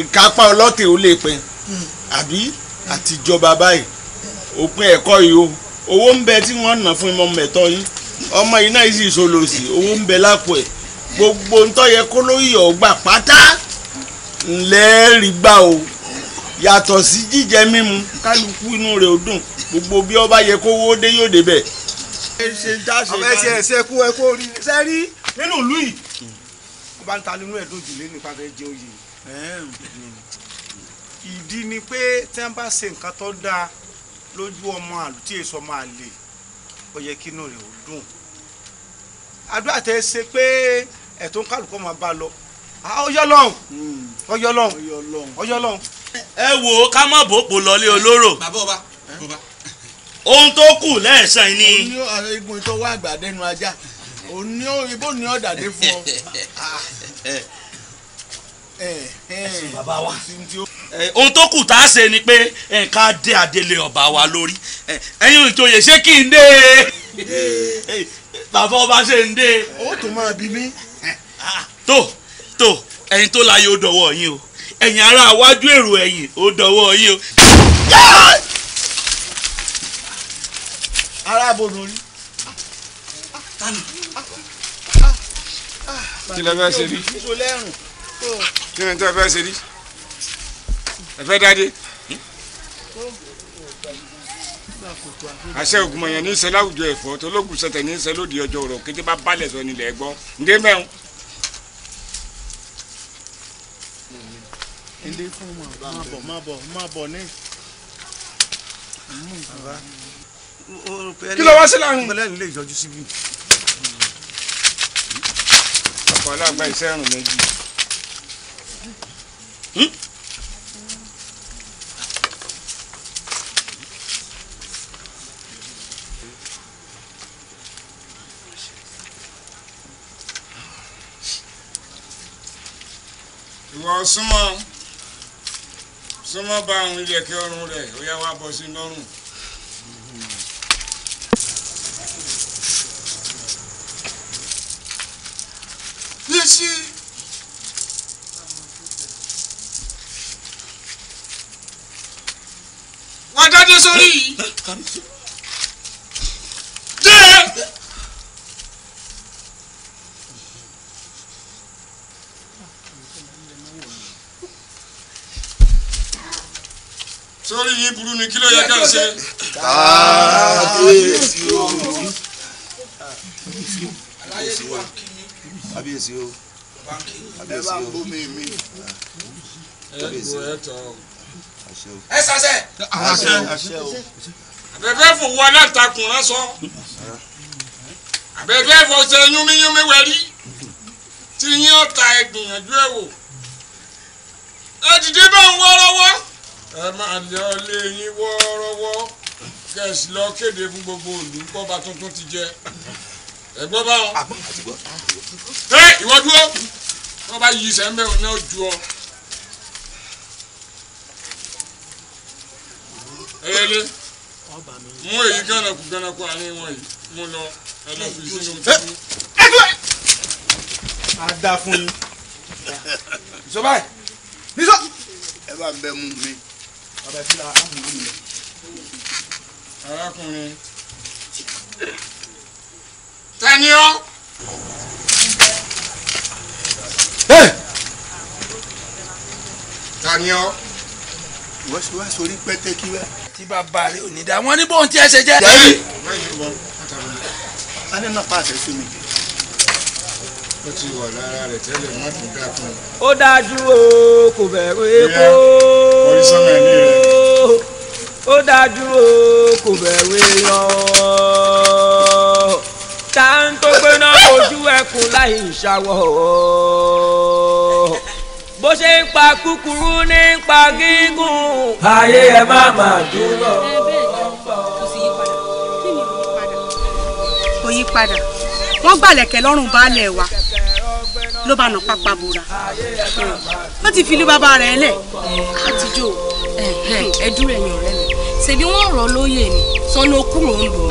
ìkápá ọlọ́tẹ̀ ó lè pin àbí àtijọba báyìí òpin ẹ̀kọ́ yìí o owó ń bẹ tí wọ́n ná fún ọmọ ẹ̀tọ́ yín ọmọ iná yìí sì solòsì owó ń bẹ lápò ẹ̀ gbogbo ń tó yẹ kó lóyè ọgbà pátá ńlẹ́ẹ̀rí gbà o yàtọ̀ sí jíjẹ mímu kálukú inú rẹ̀ ó dùn gbogbo bí ọba yẹ kó wó dé yóò débẹ̀. ọmọ ẹsẹ ẹsẹ kú ẹ kó rí ṣe rí nínú ìlú yìí ọba ń ta nínú ẹ lójú nípa fẹ́ jẹ oyè ìdí ni pé tí wọn bá ṣe nǹkan tó dáa lójú ọmọ àlùtí èso ọmọ àlè ó yẹ kí inú rẹ̀ ó dùn àdúrà tẹ ṣe pé ẹ̀tọ́ kálukú máa bá lọ ọyọ́ lọ́hùn ọyọ́ hmm. lọ́hùn ọyọ́ lọ́hùn ẹ wo ká má bò pò lọlé olóró ohun tó kù lẹ́ẹ̀sán ni. òun ní igun tó wá àgbà dẹnu ajá òun ní ibo ní fún ọ. Ah. Eh, eh. ohun tó kù tá a ṣe ni pé ká dé adélé ọba wa lórí ẹ̀yin ìjòyè ṣé kí n dé bàbá ọba ṣe ń dé. ó tó máa bí mi. Ah, tó tó ẹ̀yin tó láyé ó dọ̀wọ́ yín o. ẹ̀yin ará iwájú èrò ẹ̀yìn ó dọwọ́ yín o. rí. kí fẹ́ ṣe rí kí fẹ́ ṣe rí ẹ fẹ́ dáadé àṣẹ ògùnmọ̀yàn ní ẹ̀fọ́ tó lóògùn ní ọjọ́ kété bá balẹ̀ sọ nílẹ̀ mẹ́rin. ilé fún wọn máa bọ̀ máa bọ̀ máa bọ̀ ní. kí ló wá sí láàrin. ọmọlẹ́yìn ilé ìjọjú síbí. ọ̀pọ̀ aláàgbá iṣẹ́ ẹ̀rùn méjì. Hmm? ìwọ súnmọ́ súnmọ́ bá àwọn ilẹ̀kẹ̀ ọrùn rẹ̀ ó yá wá bọ́ sí lọ́rùn. Bísí. Wà á dájọ́ sórí yìí. mi kí ló yẹ ká ṣe. kábíyèsí o kábíyèsí o kábíyèsí o kábíyèsí o kábíyèsí o ẹ sasẹ abẹbẹ fún wa látakùn lásán abẹbẹ fún ọsẹ yúnmíyúnmí wẹrí tí yín ọta ẹ gbìyànjú ẹ wò ẹ dìde bá ń wọ lọ́wọ́ ẹ máa lẹ ọlé yín wọ́ọ́rọ́wọ́ kẹ̀sì lọ kéde fún gbogbo ìlú kọ́ba tuntun ti jẹ ẹ gbọ́ báwọn. ẹ ìwọ dúró wọ́n bá yí sẹ́ńbẹ́ òun náà ju ọ. ẹyẹlé mú èyí gánakù gánakù àárín wọn yìí mú lọ ẹlẹ́kùn sínú tuntun. a dá fún yín. ìsọ̀bá ẹ̀ nísọ̀. ẹ bá ń bẹ mú mi bàbá ìfúnra àmúlò rẹ. arákùnrin tani ọ. tani ọ. wọ́n ṣe wá sórí pẹ́tẹ́kí wá. tí bàbá rẹ ò ní dá wọn ní bóun tí ẹ ṣe jẹ́. jẹ́rìí. a ní náà pàṣẹ sí mi ó ti wà lára rẹ̀ tẹ́lẹ̀ má tún dá fún un. ó dájú o kò bẹ̀rù epo ó dájú o kò bẹ̀rù èèyàn tá ń tó pé náà ojú ẹkùn láì ṣàwọ̀ bó ṣe ń pa kúkúrú ní ń pa gígùn. ayé ẹ má má dúró. kò yí padà wọ́n gbàlẹ̀kẹ̀ lọ́rùn baálẹ̀ wa ló bá nà pápá bora wọ́n ti fi ilé bàbá rẹ̀ lẹ̀ ó ti jó ẹ dúró ẹ̀yìn ọ̀rẹ́ mi ṣèbí wọ́n rọ̀ lóyè ni sọ́nà kúrò ń lò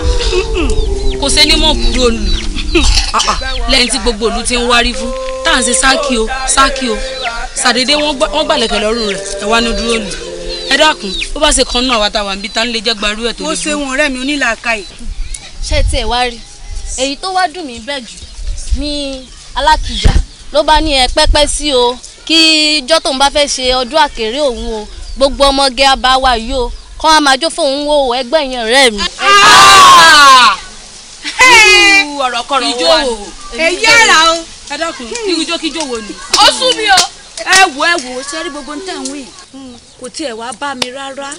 kò sẹ́ni mọ̀ kúrò ń lò lẹ́yìn tí gbogbo ìlú ti ń wárí fún tá à ń ṣe sáàkì o sáàkì o ṣàdédé wọ́n gbàlẹ̀kẹ̀ lọ́rùn rẹ̀ ẹ̀ wá ní dúró lù ẹ dákun ó bá ṣe kan náà wàtá wà níbi tá ń lè jẹ́ gbarú ẹ̀ tó lè dúró. ó ṣe wọn ọ̀rẹ́ mi onílàáka yìí. ṣé tiẹ̀ wá rí èyí tó wá dùn mí bẹ́ẹ̀ jù ní alákìjà ló bá ní ẹ pẹ́pẹ́ sí o kí ijọ́ tóun bá fẹ́ ṣe ọdún àkèrè òun o gbogbo ọmọge abáwa yìí o kọ́ a máa jó fóun wo ẹgbẹ́ yẹn rẹ̀ mi. ọ̀rọ̀ kọ̀rọ̀ wà ní. èyí ara o ẹ dákun kíjókíjó wo ni. ó sún mi o. ẹ wo ẹ wo ṣe gbogbo nǹkan àwọn yìí kò tiẹ̀ wá bá mi rárá.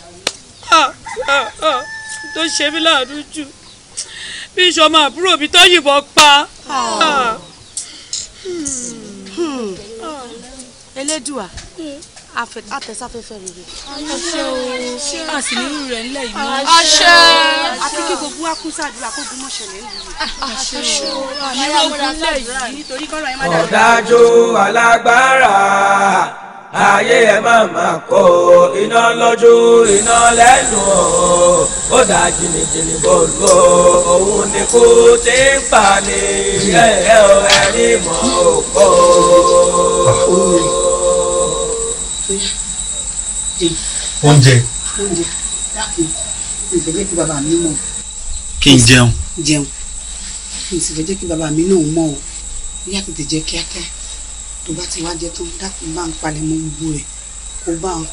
tó ṣe mí láàánú jù bí ìṣọmọ àbúrò mi tó yìnbọn pa. Hmm. elédùà àtẹ̀sáfẹ́fẹ́ rere àṣẹ o àṣẹ nínú rẹ̀ ńlẹ̀ yìí mọ́ àṣẹ àti kí gbogbo wa kó gun mọ́ṣẹ̀lẹ̀ ìlú àṣẹ o àmì ìwà ogun yìí nítorí kọ́lọ̀ yẹn má dàbí. ọ̀dájú alágbára ayé ẹ má má kó iná lójú iná lẹ́nu ó dà jìnnìjìnnì bòlò òun ni kú ti ń pa ni ẹ ẹ ò ẹni mọ̀ òkò. oúnjẹ. oúnjẹ dákun ìṣègbè tí bàbá mi mọ̀. kí n jẹun. jẹun ìṣègbè jẹ́ kí bàbá mi náà mọ̀ o bí a tètè kíákíá tó bá ti wá jẹ tó dákun bá ń palẹ̀ mọ́ gbogbo rẹ̀ kó bá ń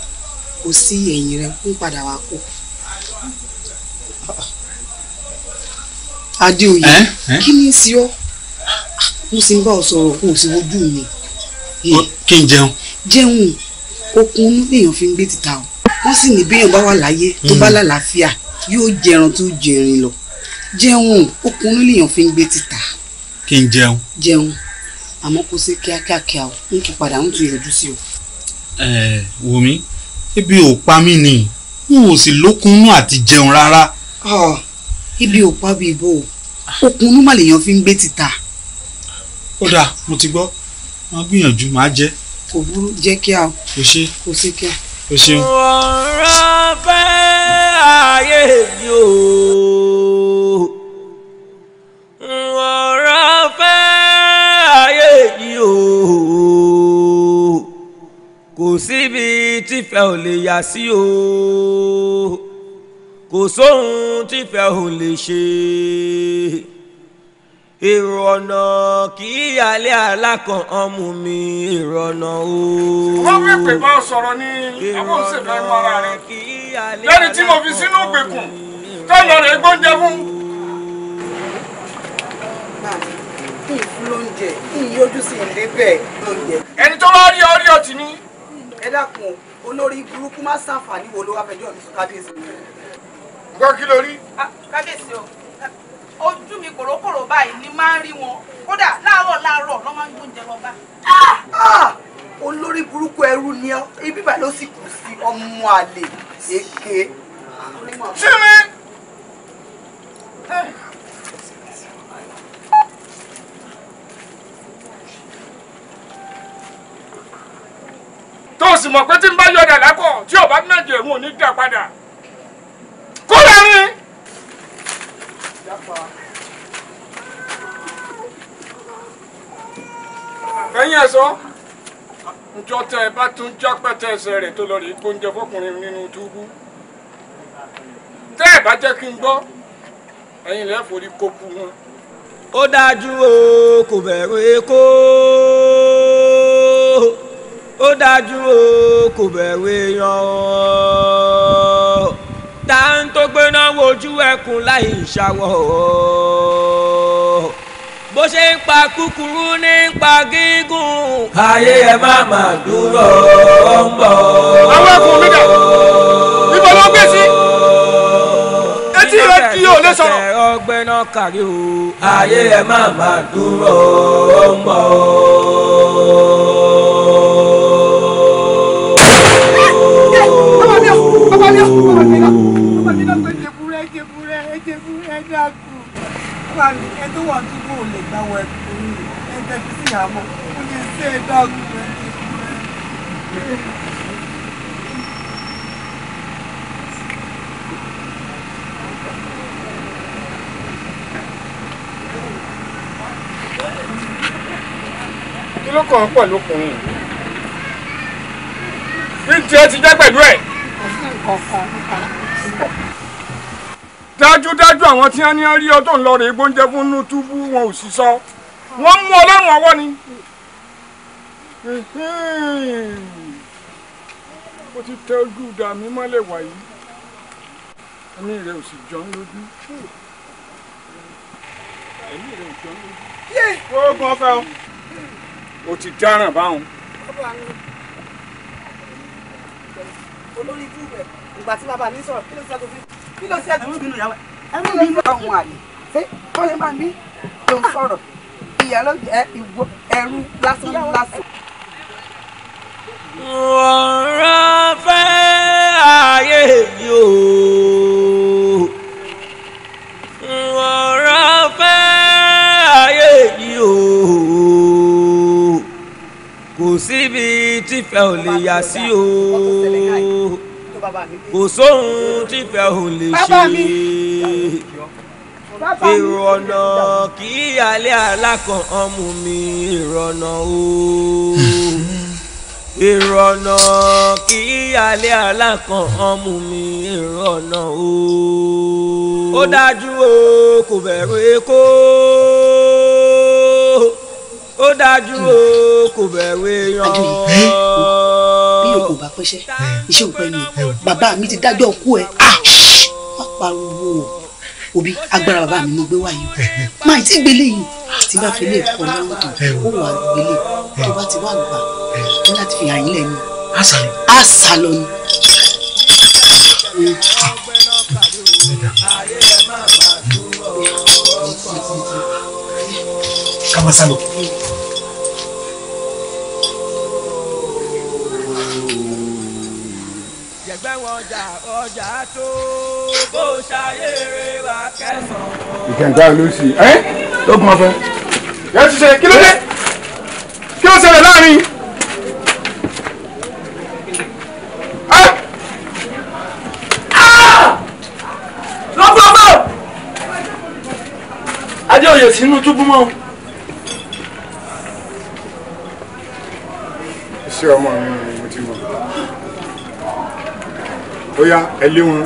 kó sí ẹ̀yìn rẹ̀ kó padà wá kó. Adéoyè kí ni sí ọ mo sì ń bá ọ sọ̀rọ̀ kó o sì wojú mi. kí n jẹun. jẹun okun lèèyàn fi ń gbé títà o wọ́n sì ní béèyàn bá wà láyé tó bá hmm. lálàáfíà yóò jẹran tó jẹrin lọ jẹun okun inú lèèyàn fi ń gbé títà. kí n jẹun. jẹun àmọ́ kó ṣe kíákíákíá o n tún padà n tún yọjú sí o. ẹ wò mí ebi ò pa mí ni n ò sì lókunnú àti jẹun rárá. ibi ò pa bí ibo okunnú mà lèèyàn fi ń gbé títà. ó dáa mo ti gbọ́ máa gbìyànjú máa jẹ́. kò burú jẹ́ kí o. kò ṣe kò ṣe kí o ṣeun. mo bẹ́ẹ̀ ayé mi o. lò ó kò síbi tífẹ́ ò lè yà sí o kò sóhun tífẹ́ ò lè ṣe èrò ọ̀nà kì í yálé alákan ọmú mi èrò ọ̀nà o. wọ́n wí pé bá sọ̀rọ̀ ní abóhùnsèfẹ́ mọ́ra rẹ̀ lẹ́ni tí mo fi sínú ògbèkùn tọ́lọ̀ rẹ̀ gbọ́njẹ fún. ìfún lóúnjẹ ìyọjú sí ìdébẹ̀ lóúnjẹ. ẹni tó bá rí ọ rí ọtí ni. ẹ dákun olórí burúkú má ṣàǹfààní wo ló wá fẹjọ́ mi sùn kábíyèsí. nǹkan kí ló rí. Ah, kábíyèsí o ojú mi kòrókòrò báyìí ni máa ń rí wọn kódà láàárọ̀ láàárọ̀ ló máa ń gbóúnjẹ lọ bá. Ah, ah! olórí burúkú ẹrú ni ọ ibi bá ló sì kù sí ọmọ àlè èké. sími. tó o sì mọ̀ pé tí n bá yọ̀dà lápọ̀ tí ọba náà jẹ̀rù ò ní dà padà kó lẹ́rìn. ẹ̀yin ẹ̀sọ́ njọ tẹ ẹ bá tún já pẹ́tẹ́ ẹsẹ̀ rẹ̀ tó lọ rí gbóúnjẹ fọkùnrin nínú túbú tẹ́ ẹ bá jẹ́ kí n gbọ́ ẹ̀yin lẹ́ forí kó wọn. ó dájú o kò bẹ̀rù èkó. ó dájú o kò bẹ̀rù èèyàn o ta n ń tó gbéná wojú ẹkùn láì ṣàwọ̀ o bó ṣe ń pa kúkúrú ní pa gígùn. ayé ẹ má má dúró ń bọ̀. ibo ló gbé sí etí rẹ o, lè sọrọ? ayé ẹ má má dúró ń fúlàní ẹ wà dúró lè gbà wọ ẹkùn ẹ tẹbi sí àmọ́ ó lè ṣe é dáàbò kí ló kàn án pọ̀ lókùnrin ní tiẹ̀ ti jẹ́ pẹ̀lú ẹ̀. kò sí nǹkan kan nípa ìsìnkú dájúdájú àwọn tí wọ́n ní rí ọ tó ń lọ rè gbóúnjẹ fún inú túbú wọn ò sì sọ wọ́n mú ọlọ́run ọwọ́ ni. ó ti tẹ ojú ìdá mi mọ́lẹ̀ wàyí ẹ̀mí rẹ̀ ò sì jọ ń lójú. oògùn ọ̀fẹ́ o. o ti dáràn báwọn. olórí ibú ìgbà tí bàbá mi sọ̀rọ̀ kí ló sọ tó fi kí ló ṣe ẹ tún bínú ìyàwó ẹ mú bínú àwọn àlè ṣé fẹ́ ayé mi ò. ọ̀ràn fẹ́ ayé mi ò. kò síbi tífẹ́ ò lè yà sí o kò sóhun tí fẹ́ ò lè ṣe èrò ọ̀nà kí alẹ́ alákan ọmú mi ìrọ̀nà o èrò ọ̀nà kí alẹ́ alákan ọmú mi ìrọ̀nà o ó dájú o kò bẹ̀rù èkó ó dájú o kò bẹ̀rù èèyàn. bí o kò bá pẹ́sẹ́ iṣẹ́ òpẹ́ ni bàbá mi ti dájọ́ kú ẹ wá ah, ah, pariwo òbí agbára bàbá mi mo gbé wáyé o máa ti gbélé yìí tí bá fi lè kọ́ lọ́wọ́ tó ó wà gbélé tó bá ti wà gbà ó láti fi hàn lẹ́nu àṣàlọ́ ni. Kama salo. ìkẹ̀ǹkà ló sì ẹ́ lókun ọ̀fẹ́. yẹ́n ti ṣe kí ló dé kí ló ṣẹlẹ̀ láàrin. adé òye sínú túbú mọ́. ṣé ọmọ mi ni ó yá ẹ lé wọn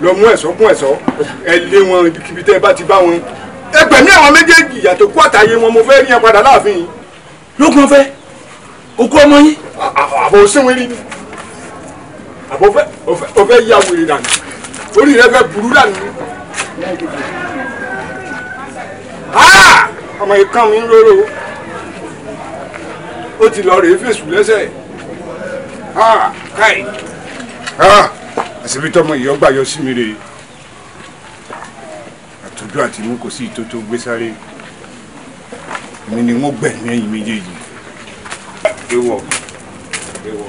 lọ mú ẹ̀sọ́ kún ẹ̀sọ́ ẹ lé wọn ibikíbi tẹ́ ẹ bá ti bá wọn ẹ gbẹ̀mí àwọn méjèèjì yàtọ̀ kú àtàyè wọn mo fẹ́ rí ẹ padà láàfin yìí. lókun ọfẹ okú ọmọ yín. àbò sínwìrì ni àbò ọfẹ yà wèrè dànù orí rẹ fẹ́ burú dànù. ọmọ ìkànnì ń róró ó ti lọ rèé fèsù lẹ́sẹ̀ káì da da da da da sí mi da da da da da sí ìtótó gbé sáré èmi ni wọn gbẹ̀mí ẹ̀yin méjèèjì ewọ ewọ.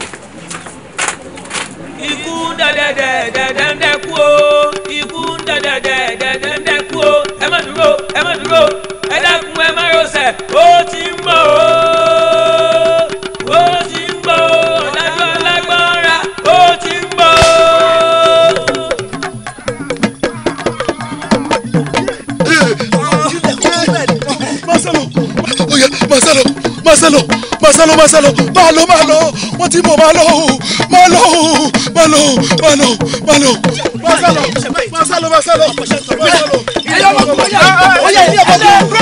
ikú dẹdẹdẹdẹdẹdẹ kú o ikú dẹdẹdẹdẹdẹdẹ kú o ẹ má dúró ẹ má dúró ẹ dákun ẹ má rọsẹ ó ti ń bọ̀ o. Marcelo Marcelo Marcelo Marcelo malo, malo, máa lọ wọ́n ti mọ̀ malo, malo, máa lọ máa lọ Marcelo Marcelo Marcelo.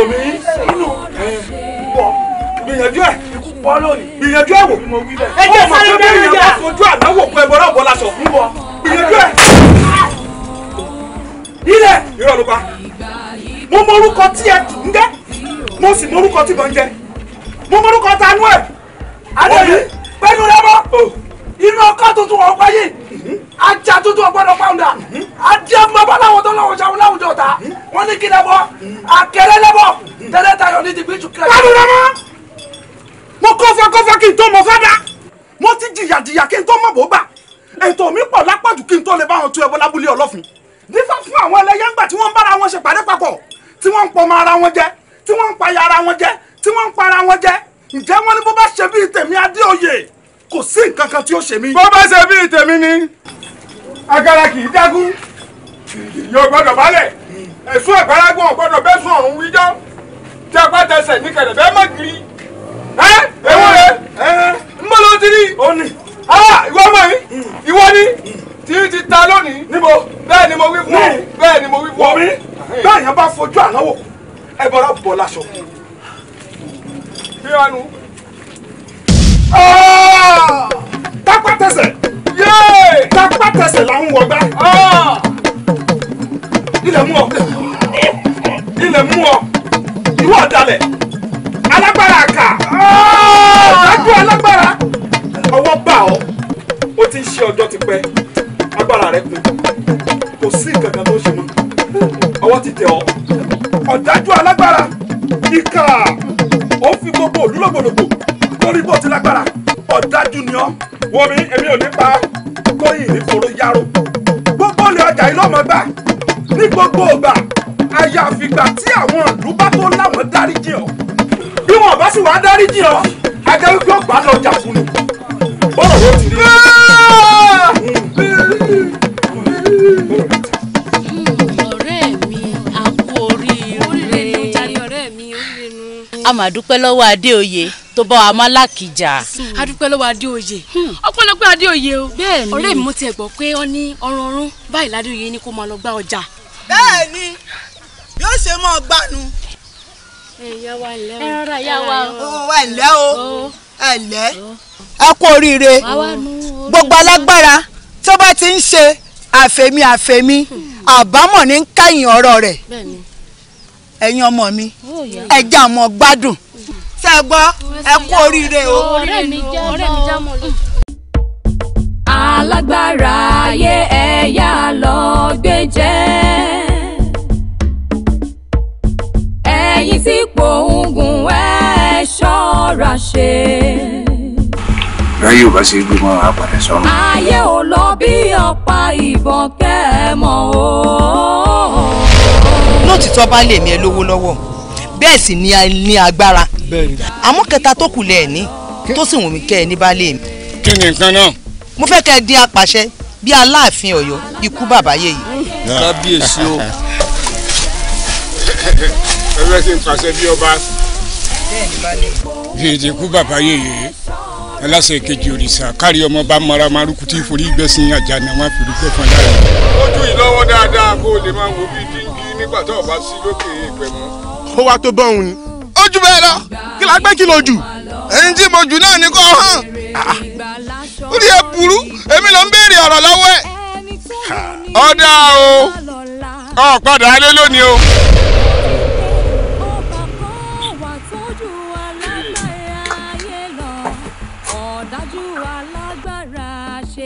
omi inú pọ̀ gbìyànjú ẹ̀ ikú pọ̀ lónìí gbìyànjú ẹ̀ wò. ẹ jẹ́ sáré bẹ́ẹ̀ ni ìyá. ojú àná wò pé bọ́lá bọ́lá sọ fún bọ́ gbìyànjú ẹ̀. ilẹ̀ ìrọ̀lùpá mo mọ orúkọ tí ẹ ń jẹ́ mo sì mọ orúkọ tí mo ń jẹ́. ọtún ẹbọ lábúlé ọlọ́fin dífá fún àwọn ẹlẹ́yẹ ńgbà tí wọ́n ń bára wọn ṣe pàdé papọ̀ tí wọ́n ń pọmọ ara wọn jẹ tí wọ́n ń paya ara wọn jẹ tí wọ́n ń para wọn jẹ ǹjẹ́ wọ́n ní bó bá ṣe bíi tèmi adéoyè kò sí nǹkan kan tí ó ṣe mí. bó bá ṣe bíi tèmi ni agara kì í dágún yóò gbọ́dọ̀ balẹ̀ ẹ̀sùn àgbàlagbọ̀n gbọ́dọ̀ bẹ́ẹ̀ sùn ọ̀run wíjọ́ tí a bá tẹsẹ̀ ní kẹlẹ̀ má kiri ẹ́ ewúrẹ́ ń bọ́ lọ́ọ́ ti tí ti ta lónìí. níbo bẹ́ẹ̀ ni mo wí fún ọ bẹ́ẹ̀ ni mo wí fún ọ. wọ̀mí bẹ́ẹ̀ yẹn bá fojú ànáwó ẹ bọ́ra bọ̀ láṣọ. kí wàá nu. Ah! tápá tẹsẹ̀ tápá tẹsẹ̀ là ń wọgbá. Ah! ilẹ̀ mú ọ ilẹ̀ mú ọ ìwọ ọ̀dàlẹ̀ alágbára àkà ọ̀dájú ah! alágbára ọwọ́ bá ọ ó ti ń ṣe ọjọ́ tipẹ́ tágbára rẹ kún kò sí nǹkan kan tó ṣe mọ́ ọwọ́ ti tẹ̀ ọ́ ọ̀dájú alágbára ìkà ó fi gbogbo òlú lògbòlògbò torí bó ti lágbára ọ̀dájú ni ọ́ wọ́n mi èmi ò ní pa kóyìn níforo yáró gbogbo lè ọjà yìí lọ́mọ ní gbogbo ògbà àyàfìgbà tí àwọn ìlú tó láwọn dáríjì ọ́ bí wọn bá sì wá dáríjì ọ́ ajá wípé ọgbà lọ fún ni. a máa dúpẹ́ lọ́wọ́ adéoyè tó bá wa máa lákìjà. a dúpẹ́ lọ́wọ́ adéoyè hmm. ọpọlọpẹ adéoyè o ọ̀rẹ́ mi mo tiẹ̀ gbọ́ pé ọ ní ọrùn báyìí ládéoyè ni kó máa lọ gba ọjà. bẹ́ẹ̀ ni yóò ṣe mọ́ ọ gbanu. o ẹ rọra yà wa o. ẹ ǹlẹ́ o ẹ ǹlẹ́ ẹ kú oríire gbogbo alágbára tó bá ti ń ṣe àfẹ̀mí àfẹ̀mí hmm. àbámọ̀ ní kẹ́yìn ọ̀rọ̀ rẹ̀ ẹ̀yin ọmọ mi oh, ẹja ọmọ gbádùn ṣe gbọ́ ẹ kú oríire o. ọ̀rẹ́ mi já mọ́ lọ. alágbára ayé ẹ̀yà lọ gbé jẹ́ ẹ̀yin tí pòǹgùn ẹ̀ ṣọ́ra ṣe. ráyè ò bá ṣe gbé àpàdé sọ́run. ayé ò lọ bí ọ̀pá ìbọn kẹ́ ẹ mọ̀ o lótìtọ́ bá lè ní ẹ lówó lọ́wọ́ bẹ́ẹ̀ sì ni a ní agbára àmọ́ kẹta tó kù lẹ̀ ní tó sì wù mí kẹ́ ẹ ní bá lè mi. kí ni nǹkan náà. mo fẹ́ kẹ́ ẹ dín apàṣẹ bí aláàfin ọ̀yọ́ ikú bàbá yèyí. Ah. kábíyèsí o. ẹgbẹ́ sì ń pàṣẹ bí ọba. yèyí ti kú bàbá yèyí aláṣẹ ìkejì òrìṣà kárí ọmọ bá mara maruku tí forí gbẹ̀sìn àjà náà wọn fi rúkẹ́ fún ẹ lára. ìlọ́wọ́ dáadáa kó o lè máa wo bí dín nígbà tó wá sí lókè ìpẹ́ mọ́. ó wá tó bọ́hùn ni. ó jù bẹ́ẹ̀ lọ. kí la gbé kí lo jù. ẹni tí mo jù náà ni kò hàn. ó ní ẹ burú èmi ló ń béèrè ọ̀rọ̀ lọ́wọ́ ẹ̀. ọ̀dà o ọ̀ padà alẹ́ lónìí o.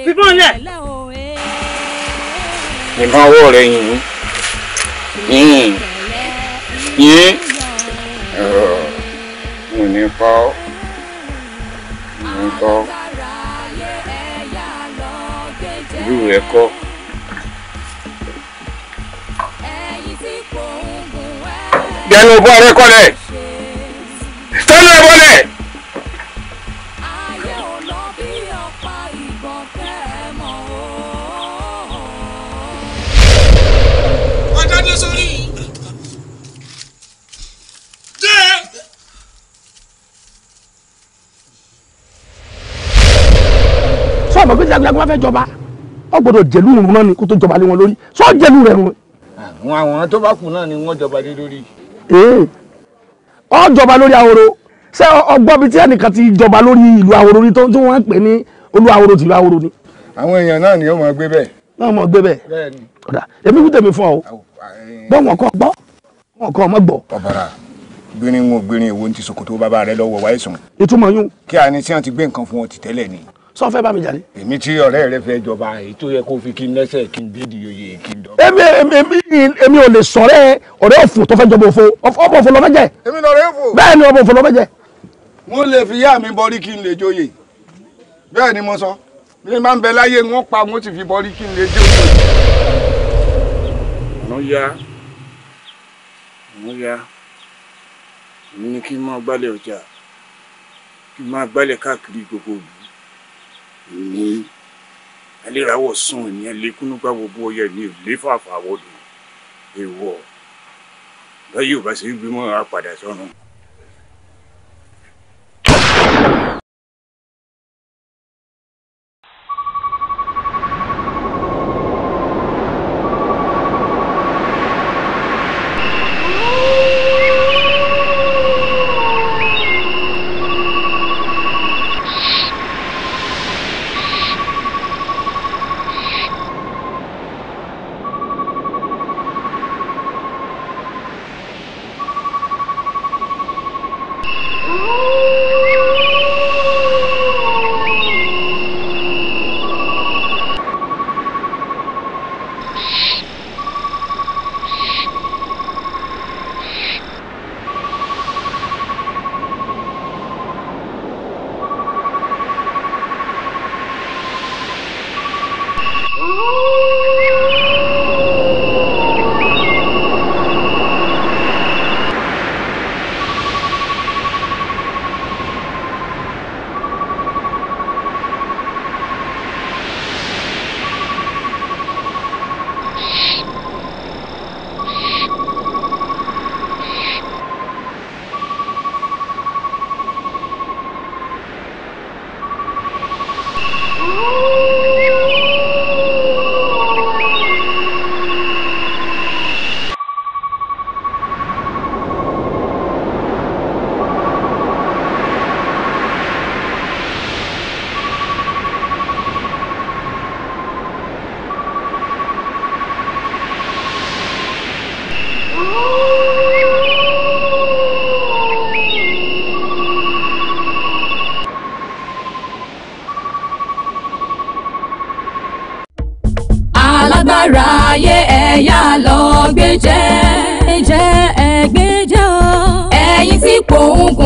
fífún lẹ. ìmọ̀ owó rẹ̀ yìnyín. Hmm. yín mo ní pa ọ́ mo ní pa ọ́ rẹ̀ kọ́. dẹnu bọ́ rẹ kọ́lẹ̀ tẹ́lẹ̀ bọ́lẹ̀. mọ̀ pé jagunjagun bá fẹ́ jọba ó gbọ́dọ̀ jẹ̀lú rùn náà ni kó tó jọba lé wọn lórí sọ jẹ̀lú rẹ̀ rùn. àwọn àwòrán tó bá kù náà ni wọ́n jọba lé lórí. ee ó jọba lórí ahoro ṣé ọgbọ́n bíi tí ẹnìkan ti jọba lórí ìlú ahoro ni tó wọ́n ń pè ní olú ahoro tìlú ahoro ni. àwọn èèyàn náà ni yóò máa gbé bẹ́ẹ̀. náà mọ̀ gbé bẹ́ẹ̀ ọ̀dà èmi kú tèmi fún ọ gbọ́ wọn kọ́ gbọ́ wọn kọ́ ọmọ gbọ́. a ní tí wọ́n ti gbé nǹkan fún sọ fẹ́ bá mi jà ni. èmi tí ọ̀rẹ́ rẹ fẹ́ jọba èyí tó yẹ kó fi kí n lẹ́sẹ̀ kí n dédi oyè kí n dọ́. èmi èmi èmi ò lè sọ̀rẹ́ ọ̀rẹ́ òfò tó fẹ́ jọba òfò ọ̀bọ̀ òfò lọ́fẹ́ jẹ. èmi lọ̀rẹ́ òfò. bẹ́ẹ̀ ni ọ̀bọ̀ òfò lọ́fẹ́ jẹ. wọ́n lè fi yá mi bọ́rí kí n lè joyè bẹ́ẹ̀ ni mo sọ bí n bá ń bẹ láyé wọ́n pa wọ́n sì fi bọ́rí kí n lè joyè. mo ya mo ya mo ní kí n máa gbálẹ̀ ọjà kí n máa gbálẹ̀ káàkiri gbogbo ìlú ní alérawọ̀ sùn ìyẹn lẹ́kúnnú gbà gbogbo ọyẹ ní ìlé fàfà wọ́dù èèwọ̀ lọ́yẹ̀ ò bá ṣe gbé mọ́ apàdà sọ́run.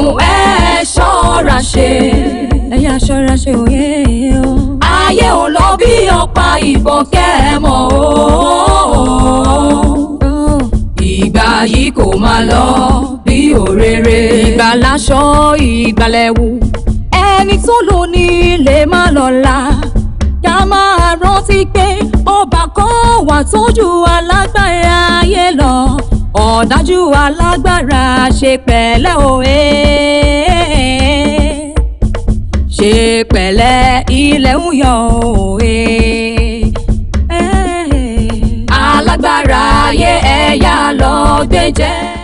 ogun ẹ ṣọ́ra ṣe. ẹ yá ṣọ́ra ṣe òye o. ayé ò lọ bí ọ̀pá ìbọn kẹ́ o. Oh. ìgbà yìí kò máa lọ bí òréré. ìgbà láṣọ ìgbàlẹ̀ wù. ọ̀dájú alágbára ṣe pẹ̀lẹ́ òwe ṣe pẹ̀lẹ́ ilẹ̀ ń yọ òwe. alágbára ayé ẹ̀yà lọ gbé jẹ́.